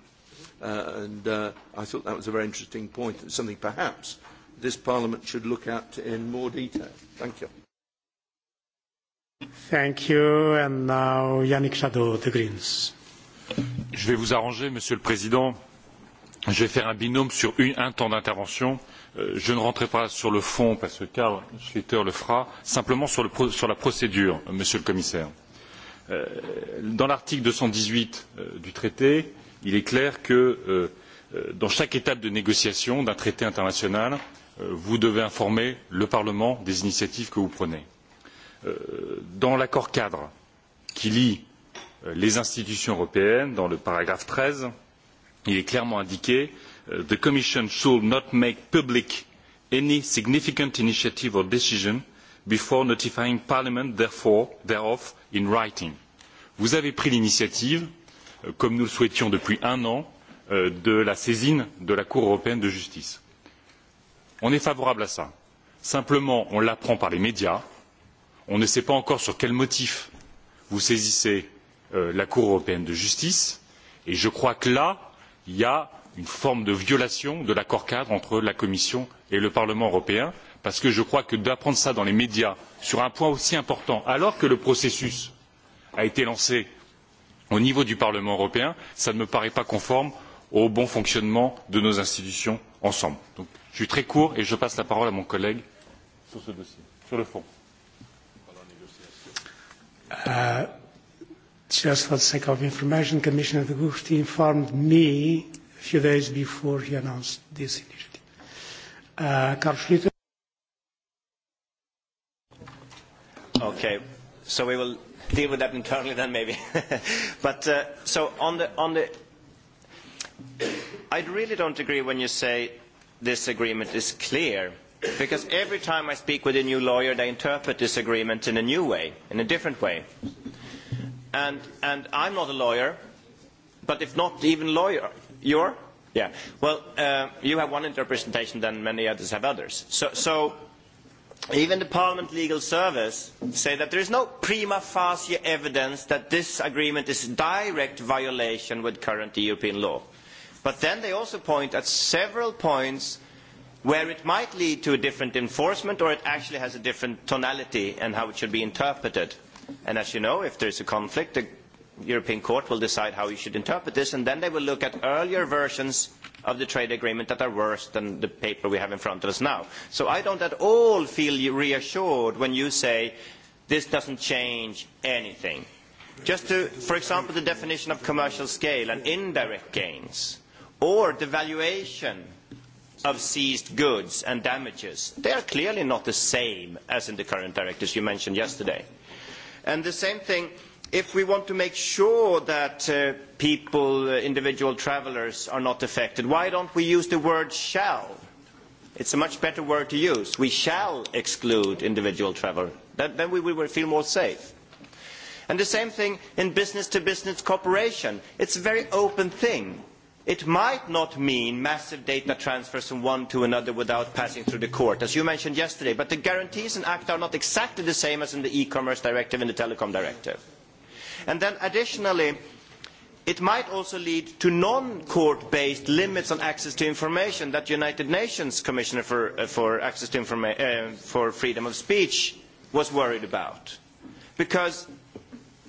Uh, and uh, I thought that was a very interesting point, and something perhaps this Parliament should look at in more detail. Thank you. Thank you. And now Yannick Jadot, The Greens. Je vais vous arranger, Monsieur le Président Je vais faire un binôme sur une, un temps d'intervention. Euh, je ne rentrerai pas sur le fond parce que Karl Schlitter le fera, simplement sur, le, sur la procédure, euh, Monsieur le Commissaire. Euh, dans l'article deux cent dix huit du traité, il est clair que dans chaque étape de négociation d'un traité international, vous devez informer le Parlement des initiatives que vous prenez. Dans l'accord cadre qui lie les institutions européennes, dans le paragraphe treize, il est clairement indiqué euh, the commission should not make public any significant initiative or decision before notifying parliament thereof in writing. vous avez pris l'initiative euh, comme nous le souhaitions depuis un an euh, de la saisine de la cour européenne de justice. on est favorable à cela. simplement on l'apprend par les médias on ne sait pas encore sur quel motif vous saisissez la cour européenne de justice et je crois que là il y a une forme de violation de l'accord cadre entre la Commission et le Parlement européen, parce que je crois que d'apprendre cela dans les médias sur un point aussi important, alors que le processus a été lancé au niveau du Parlement européen, cela ne me paraît pas conforme au bon fonctionnement de nos institutions ensemble. Donc, je suis très court et je passe la parole à mon collègue sur ce dossier, sur le fond. Euh, Just for the sake of information, Commissioner de informed me a few days before he announced this initiative. Uh, Carl Schlitter. Okay, so we will deal with that internally then maybe. but uh, so on the, on the, I really don't agree when you say this agreement is clear. Because every time I speak with a new lawyer, they interpret this agreement in a new way, in a different way and, and I'm not a lawyer, but if not even lawyer, are? Yeah. Well, uh, you have one interpretation, then many others have others. So, so even the Parliament Legal Service say that there is no prima facie evidence that this agreement is a direct violation with current European law. But then they also point at several points where it might lead to a different enforcement or it actually has a different tonality and how it should be interpreted. And as you know, if there is a conflict, the European Court will decide how you should interpret this, and then they will look at earlier versions of the trade agreement that are worse than the paper we have in front of us now. So I don't at all feel reassured when you say this doesn't change anything. Just to, for example, the definition of commercial scale and indirect gains, or the valuation of seized goods and damages, they are clearly not the same as in the current directives you mentioned yesterday. And the same thing, if we want to make sure that uh, people, uh, individual travellers, are not affected, why don't we use the word shall? It's a much better word to use. We shall exclude individual travel. That, then we will feel more safe. And the same thing in business-to-business -business cooperation. It's a very open thing It might not mean massive data transfers from one to another without passing through the court, as you mentioned yesterday, but the guarantees in ACTA are not exactly the same as in the e-commerce directive and the telecom directive. And then additionally, it might also lead to non-court-based limits on access to information that the United Nations Commissioner for, uh, for, access to uh, for Freedom of Speech was worried about. Because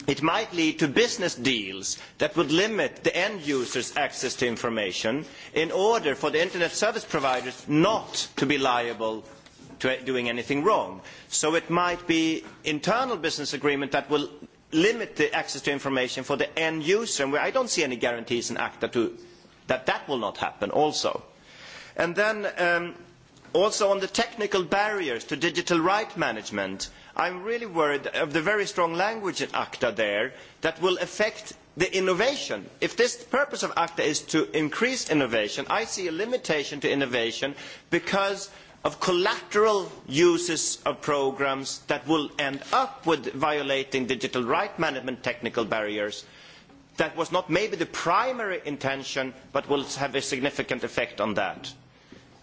it might lead to business deals that would limit the end user's access to information in order for the internet service providers not to be liable to doing anything wrong. So it might be internal business agreement that will limit the access to information for the end user, and I don't see any guarantees in ACTA to, that that will not happen also. And then um, also on the technical barriers to digital right management, uh, I am really worried of the very strong language in ACTA there that will affect the innovation. If this purpose of ACTA is to increase innovation, I see a limitation to innovation because of collateral uses of programmes that will end up with violating digital rights management technical barriers that was not maybe the primary intention but will have a significant effect on that.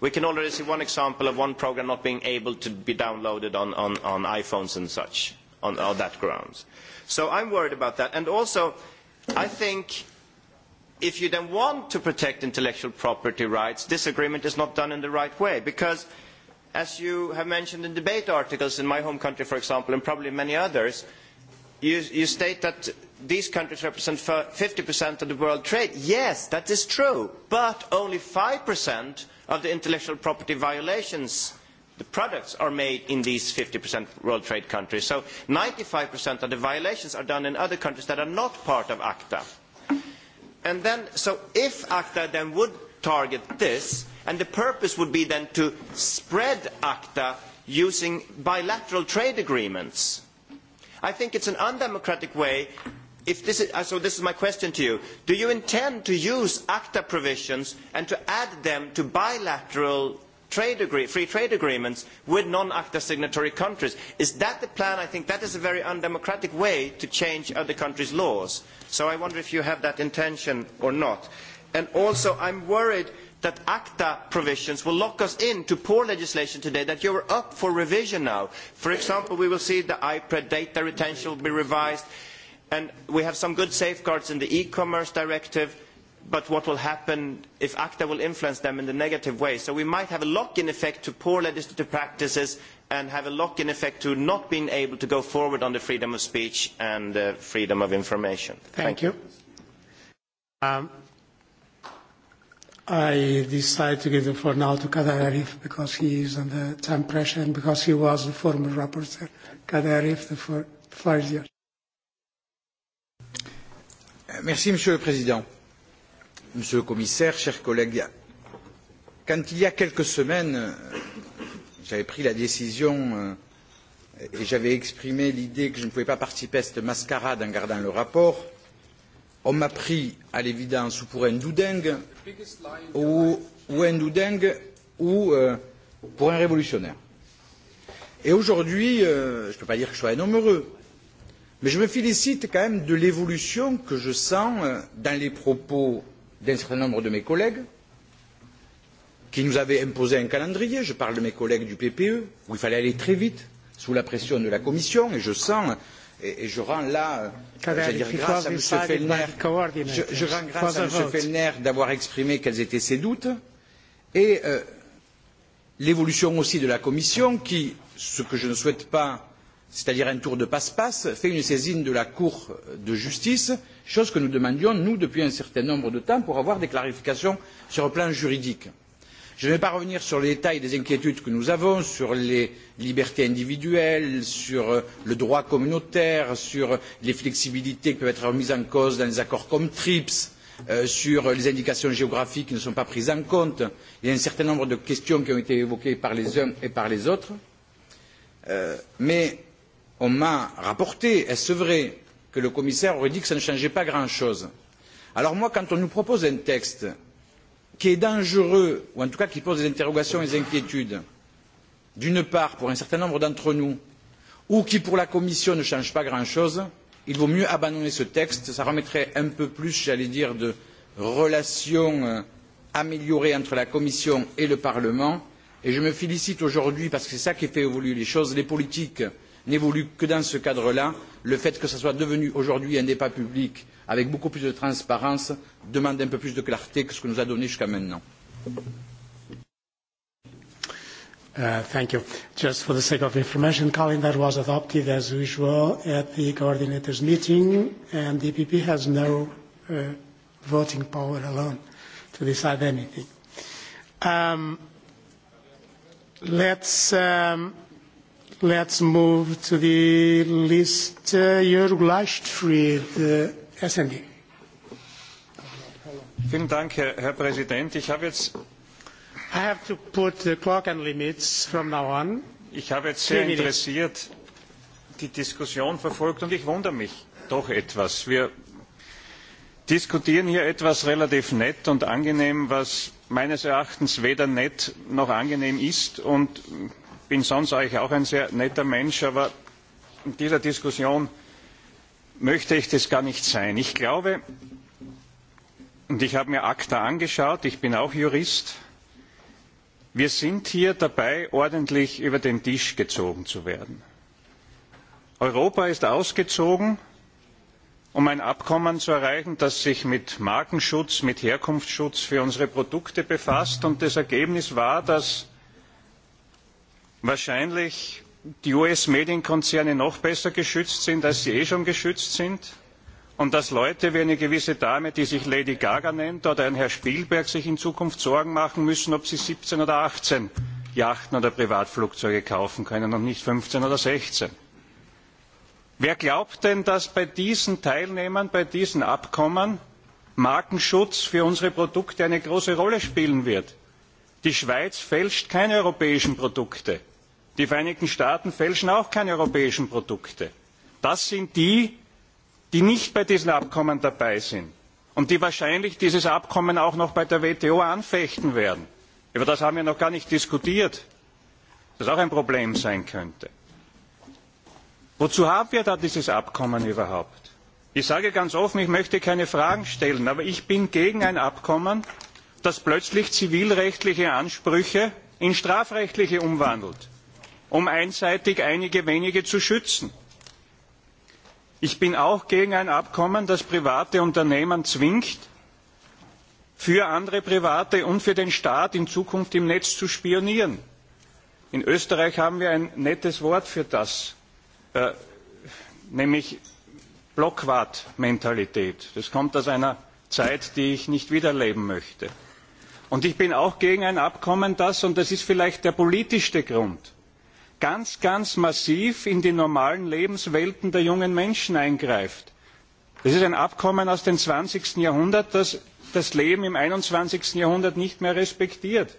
We can already see one example of one program not being able to be downloaded on, on, on iPhones and such on, on that grounds. So I'm worried about that. And also, I think if you then want to protect intellectual property rights, this agreement is not done in the right way because as you have mentioned in debate articles in my home country, for example, and probably many others, you, you state that these countries represent 50% of the world trade. Yes, that is true, but only 5% of the intellectual property violations, the products are made in these 50% world trade countries. So 95% of the violations are done in other countries that are not part of ACTA. And then, so if ACTA then would target this, and the purpose would be then to spread ACTA using bilateral trade agreements, I think it is an undemocratic way If this is, uh, so this is my question to you. Do you intend to use ACTA provisions and to add them to bilateral trade agree, free trade agreements with non-ACTA signatory countries? Is that the plan? I think that is a very undemocratic way to change other countries' laws. So I wonder if you have that intention or not. And also, I am worried that ACTA provisions will lock us into poor legislation today that you are up for revision now. For example, we will see the IPRED data retention will be revised. And we have some good safeguards in the e-commerce directive, but what will happen if ACTA will influence them in a negative way? So we might have a lock-in effect to poor legislative practices and have a lock-in effect to not being able to go forward on the freedom of speech and uh, freedom of information. Thank, Thank you. you. Um, I decide to give the floor now to Kadar Arif because he is under time pressure and because he was the former rapporteur. Kadar the floor is yours. Merci, Monsieur le Président. Monsieur le Commissaire, chers collègues, quand il y a quelques semaines, j'avais pris la décision euh, et j'avais exprimé l'idée que je ne pouvais pas participer à cette mascarade en gardant le rapport, on m'a pris à l'évidence ou pour un doudingue ou, ou un doudingue ou euh, pour un révolutionnaire. Et aujourd'hui, euh, je ne peux pas dire que je sois un homme heureux, Mais je me félicite quand même de l'évolution que je sens euh, dans les propos d'un certain nombre de mes collègues qui nous avaient imposé un calendrier. Je parle de mes collègues du PPE, où il fallait aller très vite sous la pression de la Commission, et je sens et, et je rends là, euh, je dire, grâce à M. Fellner, je, je rends grâce à M. Fellner d'avoir exprimé quels étaient ses doutes, et euh, l'évolution aussi de la Commission, qui, ce que je ne souhaite pas, c'est-à-dire un tour de passe-passe, fait une saisine de la Cour de justice, chose que nous demandions, nous, depuis un certain nombre de temps, pour avoir des clarifications sur le plan juridique. Je ne vais pas revenir sur les détails des inquiétudes que nous avons, sur les libertés individuelles, sur euh, le droit communautaire, sur les flexibilités qui peuvent être remises en cause dans les accords comme TRIPS, euh, sur les indications géographiques qui ne sont pas prises en compte. Il y a un certain nombre de questions qui ont été évoquées par les uns et par les autres. Euh, mais on m'a rapporté, est-ce vrai, que le commissaire aurait dit que ça ne changeait pas grand-chose. Alors moi, quand on nous propose un texte qui est dangereux, ou en tout cas qui pose des interrogations et des inquiétudes, d'une part pour un certain nombre d'entre nous, ou qui pour la Commission ne change pas grand-chose, il vaut mieux abandonner ce texte, ça remettrait un peu plus, j'allais dire, de relations euh, améliorées entre la Commission et le Parlement, et je me félicite aujourd'hui, parce que c'est ça qui fait évoluer les choses, les politiques n'ait voulu que dans ce cadre-là. Le fait que ce soit devenu aujourd'hui un débat public avec beaucoup plus de transparence demande un peu plus de clarté que ce que nous a donné jusqu'à maintenant. Uh, thank you. Just for the sake of information, Colin, was adopted as usual at the coordinators' meeting, and the EPP has no uh, voting power alone to decide anything. Um, let's um, Let's move to the list. Uh, Jörg Leichtfried, uh, SND. Vielen Dank, Herr, Herr Präsident. Ich habe jetzt. I have to put the clock and limits from now on. Ich habe jetzt sehr interessiert die Diskussion verfolgt und ich wundere mich doch etwas. Wir diskutieren hier etwas relativ nett und angenehm, was meines Erachtens weder nett noch angenehm ist und bin sonst eigentlich auch ein sehr netter Mensch, aber in dieser Diskussion möchte ich das gar nicht sein. Ich glaube, und ich habe mir ACTA angeschaut, ich bin auch Jurist, wir sind hier dabei, ordentlich über den Tisch gezogen zu werden. Europa ist ausgezogen, um ein Abkommen zu erreichen, das sich mit Markenschutz, mit Herkunftsschutz für unsere Produkte befasst. Und das Ergebnis war, dass wahrscheinlich die US-Medienkonzerne noch besser geschützt sind, als sie eh schon geschützt sind und dass Leute wie eine gewisse Dame, die sich Lady Gaga nennt, oder ein Herr Spielberg sich in Zukunft Sorgen machen müssen, ob sie siebzehn oder achtzehn Yachten oder Privatflugzeuge kaufen können und nicht fünfzehn oder sechzehn. Wer glaubt denn, dass bei diesen Teilnehmern, bei diesen Abkommen Markenschutz für unsere Produkte eine große Rolle spielen wird? Die Schweiz fälscht keine europäischen Produkte. Die Vereinigten Staaten fälschen auch keine europäischen Produkte. Das sind die, die nicht bei diesen Abkommen dabei sind und die wahrscheinlich dieses Abkommen auch noch bei der WTO anfechten werden. Über das haben wir noch gar nicht diskutiert, das auch ein Problem sein könnte. Wozu haben wir da dieses Abkommen überhaupt? Ich sage ganz offen, ich möchte keine Fragen stellen, aber ich bin gegen ein Abkommen, das plötzlich zivilrechtliche Ansprüche in strafrechtliche umwandelt um einseitig einige wenige zu schützen. Ich bin auch gegen ein Abkommen, das private Unternehmen zwingt, für andere Private und für den Staat in Zukunft im Netz zu spionieren. In Österreich haben wir ein nettes Wort für das, äh, nämlich Blockwart-Mentalität. Das kommt aus einer Zeit, die ich nicht wiederleben möchte. Und ich bin auch gegen ein Abkommen, das, und das ist vielleicht der politischste Grund, ganz, ganz massiv in die normalen Lebenswelten der jungen Menschen eingreift. Das ist ein Abkommen aus dem zwanzigsten Jahrhundert, das das Leben im einundzwanzigsten Jahrhundert nicht mehr respektiert.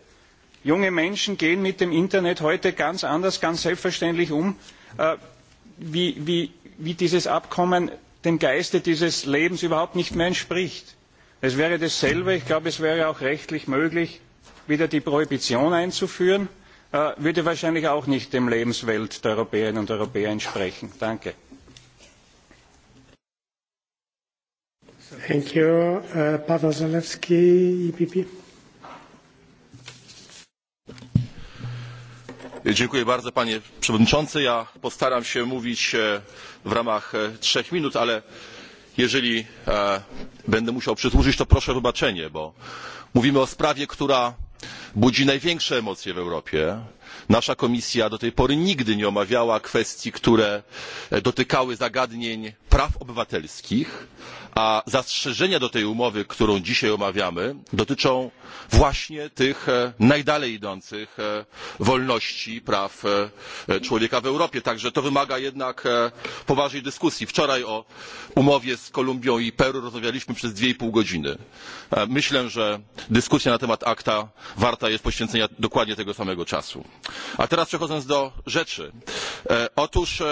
Junge Menschen gehen mit dem Internet heute ganz anders, ganz selbstverständlich um, äh, wie, wie, wie dieses Abkommen dem Geiste dieses Lebens überhaupt nicht mehr entspricht. Es wäre dasselbe, ich glaube, es wäre auch rechtlich möglich, wieder die Prohibition einzuführen Äh, würde er wahrscheinlich auch nicht dem Lebenswelt der Europäerinnen und Europäer entsprechen. Danke. Thank you. Uh, äh, Pavel Zalewski, EPP. Dziękuję bardzo panie przewodniczący. Ja postaram się mówić e, w ramach e, trzech minut, ale jeżeli e, będę musiał przedłużyć, to proszę o wybaczenie, bo mówimy o sprawie, która budzi największe emocje w Europie. Nasza komisja do tej pory nigdy nie omawiała kwestii, które dotykały zagadnień praw obywatelskich, a zastrzeżenia do tej umowy którą dzisiaj omawiamy dotyczą właśnie tych e, najdalej idących e, wolności i praw e, człowieka w europie także to wymaga jednak poważnej dyskusji. wczoraj o umowie z kolumbią i peru rozmawialiśmy przez dwie i pół godziny. myślę że dyskusja na temat acta warta jest poświęcenia dokładnie tego samego czasu. a teraz przechodząc do rzeczy otóż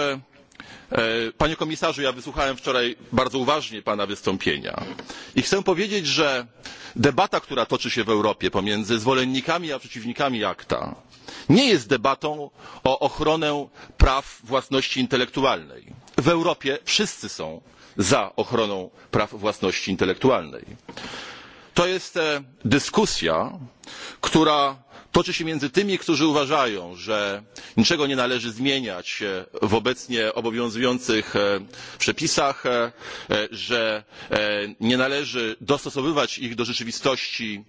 E, panie komisarzu, ja wysłuchałem wczoraj bardzo uważnie pana wystąpienia i chcę powiedzieć, że debata, która toczy się w Europie pomiędzy zwolennikami a przeciwnikami akta, nie jest debatą o ochronę praw własności intelektualnej. W Europie wszyscy są za ochroną praw własności intelektualnej. To jest e, dyskusja, która toczy się między tymi, którzy uważają, że niczego nie należy zmieniać e, w obecnie obowiązujących e, przepisach, e, że nie należy dostosowywać ich do rzeczywistości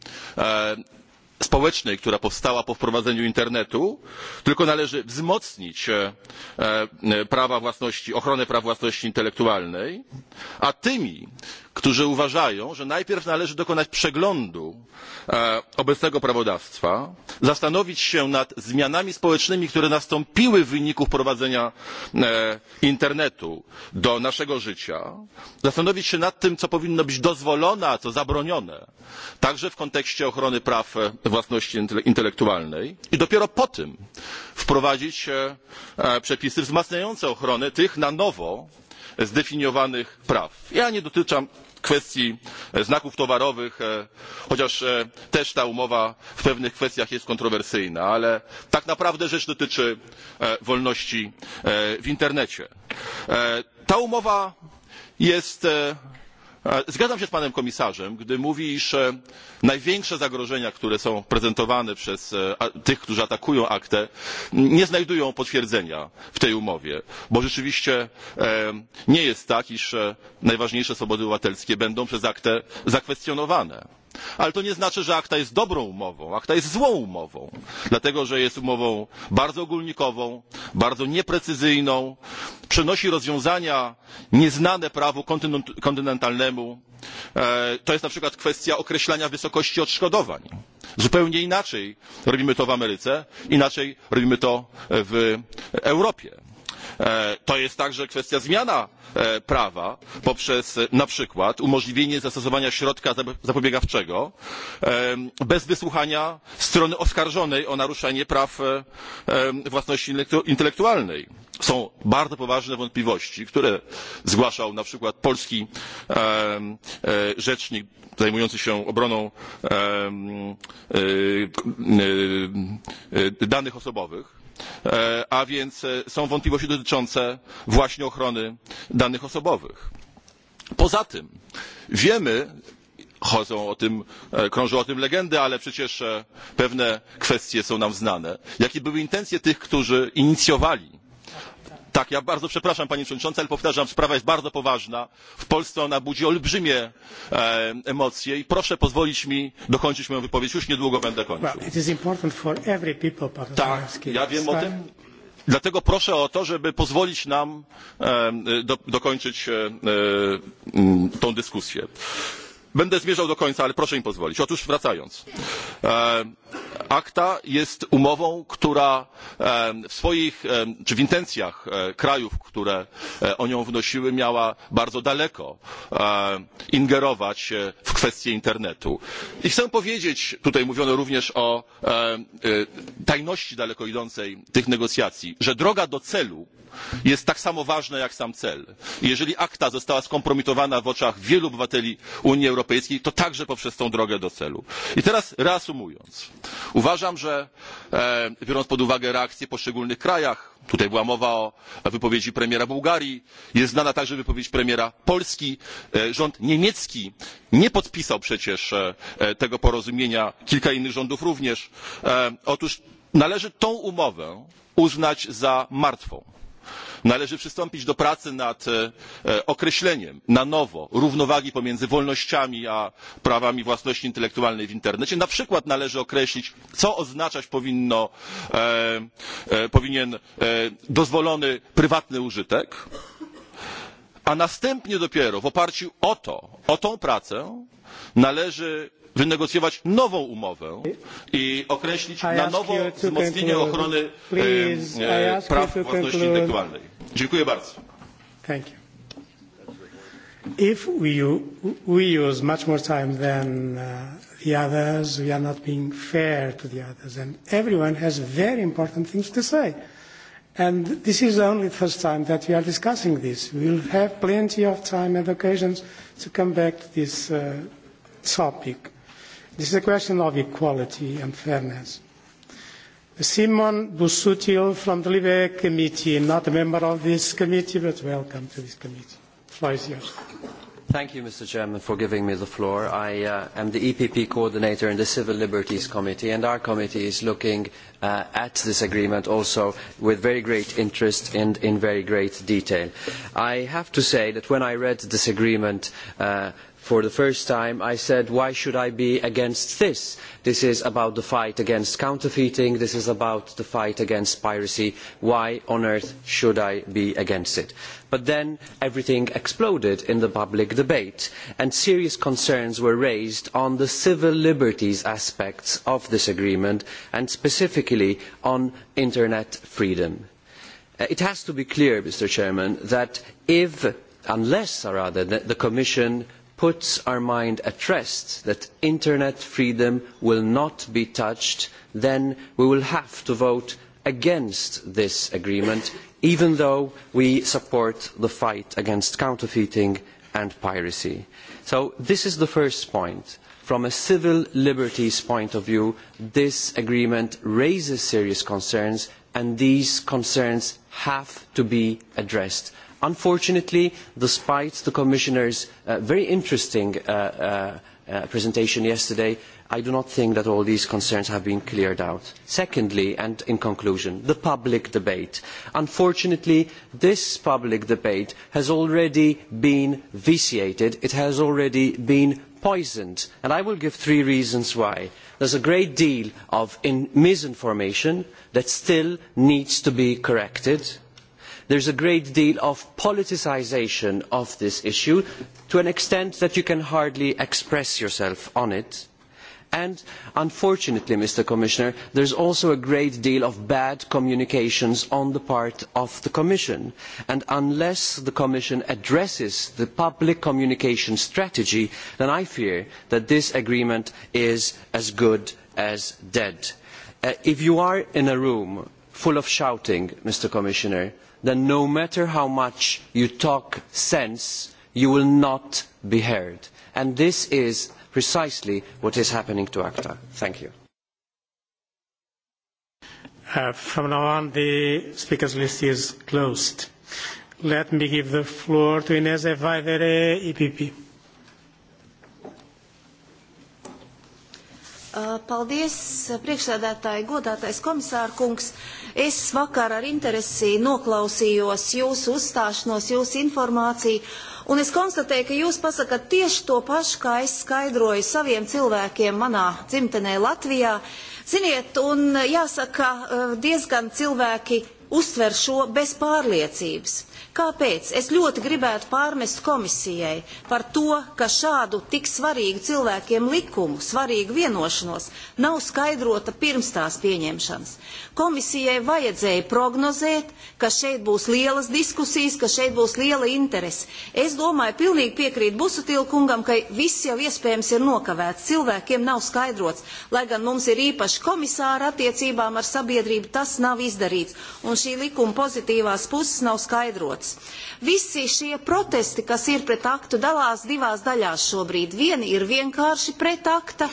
społecznej, która powstała po wprowadzeniu internetu, tylko należy wzmocnić prawa własności, ochronę praw własności intelektualnej, a tymi, którzy uważają, że najpierw należy dokonać przeglądu e, obecnego prawodawstwa, zastanowić się nad zmianami społecznymi, które nastąpiły w wyniku wprowadzenia e, internetu do naszego życia, zastanowić się nad tym, co powinno być dozwolone, a co zabronione, także w kontekście ochrony praw e, własności intelektualnej i dopiero po tym wprowadzić e, e przepisy wzmacniające ochronę tych na nowo zdefiniowanych praw. Ja nie dotyczam kwestii e, znaków towarowych, e, chociaż e, też ta umowa w pewnych kwestiach jest kontrowersyjna, ale tak naprawdę rzecz dotyczy wolności w internecie. Ta umowa jest Zgadzam się z panem komisarzem, gdy mówi, iż największe zagrożenia, które są prezentowane przez e, tych, którzy atakują aktę, nie znajdują potwierdzenia w tej umowie, bo rzeczywiście e, nie jest tak, iż e, najważniejsze swobody obywatelskie będą przez aktę zakwestionowane Ale to nie znaczy, że akta jest dobrą umową, akta jest złą umową, dlatego że jest umową bardzo ogólnikową, bardzo nieprecyzyjną, przynosi rozwiązania nieznane prawu kontynentalnemu. E, to jest na przykład kwestia określania wysokości odszkodowań. Zupełnie inaczej robimy to w Ameryce, inaczej robimy to w Europie. E, to jest także kwestia zmiana e, prawa poprzez e, na przykład umożliwienie zastosowania środka zapobiegawczego bez wysłuchania strony oskarżonej o naruszenie praw własności intelektualnej. Są bardzo poważne wątpliwości, które zgłaszał na przykład polski rzecznik zajmujący się obroną danych osobowych E, a więc e, są wątpliwości dotyczące właśnie ochrony danych osobowych. Poza tym wiemy, chodzą o tym, e, krążą o tym legendy, ale przecież pewne kwestie są nam znane. Jakie były intencje tych, którzy inicjowali Tak, ja bardzo przepraszam Pani Przewodnicząca, ale powtarzam, sprawa jest bardzo poważna. W Polsce ona budzi olbrzymie e, emocje i proszę pozwolić mi dokończyć moją wypowiedź. Już niedługo będę kończył. Well, it is important for every people, tak, ja wiem o tym. Dlatego proszę o to, żeby pozwolić nam e, do, dokończyć e, e, tą dyskusję. Będę zmierzał do końca, ale proszę mi pozwolić. Otóż wracając. E, akta jest umową, która e, w swoich, e, czy w intencjach e, krajów, które e, o nią wnosiły, miała bardzo daleko e, ingerować w kwestie internetu. I chcę powiedzieć, tutaj mówiono również o tajności daleko idącej tych negocjacji, że droga do celu jest tak samo ważna jak sam cel. jeżeli akta została skompromitowana w oczach wielu obywateli Unii Europejskiej, Europejskiej, to także poprzez tą drogę do celu. I teraz reasumując, uważam, że e, biorąc pod uwagę reakcje w poszczególnych krajach, tutaj była mowa o wypowiedzi premiera Bułgarii, jest znana także wypowiedź premiera Polski, e, rząd niemiecki nie podpisał przecież e, e tego porozumienia, kilka innych rządów również. E, otóż należy tą umowę uznać za martwą. Należy przystąpić do pracy nad e, e, określeniem na nowo równowagi pomiędzy wolnościami a prawami własności intelektualnej w internecie. Na przykład należy określić, co oznaczać powinno, e, powinien dozwolony prywatny użytek. A następnie dopiero w oparciu o to, o tą pracę należy wynegocjować nową umowę i określić na nowo wzmocnienie ochrony praw własności intelektualnej. Dziękuję bardzo. Thank you. If we, we use much more time than uh, the others, we are not being fair to the others. And everyone has very important things to say. And this is the only first time that we are discussing this. We will have plenty of time and occasions to come back to this uh, topic. This is a question of equality and fairness. Simon Busutil from the Libe Committee, not a member of this committee, but welcome to this committee. The floor is yours. Thank you, Mr. Chairman, for giving me the floor. I uh, am the EPP coordinator in the Civil Liberties Committee, and our committee is looking uh, at this agreement also with very great interest and in very great detail. I have to say that when I read this agreement, uh, for the first time, I said, why should I be against this? This is about the fight against counterfeiting. This is about the fight against piracy. Why on earth should I be against it? But then everything exploded in the public debate, and serious concerns were raised on the civil liberties aspects of this agreement, and specifically on internet freedom. Uh, it has to be clear, Mr. Chairman, that if, unless rather, the Commission puts our mind at rest that internet freedom will not be touched, then we will have to vote against this agreement, even though we support the fight against counterfeiting and piracy. So this is the first point. From a civil liberties point of view, this agreement raises serious concerns and these concerns have to be addressed. Unfortunately, despite the Commissioner's uh, very interesting uh, uh, uh, presentation yesterday, I do not think that all these concerns have been cleared out. Secondly, and in conclusion, the public debate. Unfortunately, this public debate has already been vitiated. It has already been poisoned. And I will give three reasons why. There is a great deal of misinformation that still needs to be corrected There is a great deal of politicisation of this issue to an extent that you can hardly express yourself on it. And unfortunately, Mr. Commissioner, there is also a great deal of bad communications on the part of the Commission. And unless the Commission addresses the public communication strategy, then I fear that this agreement is as good as dead. Uh, if you are in a room full of shouting, Mr. Commissioner, that no matter how much you talk sense, you will not be heard. And this is precisely what is happening to ACTA. Thank you. Uh, from now on, the speakers list is closed. Let me give the floor to Ines Evaidere, EPP. Eh, paldies, priekšsēdētāji, godātais komisāra kungs. Es vakar ar interesi noklausījos jūsu uzstāšanos, jūsu informāciju, un es konstatēju, ka jūs pasakat tieši to pašu, kā es skaidroju saviem cilvēkiem manā dzimtenē Latvijā. Ziniet, un eh, jāsaka, eh, diezgan cilvēki uztver šo bez pārliecības. Kāpēc? Es ļoti gribētu pārmest komisijai par to, ka šādu tik svarīgu cilvēkiem likumu, svarīgu vienošanos nav skaidrota pirms tās pieņemšanas. Komisijai vajadzēja prognozēt, ka šeit būs lielas diskusijas, ka šeit būs liela interese. Es domāju, pilnīgi piekrīt Busutilkungam, ka viss jau iespējams ir nokavēts, cilvēkiem nav skaidrots, lai gan mums ir īpaši komisāra attiecībām ar sabiedrību, tas nav izdarīts, un šī likuma pozitīvās puses nav skaidrot ierots. Visi šie protesti, kas ir pret aktu, dalās divās daļās šobrīd. Viena ir vienkārši pret akta,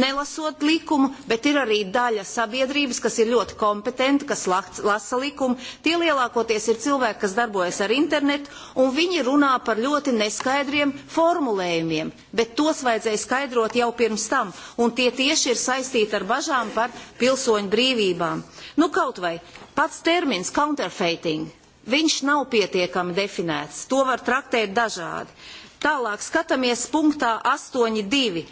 nelasot likumu, bet ir arī daļa sabiedrības, kas ir ļoti kompetenti, kas lasa likumu. Tie lielākoties ir cilvēki, kas darbojas ar internetu, un viņi runā par ļoti neskaidriem formulējumiem, bet tos vajadzēja skaidrot jau pirms tam, un tie tieši ir saistīti ar bažām par pilsoņu brīvībām. Nu, kaut vai pats termins counterfeiting Viņš nav pietiekami definēts. To var traktēt dažādi. Tālāk skatāmies punktā 8.2.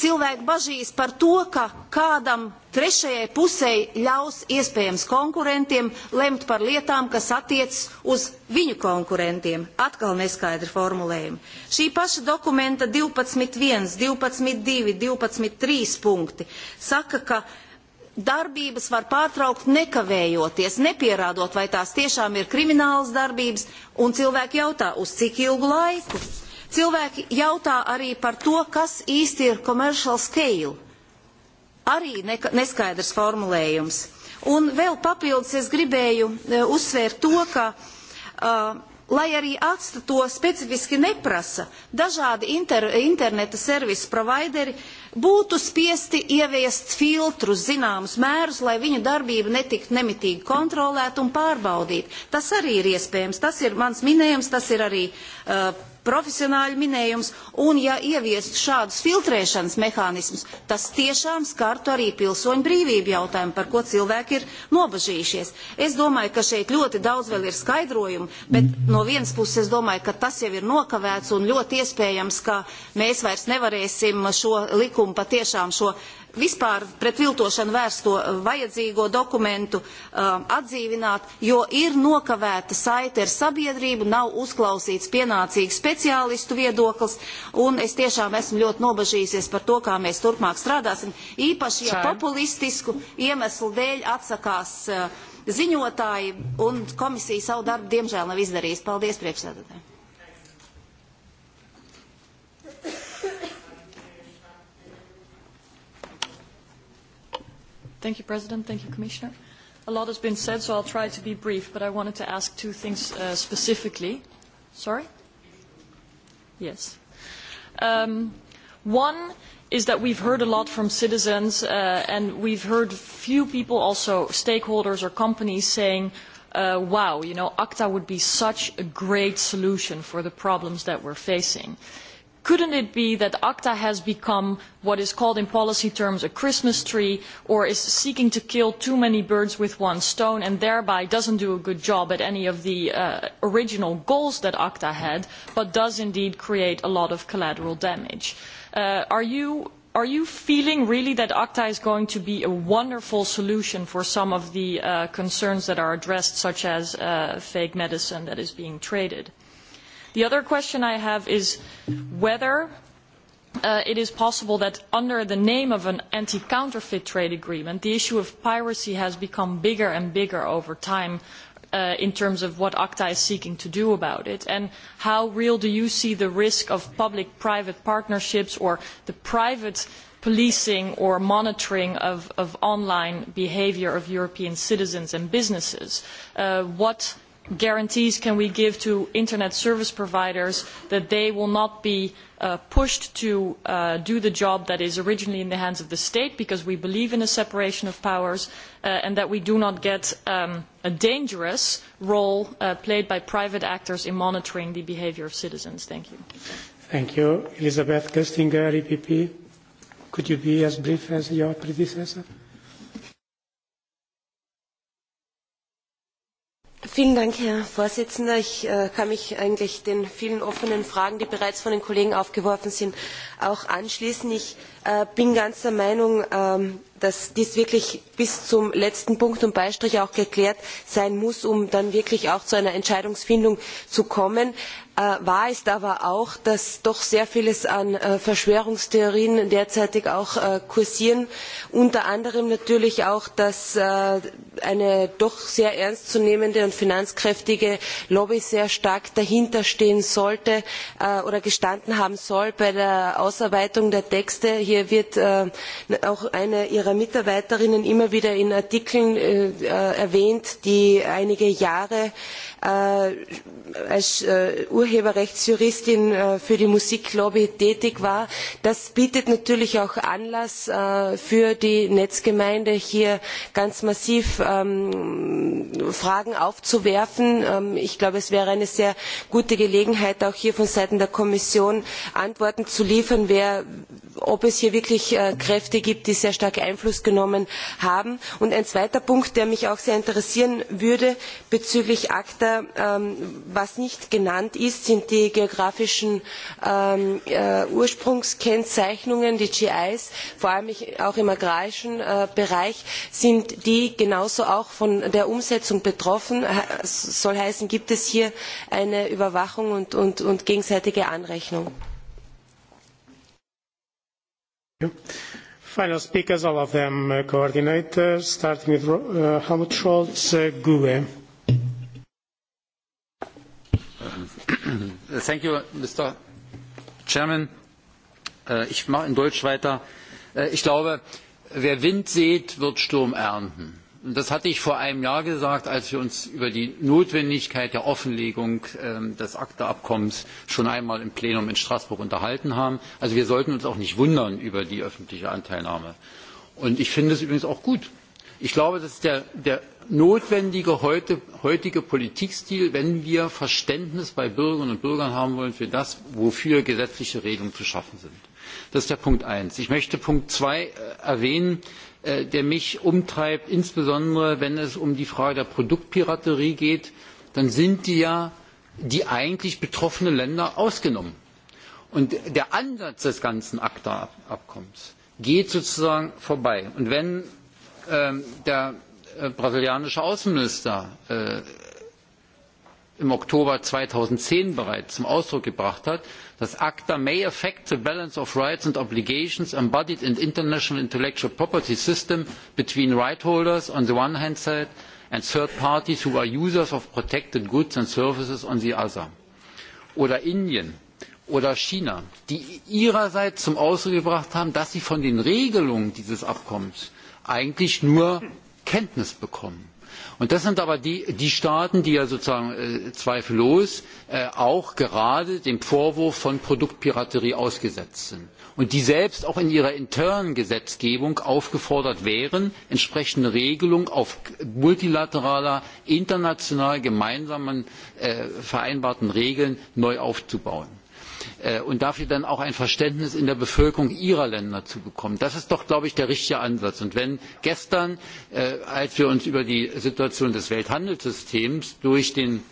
Cilvēki bažīs par to, ka kādam trešajai pusē ļaus iespējams konkurentiem lemt par lietām, kas attiecas uz viņu konkurentiem. Atkal neskaidri formulējumi. Šī paša dokumenta 12.1, 12.2, 12.3 punkti saka, ka darbības var pārtraukt nekavējoties, nepierādot, vai tās tiešām ir kriminālas darbības, un cilvēki jautā, uz cik ilgu laiku. Cilvēki jautā arī par to, kas īsti ir commercial scale. Arī neskaidrs formulējums. Un vēl papildus es gribēju eh, uzsvērt to, ka uh, lai arī atstu to specifiski neprasa, dažādi inter, interneta servisu provideri būtu spiesti ieviest filtrus zināmus mērus, lai viņu darbība netiktu nemitīgi kontrolēta un pārbaudīt. Tas arī ir iespējams, tas ir mans minējums, tas ir arī uh, profesionāļu minējums, un ja ieviest šādus filtrēšanas mehānismus, tas tiešām skartu arī pilsoņu brīvību jautājumu, par ko cilvēki ir nobažījušies. Es domāju, ka šeit ļoti daudz vēl ir skaidrojumu, bet no vienas puses es domāju, ka tas jau ir nokavēts un ļoti iespējams, ka mēs vairs nevarēsim šo likumu patiešām šo vispār pret viltošanu vērsto eh, vajadzīgo dokumentu eh, atdzīvināt, jo ir nokavēta saite ar sabiedrību, nav uzklausīts pienācīgs speciālistu viedoklis, un es tiešām esmu ļoti nobažījusies par to, kā mēs turpmāk strādāsim, īpaši jau populistisku iemeslu dēļ atsakās eh, ziņotāji, un komisija savu darbu diemžēl nav izdarījusi. Paldies, priekšsēdētāji! Thank you, President. Thank you, Commissioner. A lot has been said, so I'll try to be brief, but I wanted to ask two things uh, specifically. Sorry? Yes. Um, one is that we've heard a lot from citizens, uh, and we've heard few people also, stakeholders or companies, saying, uh, wow, you know, ACTA would be such a great solution for the problems that we're facing. Couldn't it be that ACTA has become what is called in policy terms a Christmas tree or is seeking to kill too many birds with one stone and thereby does not do a good job at any of the uh, original goals that ACTA had but does indeed create a lot of collateral damage? Uh, are you are you feeling really that ACTA is going to be a wonderful solution for some of the uh, concerns that are addressed, such as uh, fake medicine that is being traded? The other question I have is whether uh, it is possible that under the name of an anti-counterfeit trade agreement, the issue of piracy has become bigger and bigger over time uh, in terms of what ACTA is seeking to do about it? And how real do you see the risk of public-private partnerships or the private policing or monitoring of, of online behaviour of European citizens and businesses? Uh, what guarantees can we give to internet service providers that they will not be uh, pushed to uh, do the job that is originally in the hands of the state because we believe in a separation of powers uh, and that we do not get um, a dangerous role uh, played by private actors in monitoring the behaviour of citizens. Thank you. Thank you. Elizabeth Köstinger, EPP. Could you be as brief as your predecessor? Vielen Dank, Herr Vorsitzender. Ich äh, kann mich eigentlich den vielen offenen Fragen, die bereits von den Kollegen aufgeworfen sind, auch anschließen. Ich äh, bin ganz der Meinung, ähm, dass dies wirklich bis zum letzten Punkt und Beistrich auch geklärt sein muss, um dann wirklich auch zu einer Entscheidungsfindung zu kommen. Äh, wahr ist aber auch, dass doch sehr vieles an äh, Verschwörungstheorien derzeitig auch äh, kursieren. Unter anderem natürlich auch, dass äh, eine doch sehr ernstzunehmende und finanzkräftige Lobby sehr stark dahinter stehen sollte äh, oder gestanden haben soll bei der Ausarbeitung der Texte. Hier wird äh, auch eine ihrer ihrer Mitarbeiterinnen immer wieder in Artikeln äh, äh erwähnt, die einige Jahre Äh, als äh, Urheberrechtsjuristin äh, für die Musiklobby tätig war. Das bietet natürlich auch Anlass für die Netzgemeinde, hier ganz massiv ähm, Fragen aufzuwerfen. Ähm, ich glaube, es wäre eine sehr gute Gelegenheit, auch hier von Seiten der Kommission Antworten zu liefern, wer, ob es hier wirklich Kräfte gibt, die sehr stark Einfluss genommen haben. Und ein zweiter Punkt, der mich auch sehr interessieren würde bezüglich ACTA, Aber ähm, was nicht genannt ist, sind die geografischen ähm, äh, Ursprungskennzeichnungen, die GIs, vor allem auch im agrarischen äh, Bereich, sind die genauso auch von der Umsetzung betroffen. soll heißen, gibt es hier eine Überwachung und, und, und gegenseitige Anrechnung? Final speakers, all of them uh, starting with uh, Helmut Scholz, uh, GUE. Äh, thank you, Mr. Chairman. Äh, ich mache in Deutsch weiter. Äh, ich glaube, wer Wind sät, wird Sturm ernten. Und das hatte ich vor einem Jahr gesagt, als wir uns über die Notwendigkeit der Offenlegung ähm, des ACTA-Abkommens schon einmal im Plenum in Straßburg unterhalten haben. Also wir sollten uns auch nicht wundern über die öffentliche Anteilnahme. Und ich finde es übrigens auch gut. Ich glaube, das ist der, der notwendige heute, heutige Politikstil, wenn wir Verständnis bei Bürgerinnen und Bürgern haben wollen für das, wofür gesetzliche Regelungen zu schaffen sind. Das ist der Punkt eins. Ich möchte Punkt zwei äh, erwähnen, äh, der mich umtreibt, insbesondere wenn es um die Frage der Produktpiraterie geht, dann sind die ja die eigentlich betroffenen Länder ausgenommen. Und der Ansatz des ganzen ACTA-Abkommens geht sozusagen vorbei. Und wenn ähm, der Äh, brasilianische Außenminister äh, im Oktober 2010 bereits zum Ausdruck gebracht hat, dass ACTA may affect the balance of rights and obligations embodied in the international intellectual property system between right holders on the one hand side and third parties who are users of protected goods and services on the other. Oder Indien oder China, die ihrerseits zum Ausdruck gebracht haben, dass sie von den Regelungen dieses Abkommens eigentlich nur Kenntnis bekommen. Und das sind aber die, die Staaten, die ja sozusagen äh, zweifellos äh, auch gerade dem Vorwurf von Produktpiraterie ausgesetzt sind und die selbst auch in ihrer internen Gesetzgebung aufgefordert wären, entsprechende Regelungen auf multilateraler, international gemeinsamen äh, vereinbarten Regeln neu aufzubauen. Äh, und dafür dann auch ein Verständnis in der Bevölkerung ihrer Länder zu bekommen. Das ist doch, glaube ich, der richtige Ansatz. Und wenn gestern, äh, als wir uns über die Situation des Welthandelssystems durch den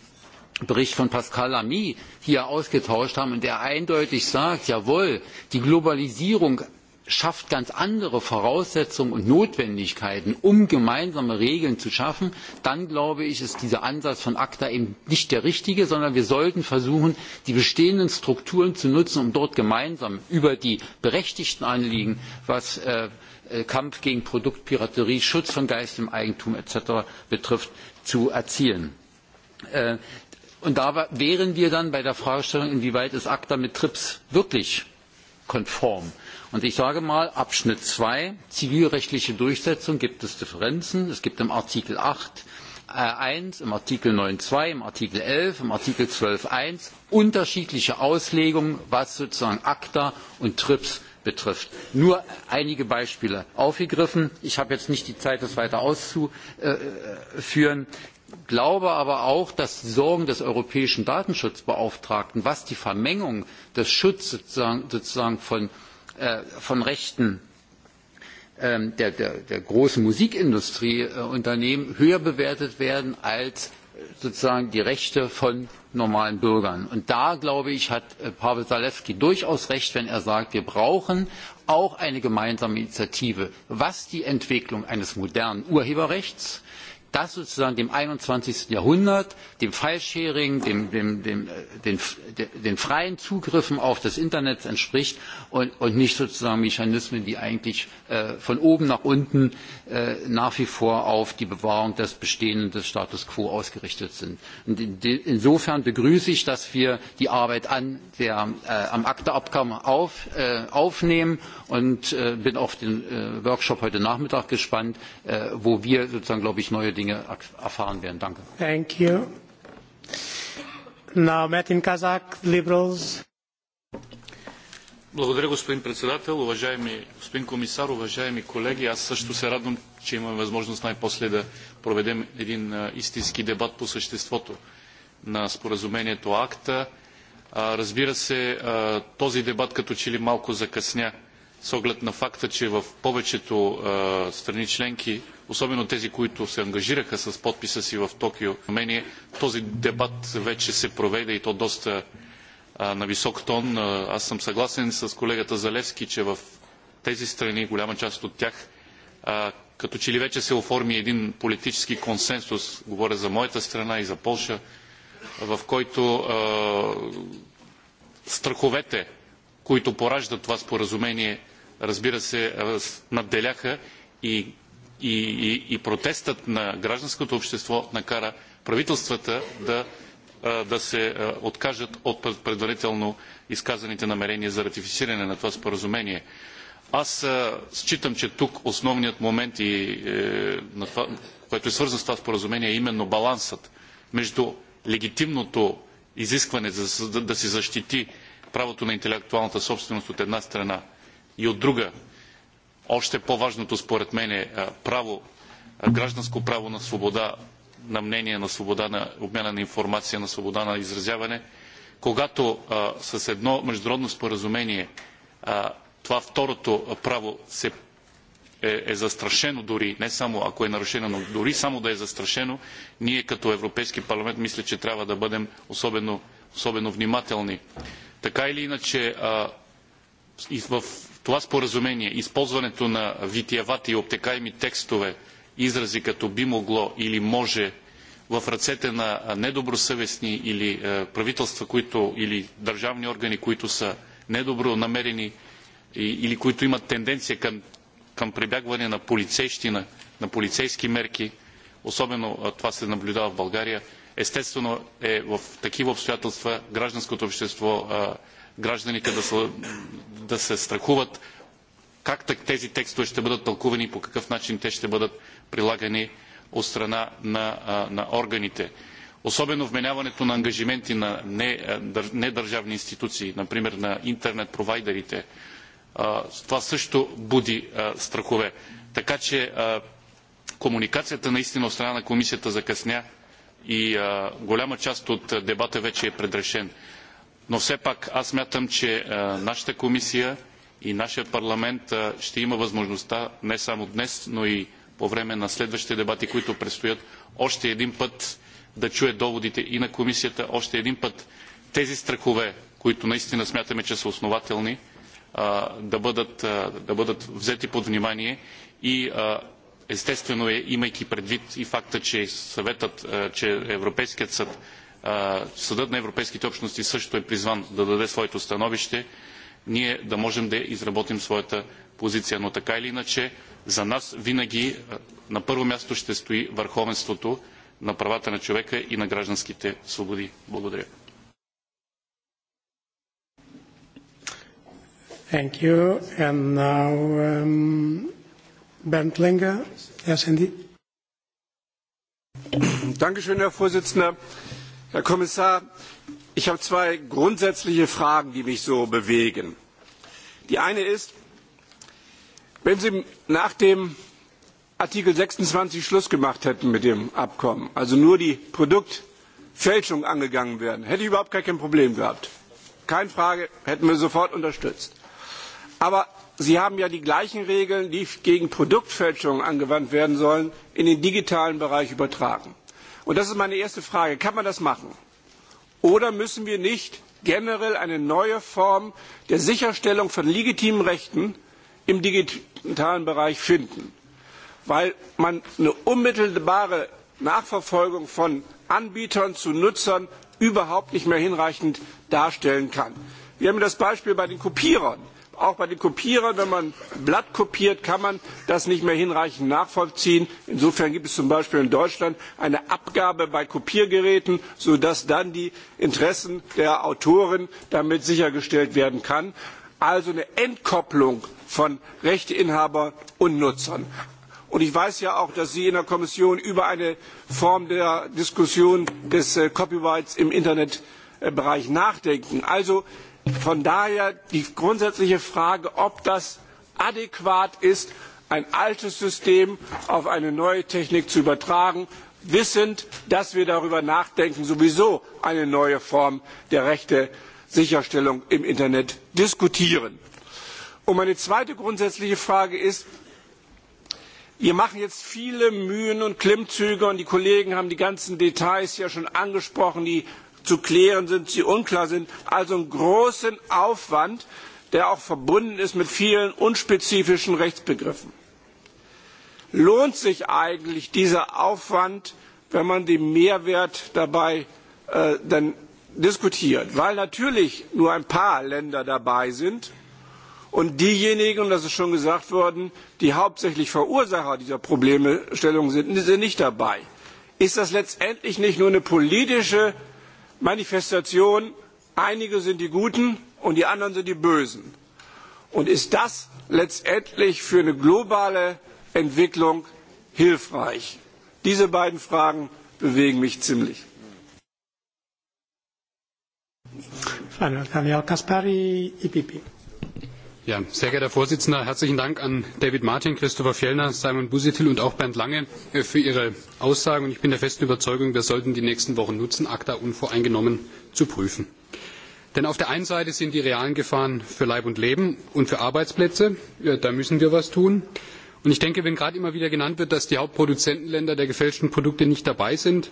Bericht von Pascal Lamy hier ausgetauscht haben und der eindeutig sagt, jawohl, die Globalisierung schafft ganz andere Voraussetzungen und Notwendigkeiten, um gemeinsame Regeln zu schaffen, dann glaube ich, ist dieser Ansatz von ACTA eben nicht der richtige, sondern wir sollten versuchen, die bestehenden Strukturen zu nutzen, um dort gemeinsam über die berechtigten Anliegen, was äh, äh Kampf gegen Produktpiraterie, Schutz von geistigem Eigentum etc. betrifft, zu erzielen. Äh, und da wären wir dann bei der Fragestellung, inwieweit ist ACTA mit TRIPS wirklich konform? Und ich sage mal, Abschnitt zwei zivilrechtliche Durchsetzung, gibt es Differenzen. Es gibt im Artikel acht äh, eins, im Artikel neun zwei, im Artikel elf, im Artikel zwölf eins unterschiedliche Auslegungen, was sozusagen ACTA und TRIPS betrifft. Nur einige Beispiele aufgegriffen. Ich habe jetzt nicht die Zeit, das weiter auszuführen glaube aber auch, dass die Sorgen des europäischen Datenschutzbeauftragten, was die Vermengung des Schutzes sozusagen, sozusagen von Äh, von Rechten ähm, der, der, der großen Musikindustrieunternehmen äh, höher bewertet werden als äh, sozusagen die Rechte von normalen Bürgern. Und da, glaube ich, hat Pavel Zalewski durchaus recht, wenn er sagt, wir brauchen auch eine gemeinsame Initiative, was die Entwicklung eines modernen Urheberrechts das sozusagen dem 21. Jahrhundert, dem File-Sharing, dem, dem, dem, äh, den, den freien Zugriffen auf das Internet entspricht und, und nicht sozusagen Mechanismen, die eigentlich äh, von oben nach unten äh, nach wie vor auf die Bewahrung des bestehenden des Status quo ausgerichtet sind. Und in, insofern begrüße ich, dass wir die Arbeit an der, äh, am ACTA-Abkommen auf, äh, aufnehmen und äh, bin auf den äh, Workshop heute Nachmittag gespannt, äh, wo wir sozusagen, glaube ich, neue Dinge Dinge erfahren werden. Danke. Thank you. Now, Martin Kazak, Liberals. Благодаря, господин председател. Уважаеми господин комисар, уважаеми колеги, аз също се радвам, че имаме възможност най-после да проведем един истински дебат по съществото на споразумението АКТА. разбира се, този дебат като че ли малко закъсня с оглед на факта, че в повечето а, страни членки, особено тези, които се ангажираха с подписа си в Токио, мнение, този дебат вече се проведе и то доста а, на висок тон. Аз съм съгласен с колегата Залевски, че в тези страни, голяма част от тях, а, като че ли вече се оформи един политически консенсус, говоря за моята страна и за Полша, в който а, страховете, които пораждат това споразумение, разбира се, надделяха и, и, и, и протестът на гражданското общество накара правителствата да, да се откажат от предварително изказаните намерения за ратифициране на това споразумение. Аз считам, че тук основният момент, и, е, на това, което е свързан с това споразумение, е именно балансът между легитимното изискване за да, да се защити правото на интелектуалната собственост от една страна – и от друга, още по-важното според мен е право, гражданско право на свобода на мнение, на свобода на обмена на информация, на свобода на изразяване, когато а, с едно международно споразумение а, това второто право се е, е застрашено дори, не само ако е нарушено, но дори само да е застрашено, ние като Европейски парламент мисля, че трябва да бъдем особено, особено внимателни. Така или иначе, а, и в това споразумение, използването на витиевати и обтекаеми текстове, изрази като би могло или може в ръцете на недобросъвестни или правителства, които, или държавни органи, които са недобро намерени или които имат тенденция към, към прибягване на полицейщина, на полицейски мерки, особено това се наблюдава в България, естествено е в такива обстоятелства гражданското общество а, гражданите да се, да се страхуват как тези текстове ще бъдат тълкувани и по какъв начин те ще бъдат прилагани от страна на, на органите. Особено вменяването на ангажименти на недържавни институции, например на интернет провайдерите, това също буди страхове. Така че комуникацията наистина от страна на комисията закъсня и голяма част от дебата вече е предрешен. Но все пак аз мятам, че нашата комисия и нашия парламент ще има възможността не само днес, но и по време на следващите дебати, които предстоят, още един път да чуе доводите и на комисията, още един път тези страхове, които наистина смятаме, че са основателни, да бъдат, взети под внимание и естествено е, имайки предвид и факта, че съветът, че Европейският съд Съдът на Европейските общности също е призван да даде своето становище, ние да можем да изработим своята позиция. Но така или иначе, за нас винаги на първо място ще стои върховенството на правата на човека и на гражданските свободи. Благодаря. Thank you. And now, um, Bernd Lenger, SND. Dankeschön, Herr Vorsitzender. Herr Kommissar, ich habe zwei grundsätzliche Fragen, die mich so bewegen. Die eine ist, wenn Sie nach dem Artikel 26 Schluss gemacht hätten mit dem Abkommen, also nur die Produktfälschung angegangen wären, hätte ich überhaupt gar kein Problem gehabt. Keine Frage, hätten wir sofort unterstützt. Aber Sie haben ja die gleichen Regeln, die gegen Produktfälschungen angewandt werden sollen, in den digitalen Bereich übertragen. Und das ist meine erste Frage. Kann man das machen? Oder müssen wir nicht generell eine neue Form der Sicherstellung von legitimen Rechten im digitalen Bereich finden? Weil man eine unmittelbare Nachverfolgung von Anbietern zu Nutzern überhaupt nicht mehr hinreichend darstellen kann. Wir haben das Beispiel bei den Kopierern auch bei den Kopierern, wenn man ein Blatt kopiert, kann man das nicht mehr hinreichend nachvollziehen. Insofern gibt es zum Beispiel in Deutschland eine Abgabe bei Kopiergeräten, sodass dann die Interessen der Autoren damit sichergestellt werden kann. Also eine Entkopplung von Rechteinhabern und Nutzern. Und ich weiß ja auch, dass Sie in der Kommission über eine Form der Diskussion des äh, Copyrights im Internetbereich nachdenken. Also Von daher die grundsätzliche Frage, ob das adäquat ist, ein altes System auf eine neue Technik zu übertragen, wissend, dass wir darüber nachdenken, sowieso eine neue Form der Rechte-Sicherstellung im Internet diskutieren. Und meine zweite grundsätzliche Frage ist, wir machen jetzt viele Mühen und Klimmzüge und die Kollegen haben die ganzen Details ja schon angesprochen, die zu klären sind, sie unklar sind. Also einen großen Aufwand, der auch verbunden ist mit vielen unspezifischen Rechtsbegriffen. Lohnt sich eigentlich dieser Aufwand, wenn man den Mehrwert dabei äh, dann diskutiert? Weil natürlich nur ein paar Länder dabei sind und diejenigen, und das ist schon gesagt worden, die hauptsächlich Verursacher dieser Problemstellung sind, sind nicht dabei. Ist das letztendlich nicht nur eine politische Manifestation, einige sind die Guten und die anderen sind die Bösen. Und ist das letztendlich für eine globale Entwicklung hilfreich? Diese beiden Fragen bewegen mich ziemlich. Kaspari, IPP. E Ja, sehr geehrter Herr Vorsitzender, herzlichen Dank an David Martin, Christopher Fjellner, Simon Busitil und auch Bernd Lange äh, für ihre Aussagen. Und ich bin der festen Überzeugung, wir sollten die nächsten Wochen nutzen, ACTA unvoreingenommen zu prüfen. Denn auf der einen Seite sind die realen Gefahren für Leib und Leben und für Arbeitsplätze. Ja, da müssen wir was tun. Und ich denke, wenn gerade immer wieder genannt wird, dass die Hauptproduzentenländer der gefälschten Produkte nicht dabei sind,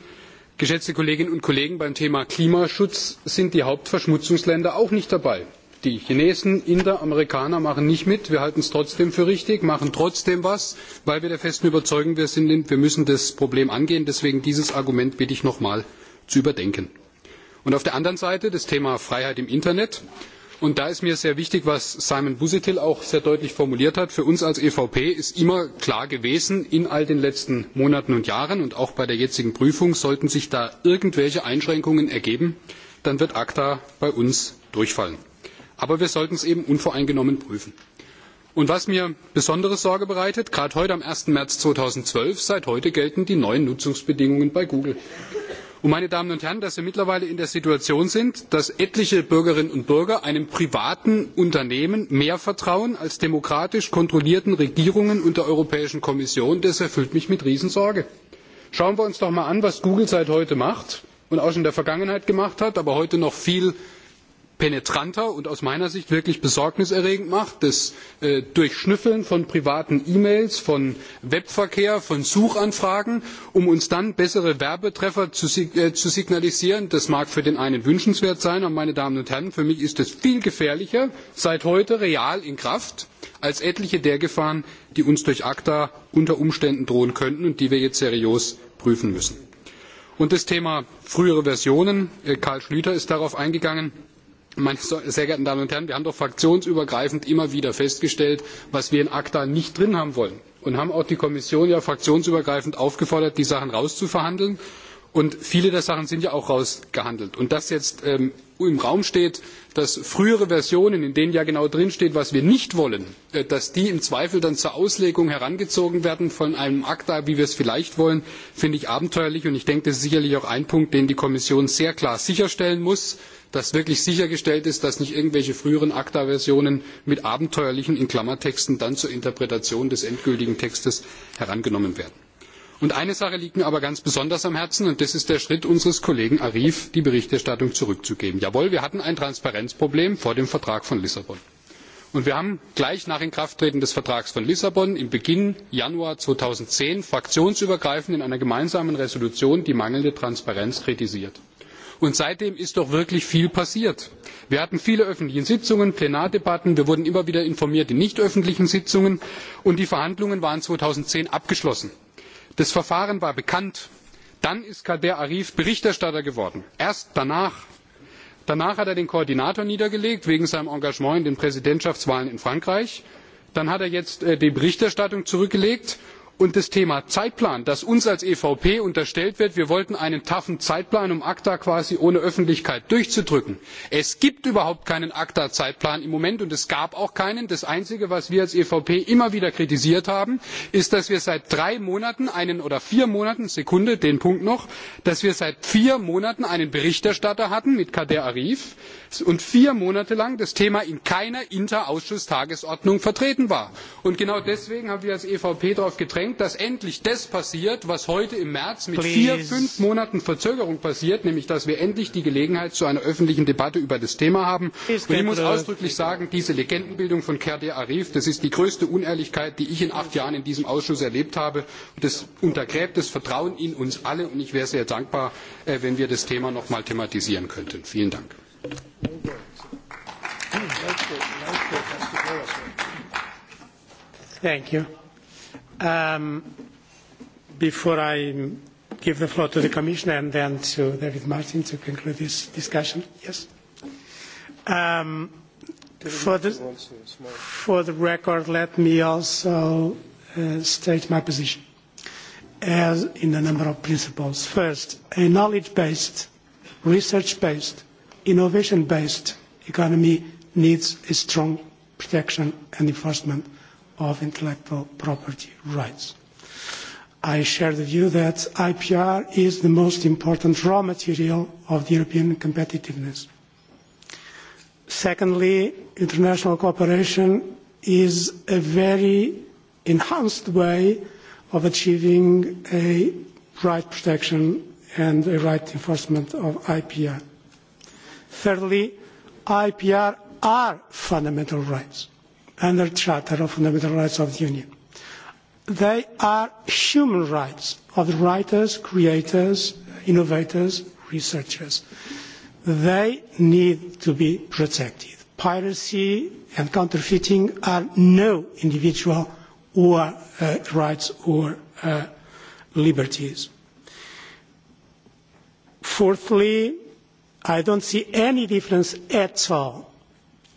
geschätzte Kolleginnen und Kollegen, beim Thema Klimaschutz sind die Hauptverschmutzungsländer auch nicht dabei. Die Chinesen, Inder, Amerikaner machen nicht mit. Wir halten es trotzdem für richtig, machen trotzdem was, weil wir der festen Überzeugung wir sind, wir müssen das Problem angehen. Deswegen dieses Argument bitte ich nochmal zu überdenken. Und auf der anderen Seite das Thema Freiheit im Internet. Und da ist mir sehr wichtig, was Simon Busuttil auch sehr deutlich formuliert hat. Für uns als EVP ist immer klar gewesen, in all den letzten Monaten und Jahren und auch bei der jetzigen Prüfung, sollten sich da irgendwelche Einschränkungen ergeben, dann wird ACTA bei uns durchfallen. Aber wir sollten es eben unvoreingenommen prüfen. Und was mir besondere Sorge bereitet, gerade heute am 1. März 2012, seit heute gelten die neuen Nutzungsbedingungen bei Google. Und meine Damen und Herren, dass wir mittlerweile in der Situation sind, dass etliche Bürgerinnen und Bürger einem privaten Unternehmen mehr vertrauen als demokratisch kontrollierten Regierungen und der Europäischen Kommission, das erfüllt mich mit Riesensorge. Schauen wir uns doch mal an, was Google seit heute macht und auch schon in der Vergangenheit gemacht hat, aber heute noch viel penetranter und aus meiner Sicht wirklich besorgniserregend macht, das äh, Durchschnüffeln von privaten E-Mails, von Webverkehr, von Suchanfragen, um uns dann bessere Werbetreffer zu, äh, zu signalisieren. Das mag für den einen wünschenswert sein, aber meine Damen und Herren, für mich ist es viel gefährlicher, seit heute real in Kraft, als etliche der Gefahren, die uns durch ACTA unter Umständen drohen könnten und die wir jetzt seriös prüfen müssen. Und das Thema frühere Versionen, äh, Karl Schlüter ist darauf eingegangen, Meine sehr geehrten Damen und Herren, wir haben doch fraktionsübergreifend immer wieder festgestellt, was wir in ACTA nicht drin haben wollen und haben auch die Kommission ja fraktionsübergreifend aufgefordert, die Sachen rauszuverhandeln. Und viele der Sachen sind ja auch rausgehandelt. Und dass jetzt ähm, im Raum steht, dass frühere Versionen, in denen ja genau drin steht, was wir nicht wollen, äh, dass die im Zweifel dann zur Auslegung herangezogen werden von einem ACTA, wie wir es vielleicht wollen, finde ich abenteuerlich. Und ich denke, das ist sicherlich auch ein Punkt, den die Kommission sehr klar sicherstellen muss dass wirklich sichergestellt ist, dass nicht irgendwelche früheren ACTA-Versionen mit abenteuerlichen in Klammertexten dann zur Interpretation des endgültigen Textes herangenommen werden. Und eine Sache liegt mir aber ganz besonders am Herzen, und das ist der Schritt unseres Kollegen Arif, die Berichterstattung zurückzugeben. Jawohl, wir hatten ein Transparenzproblem vor dem Vertrag von Lissabon. Und wir haben gleich nach Inkrafttreten des Vertrags von Lissabon im Beginn Januar 2010 fraktionsübergreifend in einer gemeinsamen Entschließung die mangelnde Transparenz kritisiert. Und seitdem ist doch wirklich viel passiert. Wir hatten viele öffentliche Sitzungen, Plenardebatten, wir wurden immer wieder informiert in nicht öffentlichen Sitzungen und die Verhandlungen waren 2010 abgeschlossen. Das Verfahren war bekannt. Dann ist Kader Arif Berichterstatter geworden. Erst danach. Danach hat er den Koordinator niedergelegt wegen seinem Engagement in den Präsidentschaftswahlen in Frankreich. Dann hat er jetzt äh, die Berichterstattung zurückgelegt Und das Thema Zeitplan, das uns als EVP unterstellt wird, wir wollten einen taffen Zeitplan, um ACTA quasi ohne Öffentlichkeit durchzudrücken. Es gibt überhaupt keinen ACTA-Zeitplan im Moment und es gab auch keinen. Das Einzige, was wir als EVP immer wieder kritisiert haben, ist, dass wir seit drei Monaten einen oder vier Monaten, Sekunde, den Punkt noch, dass wir seit vier Monaten einen Berichterstatter hatten mit Kader Arif, und vier Monate lang das Thema in keiner interausschuss Ausschusstagesordnung vertreten war. Und genau deswegen haben wir als EVP darauf gedrängt, dass endlich das passiert, was heute im März mit Please. vier, fünf Monaten Verzögerung passiert, nämlich dass wir endlich die Gelegenheit zu einer öffentlichen Debatte über das Thema haben. und ich muss ausdrücklich sagen, diese Legendenbildung von Kerde Arif, das ist die größte Unehrlichkeit, die ich in acht Jahren in diesem Ausschuss erlebt habe. Das untergräbt das Vertrauen in uns alle und ich wäre sehr dankbar, äh, wenn wir das Thema noch einmal thematisieren könnten. Vielen Dank. Thank you. Um, before I give the floor to the Commissioner and then to David Martin to conclude this discussion, yes. Um, for, the, for the record, let me also uh, state my position as in a number of principles. First, a knowledge-based, research-based innovation-based economy needs a strong protection and enforcement of intellectual property rights. I share the view that IPR is the most important raw material of European competitiveness. Secondly, international cooperation is a very enhanced way of achieving a right protection and a right enforcement of IPR. Thirdly, IPR are fundamental rights under the Charter of Fundamental Rights of the Union. They are human rights of the writers, creators, innovators, researchers. They need to be protected. Piracy and counterfeiting are no individual or uh, rights or uh, liberties. Fourthly, I don't see any difference at all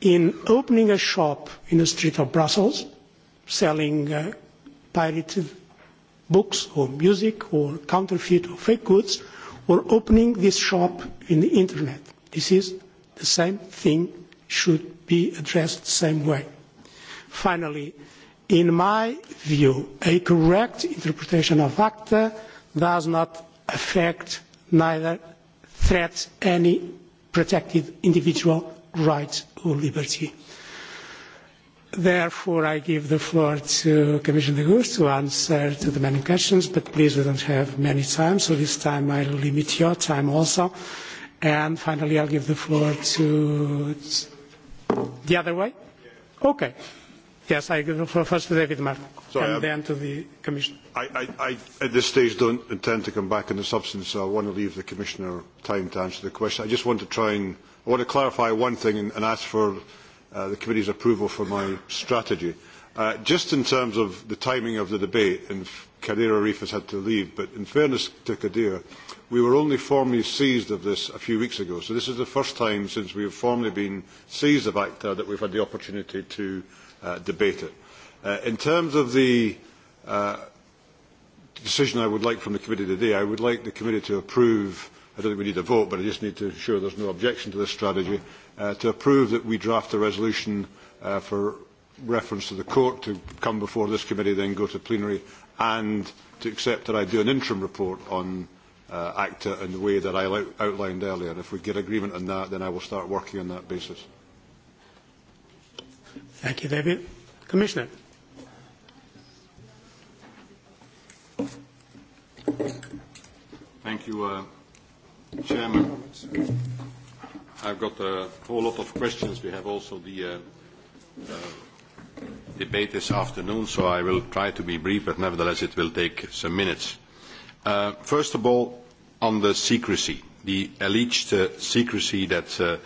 in opening a shop in the street of Brussels, selling uh, pirated books or music or counterfeit or fake goods, or opening this shop in the internet. This is the same thing should be addressed the same way. Finally, in my view, a correct interpretation of ACTA does not affect neither threat any protected individual right or liberty. Therefore, I give the floor to Commissioner Gurs to answer to the many questions, but please, we don't have many time, so this time I'll limit your time also. And finally, I'll give the floor to the other way. Okay, Yes, I give first to David Mark Sorry, and I'm, um, then to the Commissioner. I, I, I, at this stage, don't intend to come back on the substance, so I want to leave the Commissioner time to answer the question. I just want to try and I want to clarify one thing and, and ask for uh, the Committee's approval for my strategy. Uh, just in terms of the timing of the debate, and Kadir Arif has had to leave, but in fairness to Kadir, we were only formally seized of this a few weeks ago. So this is the first time since we have formally been seized of ACTA that we've had the opportunity to uh, it. Uh, in terms of the uh, decision I would like from the committee today, I would like the committee to approve, I don't think we need a vote, but I just need to ensure there's no objection to this strategy, uh, to approve that we draft a resolution uh, for reference to the court to come before this committee, then go to plenary, and to accept that I do an interim report on uh, ACTA in the way that I outlined earlier. If we get agreement on that, then I will start working on that basis. Thank you, David. Commissioner. Thank you, uh, Chairman. I've got a uh, whole lot of questions. We have also the uh, uh, debate this afternoon, so I will try to be brief, but nevertheless it will take some minutes. Uh, first of all, on the secrecy, the alleged uh, secrecy that uh,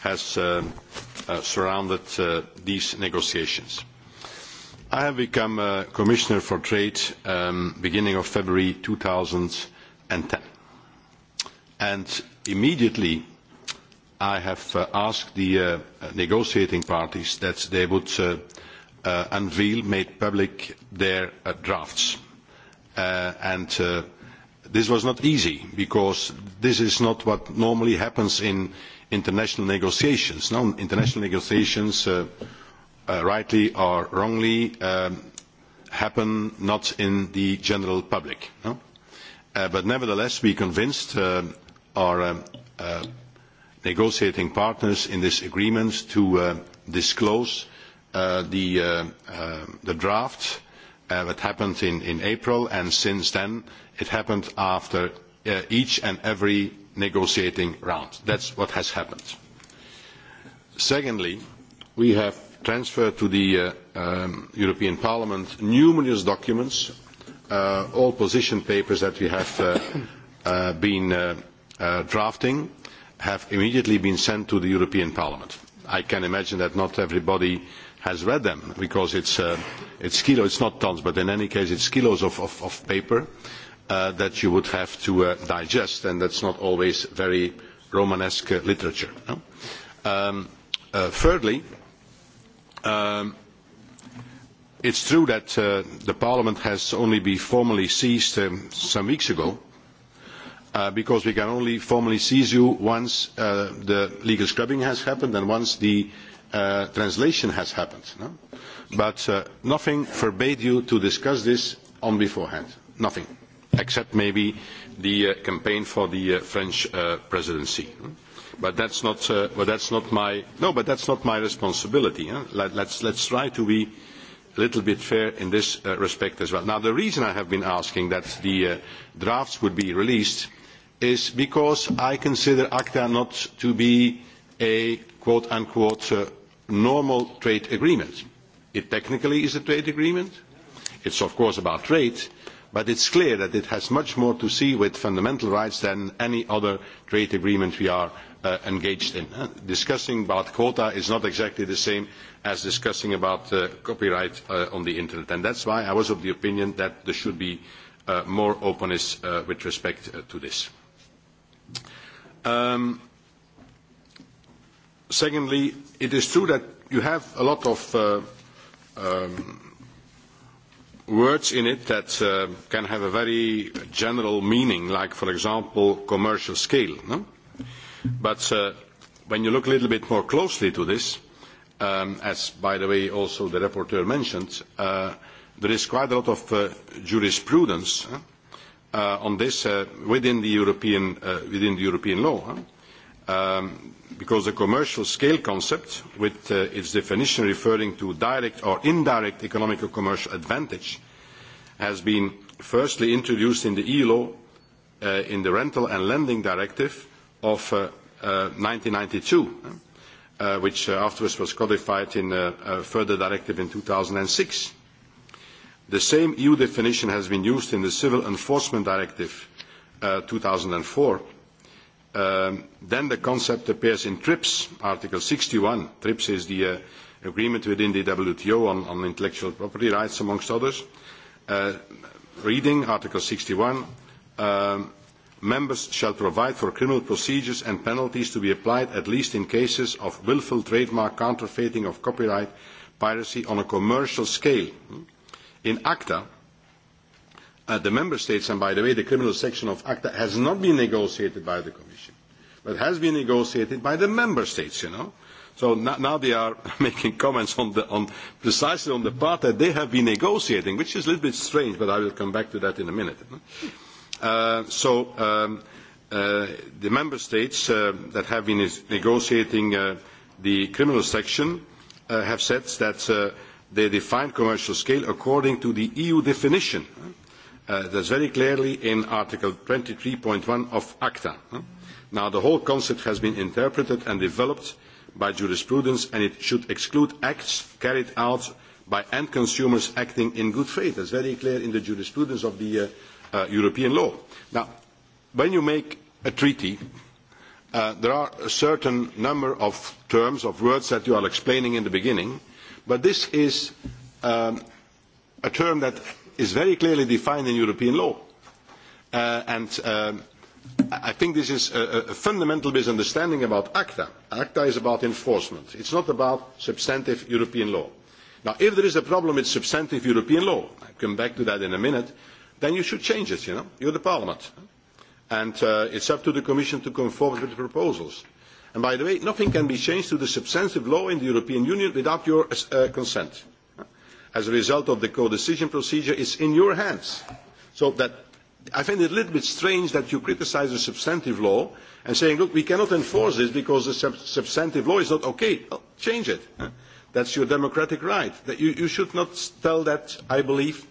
has uh, Uh, surrounded uh, these negotiations. I have become uh, Commissioner for Trade um, beginning of February 2010. And immediately I have uh, asked the uh, negotiating parties that they would uh, uh, unveil, made public their uh, drafts. Uh, and uh, this was not easy because this is not what normally happens in, international negotiations. No, international negotiations, uh, uh, rightly or wrongly, um, happen not in the general public. No? Uh, but nevertheless, we convinced uh, our uh, uh, negotiating partners in this agreement to uh, disclose uh, the, uh, uh, the draft uh, that happened in, in April, and since then it happened after uh, each and every negotiating round. That is what has happened. Secondly, we have transferred to the uh, um, European Parliament numerous documents, uh, all position papers that we have uh, been drafting have immediately been sent to the European Parliament. I can imagine that not everybody has read them because it's, is kilos, it's not tons, but in any case it's kilos of, paper uh, that you would have to uh, digest, and that's not always very Romanesque uh, literature. No? Um, uh, thirdly, um, it's true that uh, the Parliament has only been formally seized um, some weeks ago, uh, because we can only formally seize you once uh, the legal scrubbing has happened and once the uh, translation has happened. No? But uh, nothing forbade you to discuss this on beforehand. Nothing except maybe the uh, campaign for the uh, French uh, presidency. Hmm? But that's not, uh, but that's not my, no, but that's not my responsibility. Huh? Let, let's, let's try to be a little bit fair in this uh, respect as well. Now, the reason I have been asking that the uh, drafts would be released is because I consider ACTA not to be a quote-unquote uh, normal trade agreement. It technically is a trade agreement. It's, of course, about trade, but it is clear that it has much more to see with fundamental rights than any other trade agreement we are uh, engaged in. Uh, discussing about quota is not exactly the same as discussing about uh, copyright uh, on the internet, and that is why I was of the opinion that there should be uh, more openness uh, with respect to this. Um, secondly, it is true that you have a lot of um, words in it that uh, can have a very general meaning, like, for example, commercial scale. No? But uh, when you look a little bit more closely to this, um, as, by the way, also the rapporteur mentioned, uh, there is quite a lot of uh, jurisprudence uh, on this uh, within, the European, uh, within the European law. Huh? Um, because the commercial scale concept, with uh, its definition referring to direct or indirect economic or commercial advantage, has been firstly introduced in the EU law uh, in the Rental and Lending Directive of uh, uh, 1992, uh, which uh, afterwards was codified in uh, a further directive in 2006. The same EU definition has been used in the Civil Enforcement Directive uh, 2004, Um, then the concept appears in TRIPS, Article sixty one. TRIPS is the uh, agreement within the WTO on, on, intellectual property rights, amongst others. Uh, reading Article sixty one, um, members shall provide for criminal procedures and penalties to be applied at least in cases of wilful trademark counterfeiting of copyright piracy on a commercial scale. Hmm? In ACTA, at the member states, and by the way, the criminal section of ACTA has not been negotiated by the Commission, but has been negotiated by the member states, you know. So now, now they are making comments on, the, on precisely on the part that they have been negotiating, which is a little bit strange, but I will come back to that in a minute. Uh, so um, uh, the member states uh, that have been negotiating uh, the criminal section uh, have said that uh, they define commercial scale according to the EU definition. Uh, Uh, that's very clearly in Article 23.1 of ACTA. Now, the whole concept has been interpreted and developed by jurisprudence, and it should exclude acts carried out by end consumers acting in good faith. That's very clear in the jurisprudence of the uh, uh, European law. Now, when you make a treaty, uh, there are a certain number of terms, of words that you are explaining in the beginning, but this is um, a term that is very clearly defined in European law. Uh, and um, I think this is a, a fundamental misunderstanding about ACTA. ACTA is about enforcement. It's not about substantive European law. Now, if there is a problem with substantive European law, I come back to that in a minute, then you should change it, you know. You're the Parliament. And uh, it's up to the Commission to come forward with the proposals. And by the way, nothing can be changed to the substantive law in the European Union without your uh, consent as a result of the codecision procedure is in your hands. So that I find it a little bit strange that you criticise a substantive law and saying, look, we cannot enforce this because the sub substantive law is not okay. Well, change it. That is your democratic right. That you, you, should not tell that, I believe,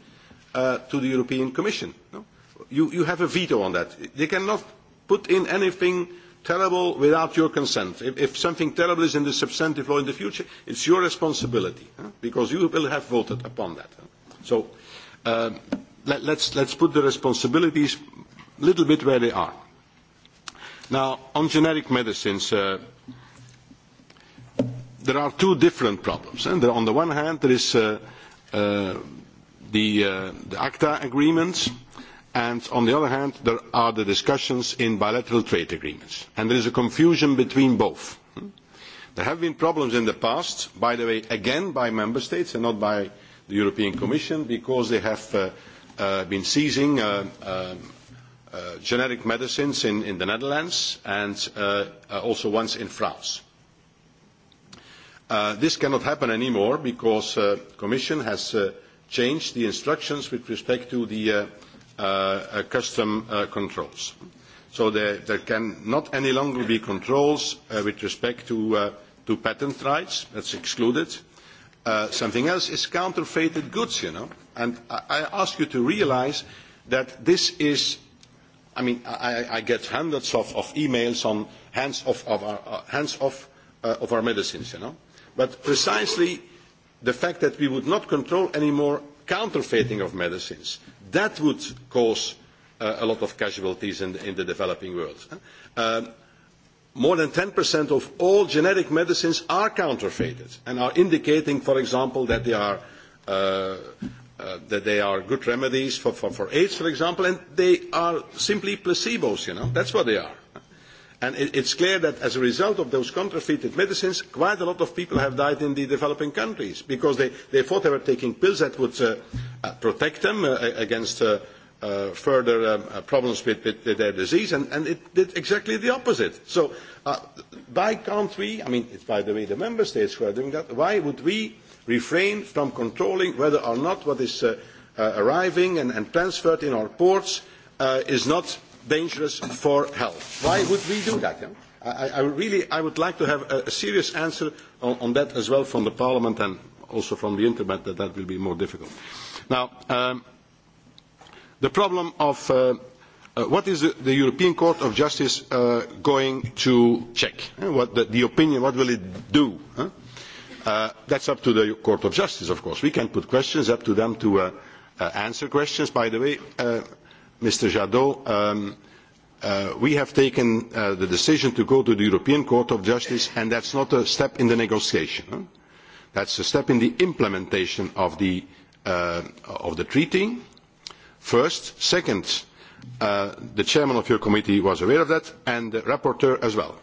uh, to the European Commission. No? You, you have a veto on that. They cannot put in anything terrible without your consent. If, if something terrible is in the substantive law in the future, it's your responsibility, huh? because you will have voted upon that. Huh? So uh, let, let's, let's put the responsibilities a little bit where they are. Now, on generic medicines, uh, there are two different problems. And on the one hand, there is uh, uh, the, uh, the ACTA agreements, and on the other hand there are the discussions in bilateral trade agreements and there is a confusion between both. Hmm? There have been problems in the past, by the way, again by member states and not by the European Commission because they have uh, uh, been seizing uh, uh, uh generic medicines in, in, the Netherlands and uh, also once in France. this cannot happen anymore because the Commission has changed the instructions with respect to the Uh, uh, custom uh, controls. So there, there can not any longer be controls uh, with respect to, uh, to patent rights, that's excluded. Uh, something else is counterfeited goods, you know. And I, I ask you to realize that this is, I mean, I, I get hundreds of, of emails on hands off of our, uh, hands off, uh, of our medicines, you know. But precisely the fact that we would not control anymore counterfeiting of medicines. That would cause uh, a lot of casualties in the, in the developing world. Uh, um, more than 10% of all generic medicines are counterfeited and are indicating, for example, that they are, uh, uh, that they are good remedies for, for, for AIDS, for example, and they are simply placebos, you know. That's what they are. And it, it's clear that as a result of those counterfeited medicines, quite a lot of people have died in the developing countries because they, they thought they were taking pills that would uh, uh, protect them uh, against uh, uh, further um, uh, problems with, with, their disease, and, and it did exactly the opposite. So uh, why can't we, I mean, it's by the way the member states who are doing that, why would we refrain from controlling whether or not what is uh, uh, arriving and, and transferred in our ports uh, is not dangerous for health. Why would we do that? Yeah? I, I really I would like to have a, a serious answer on, on that as well from the Parliament and also from the Internet that that will be more difficult. Now, um, the problem of uh, uh, what is the, the European Court of Justice uh, going to check? Eh? What the, the opinion, what will it do? Huh? Uh, that's up to the Court of Justice, of course. We can put questions up to them to uh, uh, answer questions. By the way, uh, Mr. Jadot, um, uh, we have taken uh, the decision to go to the European Court of Justice, and that's not a step in the negotiation. Huh? That's a step in the implementation of the, uh, of the treaty, first. Second, uh, the chairman of your committee was aware of that, and the rapporteur as well.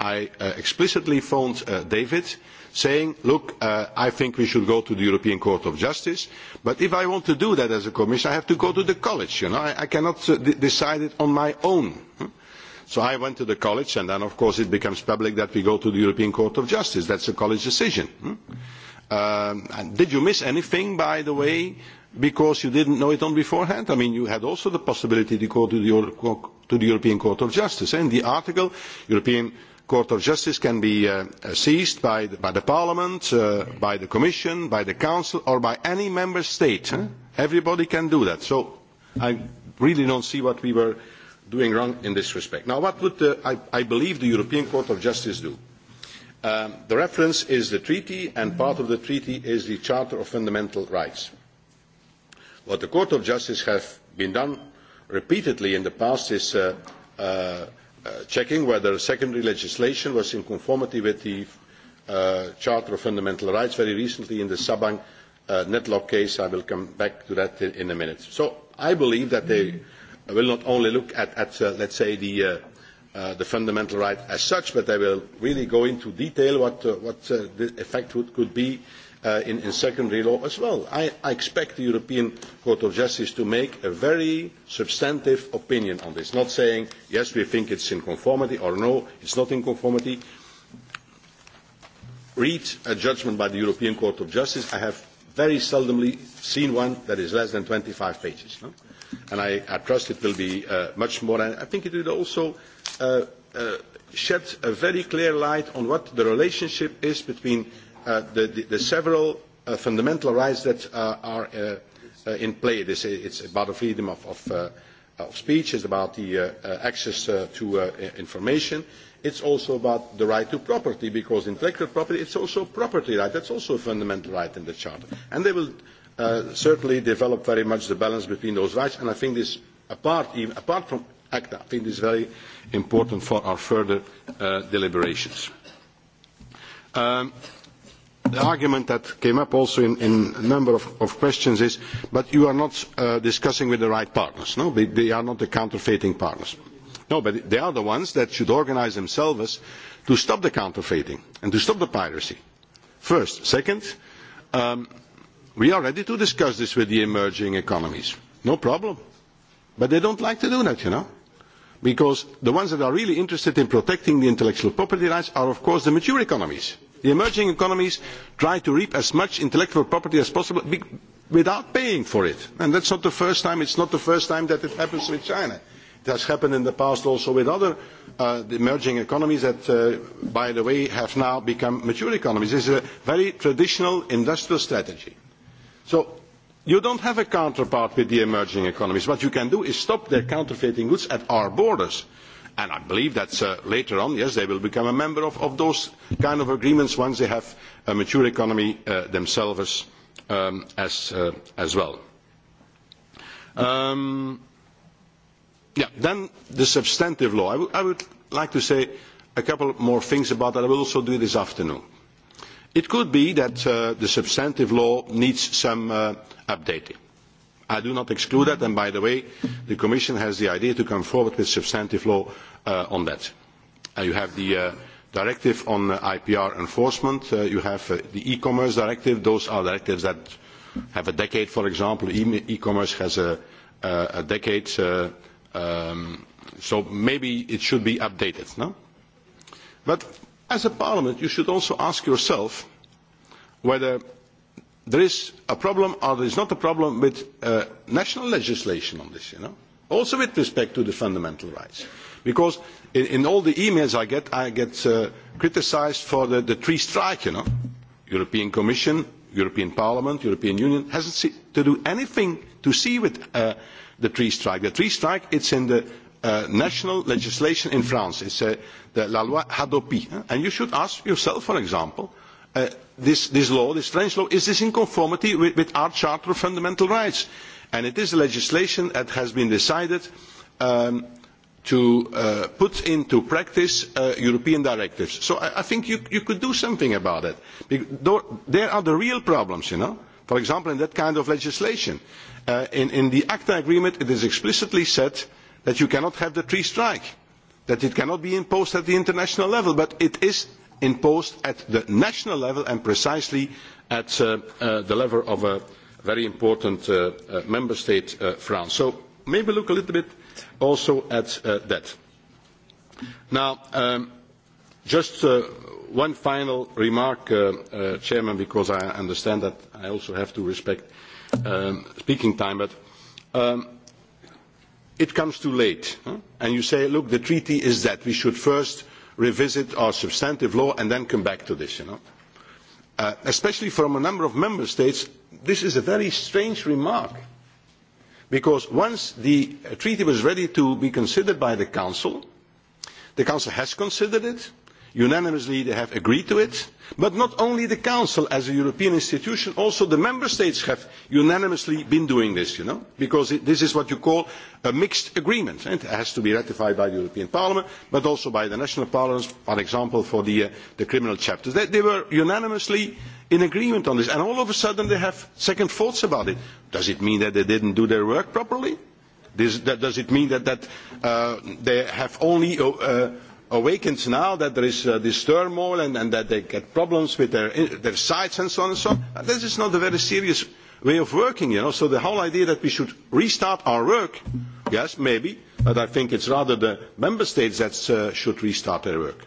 I uh, explicitly phoned uh, David saying, look, uh, I think we should go to the European Court of Justice, but if I want to do that as a commission, I have to go to the college. You know? I, I cannot uh, decide it on my own. Hmm? So I went to the college, and then, of course, it becomes public that we go to the European Court of Justice. That's a college decision. Hmm? Um, did you miss anything, by the way, because you didn't know it on beforehand? I mean, you had also the possibility to go to the, to the European Court of Justice. In the article, European Court of Justice can be uh, seized by the, by the Parliament, uh, by the Commission, by the Council, or by any member state. Everybody can do that. So I really don't see what we were doing wrong in this respect. Now, what would the, I, I believe the European Court of Justice do? Um, the reference is the treaty, and part of the treaty is the Charter of Fundamental Rights. What the Court of Justice have been done repeatedly in the past is uh, uh, Uh, checking whether secondary legislation was in conformity with the uh, Charter of Fundamental Rights very recently in the Sabang uh, Netlock case. I will come back to that in, in a minute. So I believe that they will not only look at, at uh, let's say, the, uh, uh, the fundamental right as such, but they will really go into detail what, uh, what uh, the effect would, could be uh, uh, in, in secondary law as well. I, I expect the European Court of Justice to make a very substantive opinion on this, not saying, yes, we think it's in conformity, or no, it's not in conformity. Read a judgment by the European Court of Justice. I have very seldomly seen one that is less than 25 pages. No? And I, I trust it will be uh, much more. And I think it will also uh, uh, shed a very clear light on what the relationship is between Uh, the, the, the several uh, fundamental rights that uh, are uh, uh, in play. This, it's about the freedom of, of, uh, of speech, it's about the uh, uh, access uh, to uh, information, it's also about the right to property, because intellectual property, it's also property right, that's also a fundamental right in the Charter. And they will uh, certainly develop very much the balance between those rights, and I think this, apart, even, apart from ACTA, I think this is very important for our further uh, deliberations. Um, the argument that came up also in, in a number of, of questions is, but you are not uh, discussing with the right partners, no? They, they are not the counterfeiting partners. No, but they are the ones that should organize themselves to stop the counterfeiting and to stop the piracy. First. Second, um, we are ready to discuss this with the emerging economies. No problem. But they don't like to do that, you know? Because the ones that are really interested in protecting the intellectual property rights are, of course, the mature economies. The emerging economies try to reap as much intellectual property as possible without paying for it. And that's not the first time, it's not the first time that it happens with China. It has happened in the past also with other uh, emerging economies that, uh, by the way, have now become mature economies. This is a very traditional industrial strategy. So you don't have a counterpart with the emerging economies. What you can do is stop their counterfeiting goods at our borders. And I believe that uh, later on, yes, they will become a member of, of those kind of agreements once they have a mature economy uh, themselves um, as, uh, as well. Um, yeah, then the substantive law. I, w I would like to say a couple more things about that. I will also do this afternoon. It could be that uh, the substantive law needs some uh, updating. I do not exclude that, and by the way, the Commission has the idea to come forward with substantive law uh, on that. Uh, you have the uh, directive on IPR enforcement, uh, you have uh, the e-commerce directive, those are directives that have a decade, for example, e-, e-commerce e has a, a decade, uh, um, so maybe it should be updated. No? But as a parliament, you should also ask yourself whether there is a problem or there is not a problem with uh, national legislation on this, you know, also with respect to the fundamental rights. Because in, in all the emails I get, I get uh, criticized for the, the three strike, you know. European Commission, European Parliament, European Union hasn't see, to do anything to see with uh, the three strike. The three strike, it's in the uh, national legislation in France. It's uh, the La Loi Hadopi. And you should ask yourself, for example, Uh, this, this law, this French law, is this in conformity with, with our Charter of Fundamental Rights? And it is legislation that has been decided um, to uh, put into practice uh, European directives. So I, I think you, you could do something about it. there are the real problems, you know, for example, in that kind of legislation. Uh, in, in the ACTA agreement, it is explicitly said that you cannot have the three strike, that it cannot be imposed at the international level, but it is imposed at the national level and precisely at uh, uh, the level of a very important uh, uh member state, uh, France. So maybe look a little bit also at uh, that. Now, um, just one final remark, Chairman, because I understand that I also have to respect um, speaking time, but um, it comes too late. Huh? And you say, look, the treaty is that. We should first revisit our substantive law and then come back to this. You know? uh, especially from a number of member states, this is a very strange remark. Because once the treaty was ready to be considered by the Council, the Council has considered it, Unanimously they have agreed to it, but not only the Council as a European institution, also the Member States have unanimously been doing this, you know, because it, this is what you call a mixed agreement. And it has to be ratified by the European Parliament, but also by the national parliaments, for example, for the, uh, the criminal chapters. They, they were unanimously in agreement on this, and all of a sudden they have second thoughts about it. Does it mean that they didn't do their work properly? This, that, does it mean that, that uh, they have only uh, uh awakens now that there is uh, this turmoil and, and that they get problems with their, their sites and so on and so on. And this is not a very serious way of working, you know. So the whole idea that we should restart our work, yes, maybe, but I think it's rather the member states that uh, should restart their work.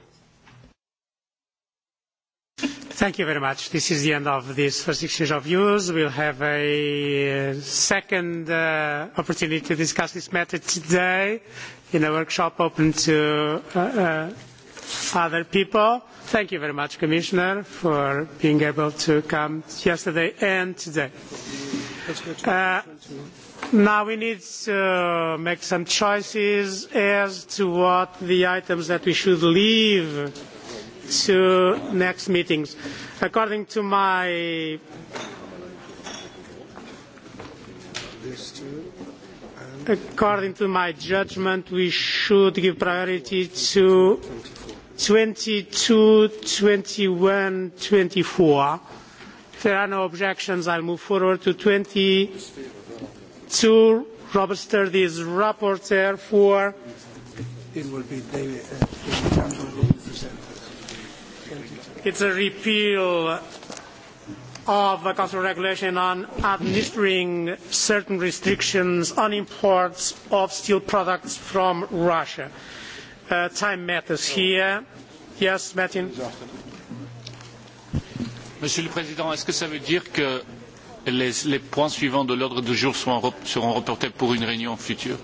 Thank you very much. This is the end of this first exchange of views. We'll have a second uh, opportunity to discuss this matter today in a workshop open to uh, uh, other people. Thank you very much, Commissioner, for being able to come yesterday and today. Uh, now we need to make some choices as to what the items that we should leave to next meetings. According to my According to my judgment, we should give priority to 22, 21, 24. If there are no objections, I'll move forward to 22. Robert Sturdy is rapporteur for. It will be David. Uh, uh It's a repeal of the Council regulation on administering certain restrictions on imports of steel products from Russia. Uh, time matters here. Yes, Martin. Monsieur le Président, est-ce que cela veut dire que les, les points suivants de l'ordre du jour seront, seront reportés pour une réunion future,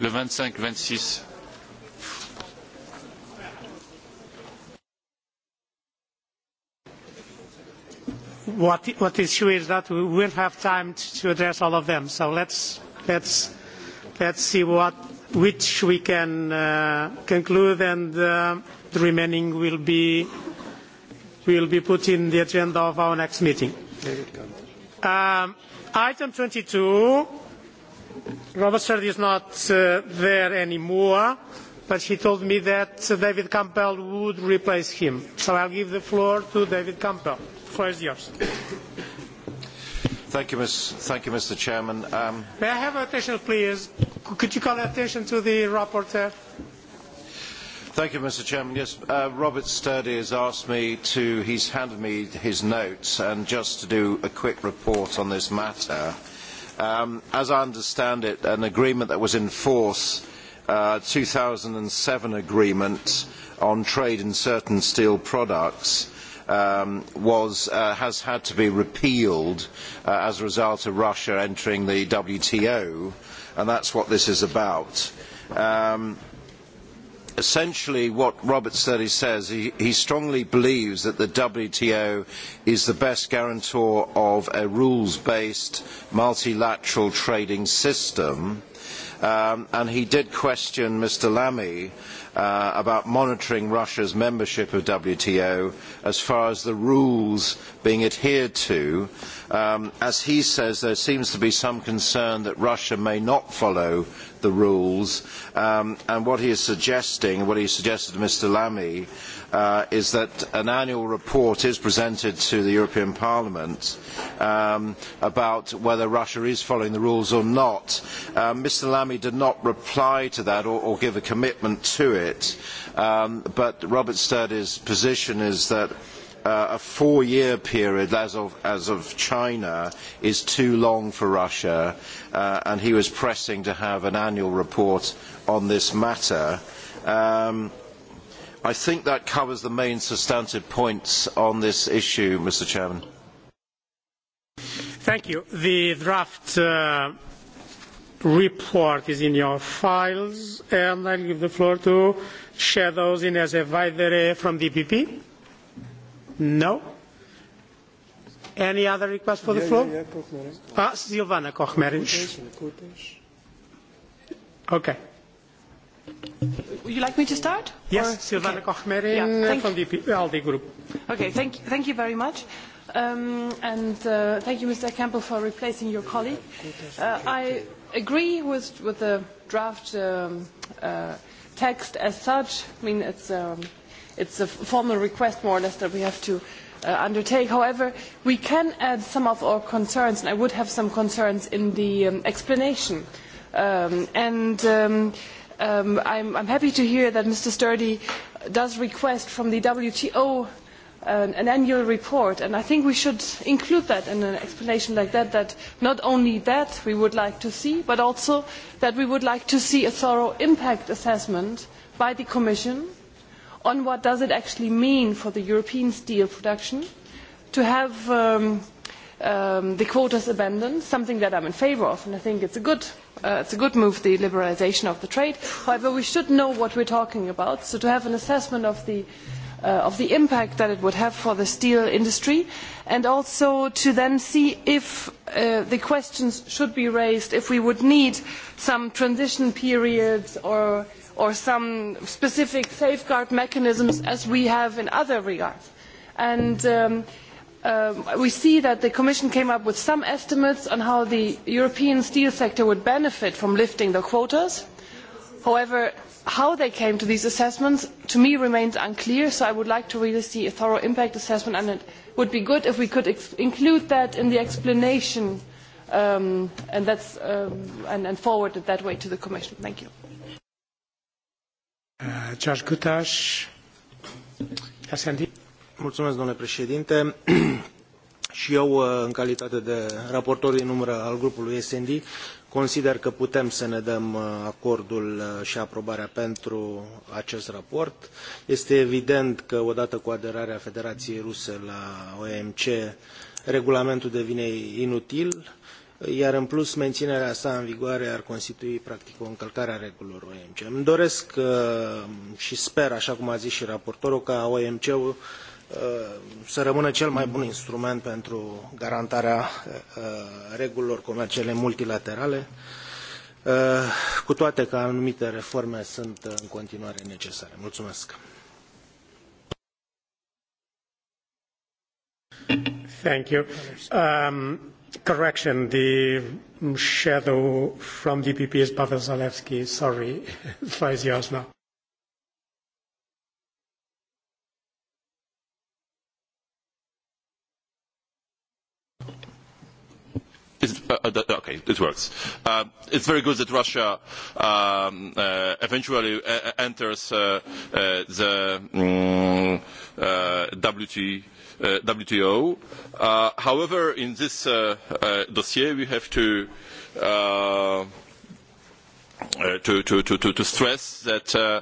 le vingt cinq, vingt six? what, what is sure is that we will have time to address all of them. So let's, let's, let's see what, which we can uh, conclude and uh, the remaining will be, will be put in the agenda of our next meeting. Um, item 22, Robert Sturdy is not uh, there anymore, but he told me that David Campbell would replace him. So I'll give the floor to David Campbell floor is yours. Thank you, Ms. Thank you, Mr. Chairman. Um, May I have attention, please? Could you call attention to the rapporteur? Thank you, Mr. Chairman. Yes, uh, Robert Sturdy has asked me to, he's handed me his notes and just to do a quick report on this matter. Um, as I understand it, an agreement that was in force, uh, 2007 agreement on trade in certain steel products, um, was, uh, has had to be repealed uh, as a result of Russia entering the WTO, and that is what this is about. Um, essentially what Robert Sturdy says, he, he strongly believes that the WTO is the best guarantor of a rules-based multilateral trading system. Um, and he did question Mr. Lamy uh, about monitoring Russia's membership of WTO as far as the rules being adhered to. Um, as he says, there seems to be some concern that Russia may not follow the rules. Um, and what he is suggesting, what he suggested to Mr. Lamy, uh, is that an annual report is presented to the European Parliament um, about whether Russia is following the rules or not. Mr. Um, Lamy did not reply to that or, or give a commitment to it, um, but Robert Sturdy's position is that uh, a four year period as of, as of China is too long for Russia, uh, and he was pressing to have an annual report on this matter. Um, I think that covers the main substantive points on this issue, Mr. Chairman. Thank you. The draft uh, report is in your files, and I'll give the floor to Shadows in advisory from the EPP. No? Any other request for the floor? Yeah, yeah, Koch ah, Silvana Kochmeric. Okay. Would you like me to start? Yes, or? Silvana okay. Kochmerin yeah, from the ALDE Group. Okay, thank, thank you very much. Um, and uh, thank you, Mr. Campbell, for replacing your colleague. Uh, I agree with, with the draft um, uh, text as such. I mean, it's, um, it's a formal request, more or less, that we have to uh, undertake. However, we can add some of our concerns, and I would have some concerns in the um, explanation. Um, and... Um, um, I'm, I'm happy to hear that Mr. Sturdy does request from the WTO an, an annual report, and I think we should include that in an explanation like that, that not only that we would like to see, but also that we would like to see a thorough impact assessment by the Commission on what does it actually mean for the European steel production to have um, um, the quotas abandoned, something that I am in favour of, and I think it is a good, uh, it's a good move, the liberalisation of the trade. However, we should know what we are talking about, so to have an assessment of the, uh, of the impact that it would have for the steel industry, and also to then see if uh, the questions should be raised, if we would need some transition periods or, or some specific safeguard mechanisms as we have in other regards. And, um, um, we see that the Commission came up with some estimates on how the European steel sector would benefit from lifting the quotas. However, how they came to these assessments to me remains unclear, so I would like to really see a thorough impact assessment, and it would be good if we could include that in the explanation um, and, that's, um, and, and forward it that way to the Commission. Thank you. Uh, Mulțumesc, domnule președinte. Și eu, uh, în calitate de raportor din umbră al grupului SND, consider că putem să ne dăm uh, acordul uh, și aprobarea pentru acest raport. Este evident că, odată cu aderarea Federației Ruse la OMC, regulamentul devine inutil, iar în plus menținerea sa în vigoare ar constitui practic o încălcare a regulilor OMC. Îmi doresc și sper, așa cum a zis și raportorul, ca OMC-ul Ehm, să rămână cel mai bun instrument pentru garantarea ehm, regulilor comerciale multilaterale, ehm, cu toate că anumite reforme sunt în continuare necesare. Mulțumesc! Thank you. Um, correction, the shadow from DPP is Pavel Zalewski. Sorry, yours now. Is, uh, uh okay, it works. Uh, it's very good that Russia um, uh, eventually uh, uh enters uh, uh, the um, uh, WT, uh, WTO. Uh, however, in this uh, uh, dossier, we have to. Uh, uh, to, to, to, to stress that uh,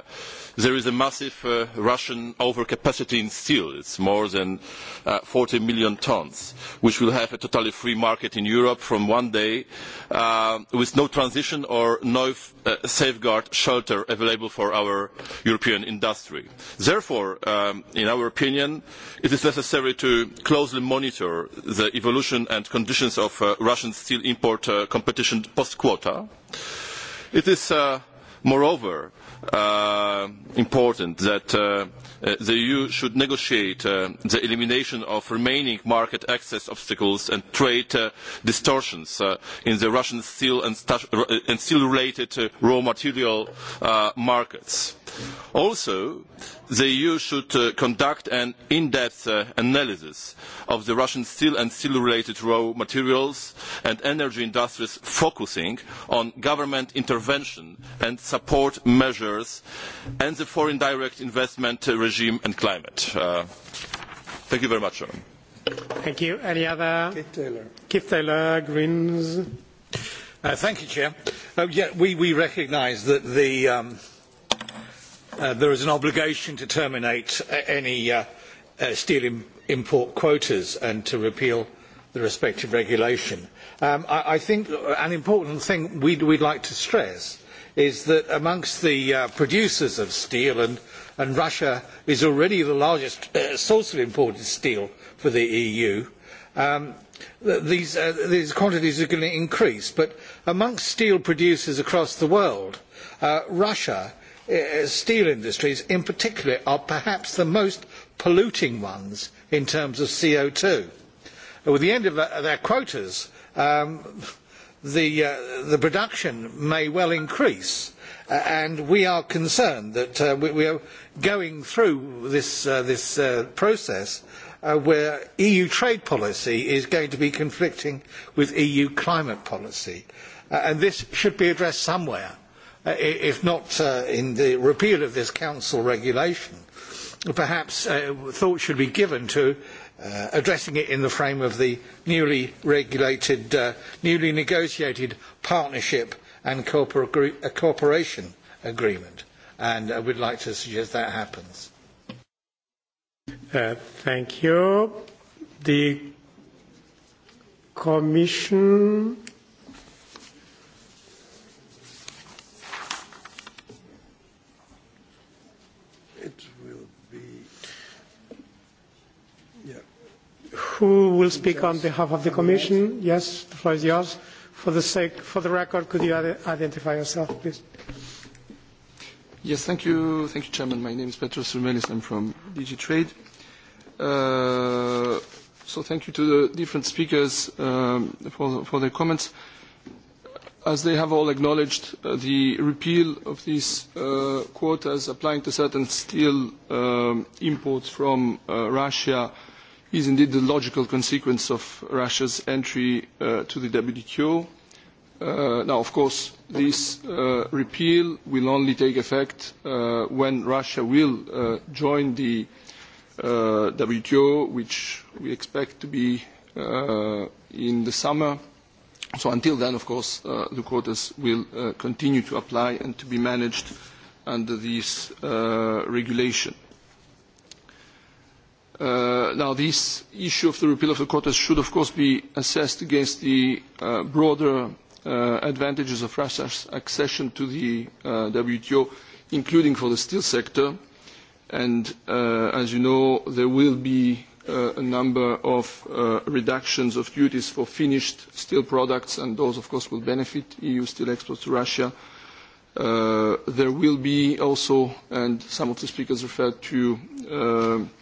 there is a massive uh, Russian overcapacity in steel. it is more than uh, forty 40 million tonnes, which will have a totally free market in Europe from one day uh, with no transition or no uh, safeguard shelter available for our European industry. Therefore, um, in our opinion, it is necessary to closely monitor the evolution and conditions of uh, Russian steel import competition post-quota. It is Moreover, uh, important that uh, uh the EU should negotiate uh, the elimination of remaining market access obstacles and trade uh, distortions uh, in the Russian steel and, uh, and steel-related uh, raw material uh, markets. Also, the EU should uh, conduct an in-depth uh, analysis of the Russian steel and steel-related raw materials and energy industries focusing on government intervention and support support measures and the foreign direct investment regime and climate. Uh, thank you very much. Chairman. Thank you. Any other? Keith Taylor. Keith Taylor, Greens. Uh, thank you, Chair. Uh, yeah, we, we recognise that the, um, uh, there is an obligation to terminate any uh, uh, steel Im import quotas and to repeal the respective regulation. Um, I, I think an important thing we'd, we'd like to stress is that amongst the uh, producers of steel, and, and, Russia is already the largest uh, source of imported steel for the EU, um, these, uh, these, quantities are going to increase. But amongst steel producers across the world, uh, Russia steel industries in particular are perhaps the most polluting ones in terms of co two. With the end of their quotas, um, the, uh, the production may well increase. Uh, and we are concerned that uh, we, we are going through this, uh, this uh, process uh, where EU trade policy is going to be conflicting with EU climate policy. Uh, and this should be addressed somewhere, uh, if not uh, in the repeal of this Council regulation. Perhaps uh, thought should be given to Uh, addressing it in the frame of the newly regulated, uh, newly negotiated partnership and corpora uh, cooperation agreement. And I uh, would like to suggest that happens. Uh, thank you. The Commission Who will speak on behalf of the Commission? Yes, the floor is yours. For the, sake, for the record, could you identify yourself, please? Yes, thank you, thank you, Chairman. My name is Petros Rumelis. I'm from DG Trade. Uh, so thank you to the different speakers um, for, for their comments. As they have all acknowledged, uh, the repeal of these uh, quotas applying to certain steel um, imports from uh, Russia – is indeed the logical consequence of Russia's entry uh, to the WTO. Uh, now, of course, this uh, repeal will only take effect uh, when Russia will uh, join the uh, WTO, which we expect to be uh, in the summer. So until then, of course, uh, the quotas will uh, continue to apply and to be managed under this uh, regulation. Uh, now, this issue of the repeal of the quotas should, of course, be assessed against the uh, broader uh, advantages of Russia's accession to the uh, WTO, including for the steel sector. And uh, as you know, there will be uh, a number of uh, reductions of duties for finished steel products, and those, of course, will benefit EU steel exports to Russia. Uh, there will be also, and some of the speakers referred to, uh,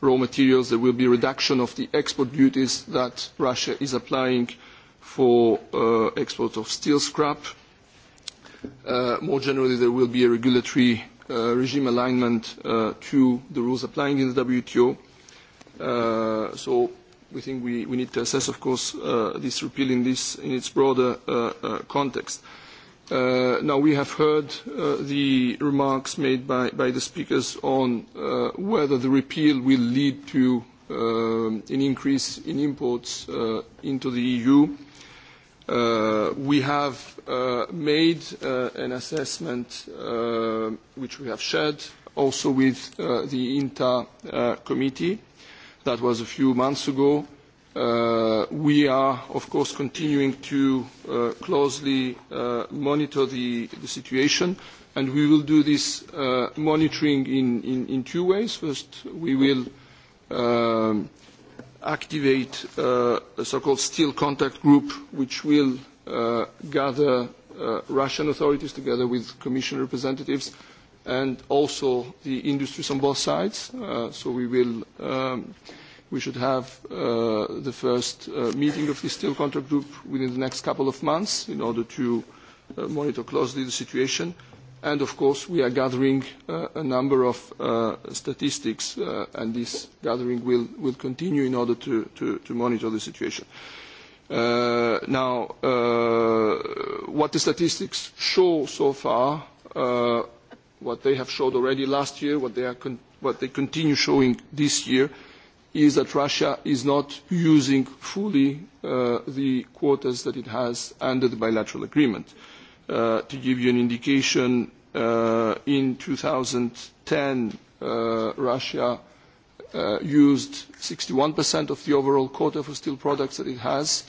raw materials. There will be a reduction of the export duties that Russia is applying for uh, export of steel scrap. Uh, more generally, there will be a regulatory uh, regime alignment uh, to the rules applying in the WTO. Uh, so we think we, we need to assess, of course, uh, this repeal in, this, in its broader uh, uh, context. Uh, now, we have heard uh, the remarks made by, by the speakers on uh, whether the repeal will lead to um, an increase in imports uh, into the EU. Uh, we have uh, made uh, an assessment uh, which we have shared also with uh, the INTA uh, committee. That was a few months ago Uh, we are, of course, continuing to uh, closely uh, monitor the, the situation, and we will do this uh, monitoring in, in, in two ways. First, we will um, activate uh, a so-called steel contact group, which will uh, gather uh, Russian authorities together with Commission representatives and also the industries on both sides. Uh, so we will um, We should have uh, the first uh, meeting of the steel contract group within the next couple of months in order to uh, monitor closely the situation. And of course, we are gathering uh, a number of uh, statistics, uh, and this gathering will, will continue in order to, to, to monitor the situation. Uh, now, uh, what the statistics show so far, uh, what they have showed already last year, what they, are con what they continue showing this year, is that Russia is not using fully uh, the quotas that it has under the bilateral agreement. Uh, to give you an indication, uh, in 2010, uh, Russia uh, used 61% of the overall quota for steel products that it has.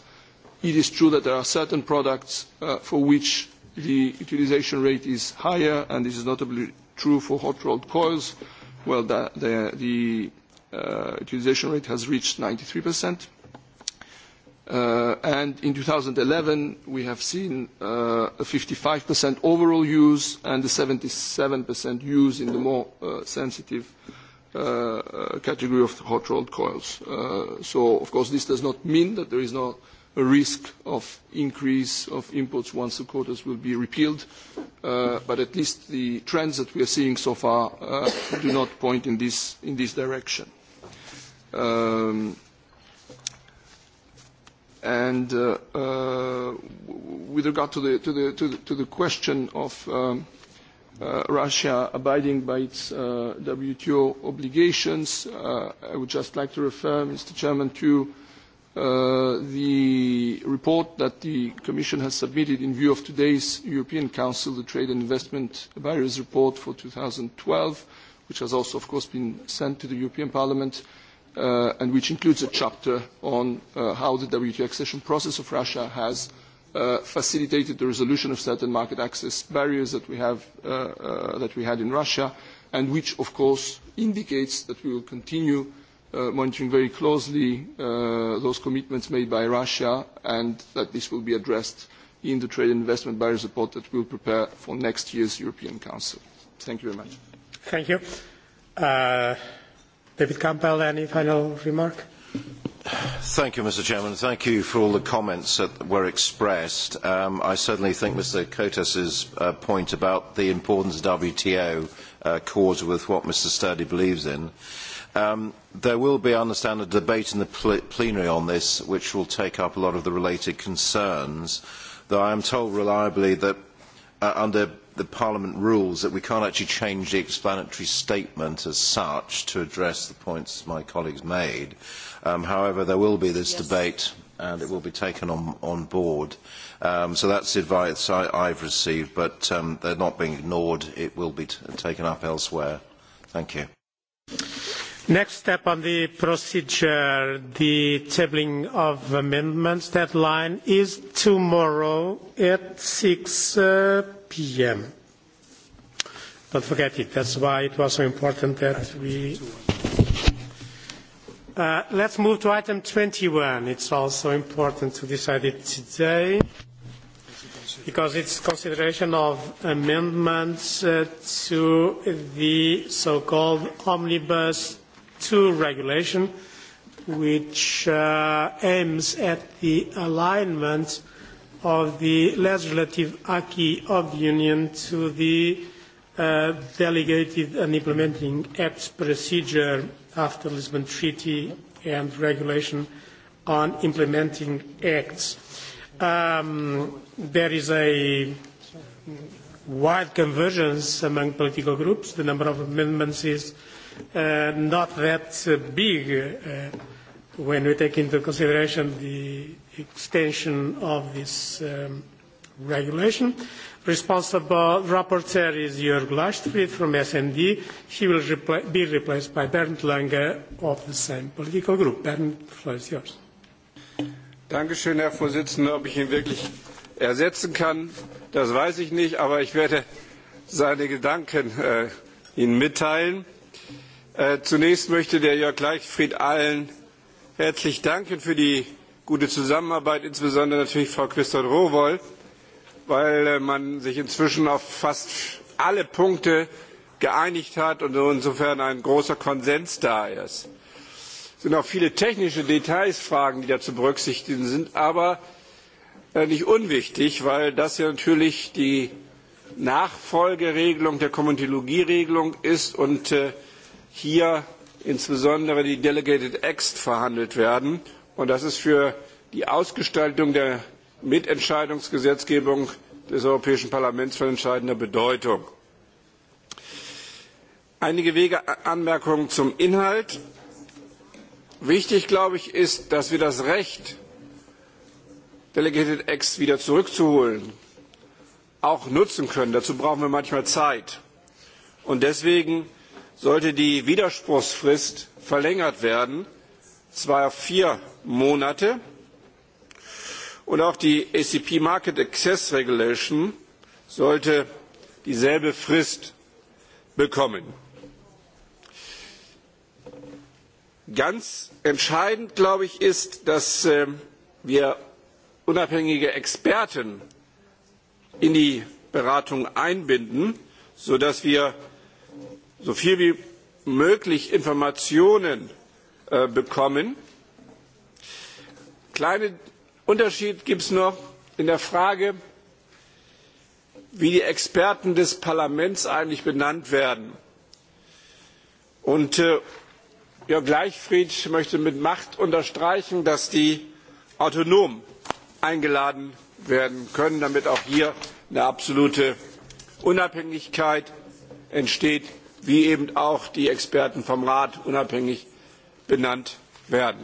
It is true that there are certain products uh, for which the utilization rate is higher, and this is notably true for hot rolled coils. Well, the, the, the uh, utilization rate has reached 93%. Uh, and in 2011, we have seen uh, a 55% overall use and a 77% use in the more uh, sensitive uh, uh category of hot-rolled coils. Uh, so, of course, this does not mean that there is not a risk of increase of imports once the quotas will be repealed, uh, but at least the trends that we are seeing so far uh, do not point in this, in this direction. Um, and uh, uh, with regard to the, to the, to the, to the question of um, uh, Russia abiding by its uh, WTO obligations, uh, I would just like to refer, Mr. Chairman, to uh, the report that the Commission has submitted in view of today's European Council, the Trade and Investment Barriers Report for 2012, which has also, of course, been sent to the European Parliament uh, and which includes a chapter on uh, how the WTO accession process of Russia has uh, facilitated the resolution of certain market access barriers that we, have, uh, uh, that we had in Russia, and which, of course, indicates that we will continue uh, monitoring very closely uh, those commitments made by Russia and that this will be addressed in the trade and investment barriers report that we will prepare for next year's European Council. Thank you very much. Thank you. Uh... David Campbell, any final remark? Thank you, Mr. Chairman. Thank you for all the comments that were expressed. Um, I certainly think Mr. Cotas's uh, point about the importance of WTO uh, accords with what Mr. Sturdy believes in. Um, there will be, I understand, a debate in the pl plenary on this, which will take up a lot of the related concerns, though I am told reliably that uh, under the Parliament rules that we can't actually change the explanatory statement as such to address the points my colleagues made. Um, however, there will be this yes. debate and it will be taken on, on board. Um, so that's the advice I, I've received, but um, they're not being ignored. It will be t taken up elsewhere. Thank you. Next step on the procedure, the tabling of amendments deadline is tomorrow at 6 uh, p.m. Don't forget it. That's why it was so important that we... Uh, let's move to item 21. It's also important to decide it today because it's consideration of amendments uh, to the so-called Omnibus 2 regulation which uh, aims at the alignment of the legislative acquis of the Union to the uh, delegated and implementing acts procedure after the Lisbon Treaty and regulation on implementing acts. Um, there is a wide convergence among political groups. The number of amendments is uh, not that uh, big uh, when we take into consideration the extension of this um, regulation. Responsible rapporteur is Jörg Lastfried from SND. He will repl- be replaced by Bernd Lange of the same political group. Bernd, the floor is yours. Dankeschön, Herr Vorsitzender. Ob ich ihn wirklich ersetzen kann, das weiß ich nicht, aber ich werde seine Gedanken äh, Ihnen mitteilen. Äh, zunächst möchte der Jörg Leichtfried allen herzlich danken für die gute Zusammenarbeit, insbesondere natürlich Frau Christoph Rowoll, weil äh, man sich inzwischen auf fast alle Punkte geeinigt hat und insofern ein großer Konsens da ist. Es sind auch viele technische Details, Fragen, die da zu berücksichtigen sind, aber äh, nicht unwichtig, weil das ja natürlich die Nachfolgeregelung der Komitologieregelung ist und äh, hier insbesondere die Delegated Acts verhandelt werden. Und das ist für die Ausgestaltung der Mitentscheidungsgesetzgebung des Europäischen Parlaments von entscheidender Bedeutung. Einige Wege Anmerkungen zum Inhalt. Wichtig, glaube ich, ist, dass wir das Recht, Delegated Acts wieder zurückzuholen, auch nutzen können. Dazu brauchen wir manchmal Zeit. Und deswegen sollte die Widerspruchsfrist verlängert werden, zwar auf vier Monate. Und auch die ACP e Market Access Regulation sollte dieselbe Frist bekommen. Ganz entscheidend, glaube ich, ist, dass äh, wir unabhängige Experten in die Beratung einbinden, sodass wir so viel wie möglich Informationen äh, bekommen kleinen Unterschied gibt es noch in der Frage, wie die Experten des Parlaments eigentlich benannt werden. Und äh, Jörg Gleichfried möchte mit Macht unterstreichen, dass die autonom eingeladen werden können, damit auch hier eine absolute Unabhängigkeit entsteht, wie eben auch die Experten vom Rat unabhängig benannt werden.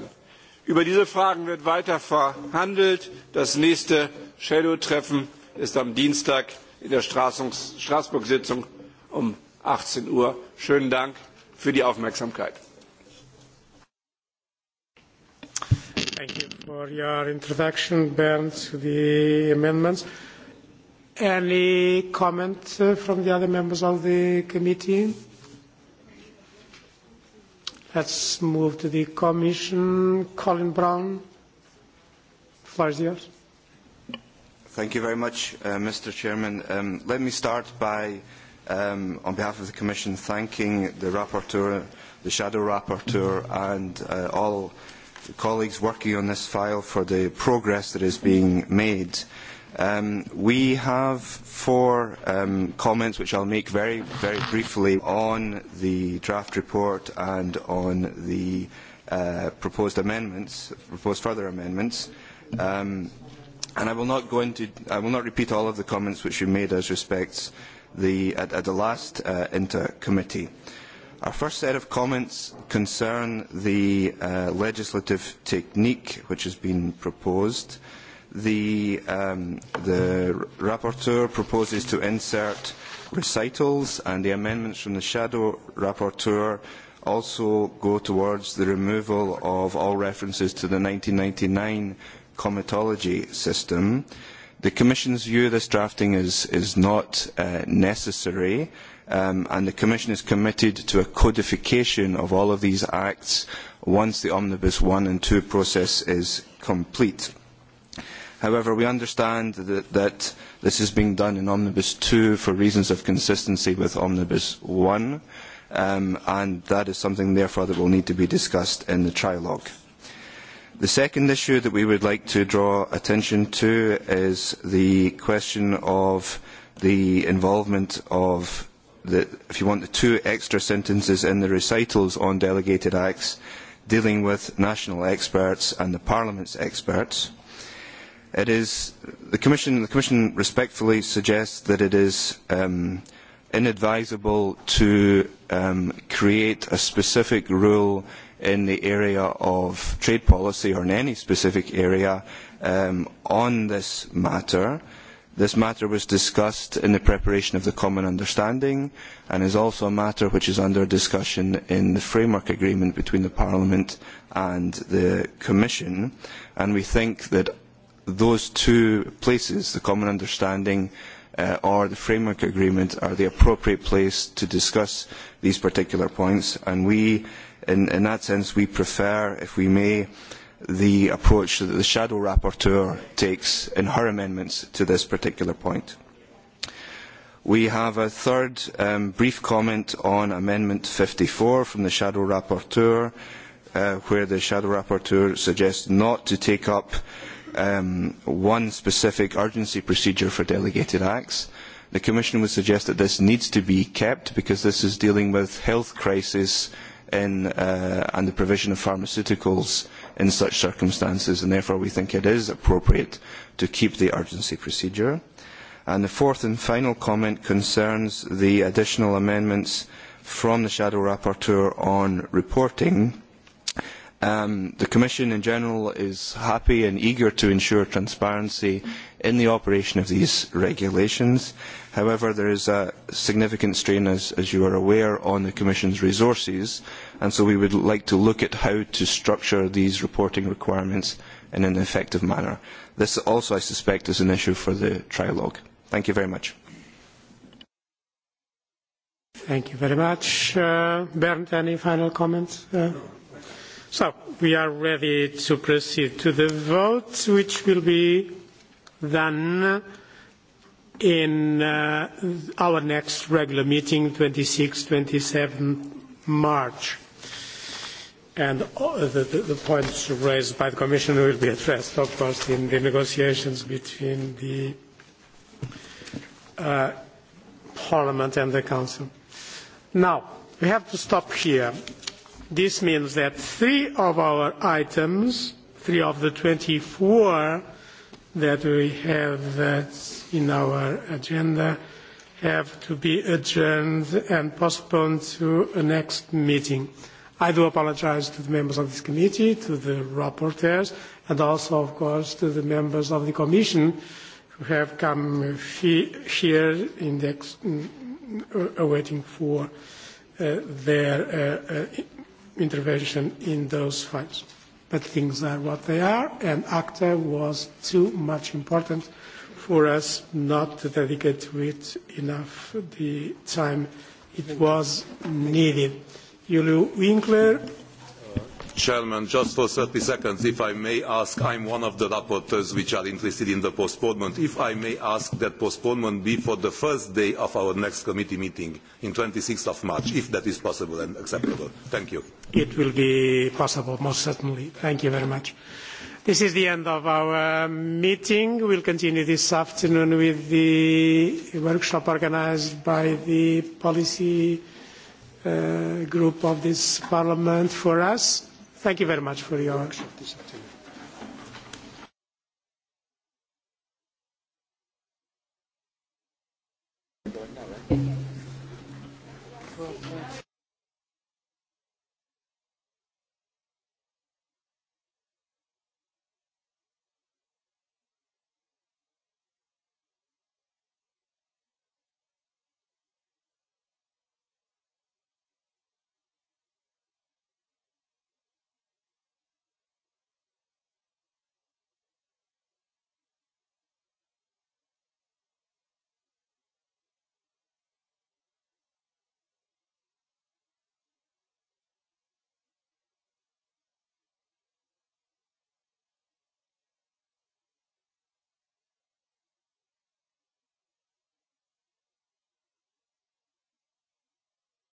Über diese Fragen wird weiter verhandelt. Das nächste Shadow-Treffen ist am Dienstag in der Straßburg-Sitzung um 18 Uhr. Schönen Dank für die Aufmerksamkeit. Thank you for your introduction, Bernd, to the amendments. Any comments uh, from the other members of the committee? Let's move to the Commission. Colin Brown, floor is yours. Thank you very much, uh, Mr. Chairman. Um, let me start by, um, on behalf of the Commission, thanking the rapporteur, the shadow rapporteur, and uh, all colleagues working on this file for the progress that is being made. Uh, Um, we have four um, comments which I'll make very, very briefly on the draft report and on the uh, proposed amendments, proposed further amendments. Um, and I will not go into, I will not repeat all of the comments which you made as respects the, at, at the last uh, inter committee. Our first set of comments concern the uh, legislative technique which has been proposed. Uh, The, um, the rapporteur proposes to insert recitals and the amendments from the shadow rapporteur also go towards the removal of all references to the 1999 comitology system. The Commission's view of this drafting is, is not uh, necessary um, and the Commission is committed to a codification of all of these acts once the Omnibus 1 and 2 process is complete. However, we understand that, that this is being done in Omnibus 2 for reasons of consistency with Omnibus 1, um, and that is something, therefore, that will need to be discussed in the trilogue. The second issue that we would like to draw attention to is the question of the involvement of, the, if you want, the two extra sentences in the recitals on delegated acts dealing with national experts and the Parliament's experts. It is the Commission. The Commission respectfully suggests that it is um, inadvisable to um, create a specific rule in the area of trade policy or in any specific area um, on this matter. This matter was discussed in the preparation of the common understanding and is also a matter which is under discussion in the framework agreement between the Parliament and the Commission. And we think that those two places, the common understanding uh, or the framework agreement, are the appropriate place to discuss these particular points. And we, in, in that sense, we prefer, if we may, the approach that the shadow rapporteur takes in her amendments to this particular point. We have a third um, brief comment on Amendment fifty four from the Shadow Rapporteur, uh, where the Shadow Rapporteur suggests not to take up um, one specific urgency procedure for delegated acts. The Commission would suggest that this needs to be kept because this is dealing with health crisis in, uh, and the provision of pharmaceuticals in such circumstances, and therefore we think it is appropriate to keep the urgency procedure. And the fourth and final comment concerns the additional amendments from the Shadow Rapporteur on reporting Um, the Commission in general is happy and eager to ensure transparency in the operation of these regulations. However, there is a significant strain, as, as you are aware, on the Commission's resources, and so we would like to look at how to structure these reporting requirements in an effective manner. This also, I suspect, is an issue for the trilogue. Thank you very much. Thank you very much. Uh, Bernd, any final comments? Uh? So we are ready to proceed to the vote, which will be done in uh, our next regular meeting, 26, 27 March. And the, the, the points raised by the Commission will be addressed, of course, in the negotiations between the uh, Parliament and the Council. Now, we have to stop here. This means that three of our items, three of the 24 that we have uh, in our agenda, have to be adjourned and postponed to a next meeting. I do apologise to the members of this committee, to the rapporteurs, and also, of course, to the members of the Commission who have come here in the mm, mm, awaiting for uh, their uh, uh intervention in those fights. But things are what they are, and ACTA was too much important for us not to dedicate to it enough the time it was needed. Julio Winkler Chairman, just for thirty seconds, if I may ask, I am one of the rapporteurs which are interested in the postponement. If I may ask that postponement be for the first day of our next committee meeting, in 26th of March, if that is possible and acceptable. Thank you. It will be possible, most certainly. Thank you very much. This is the end of our meeting. We will continue this afternoon with the workshop organised by the policy uh, group of this parliament for us Thank you very much for your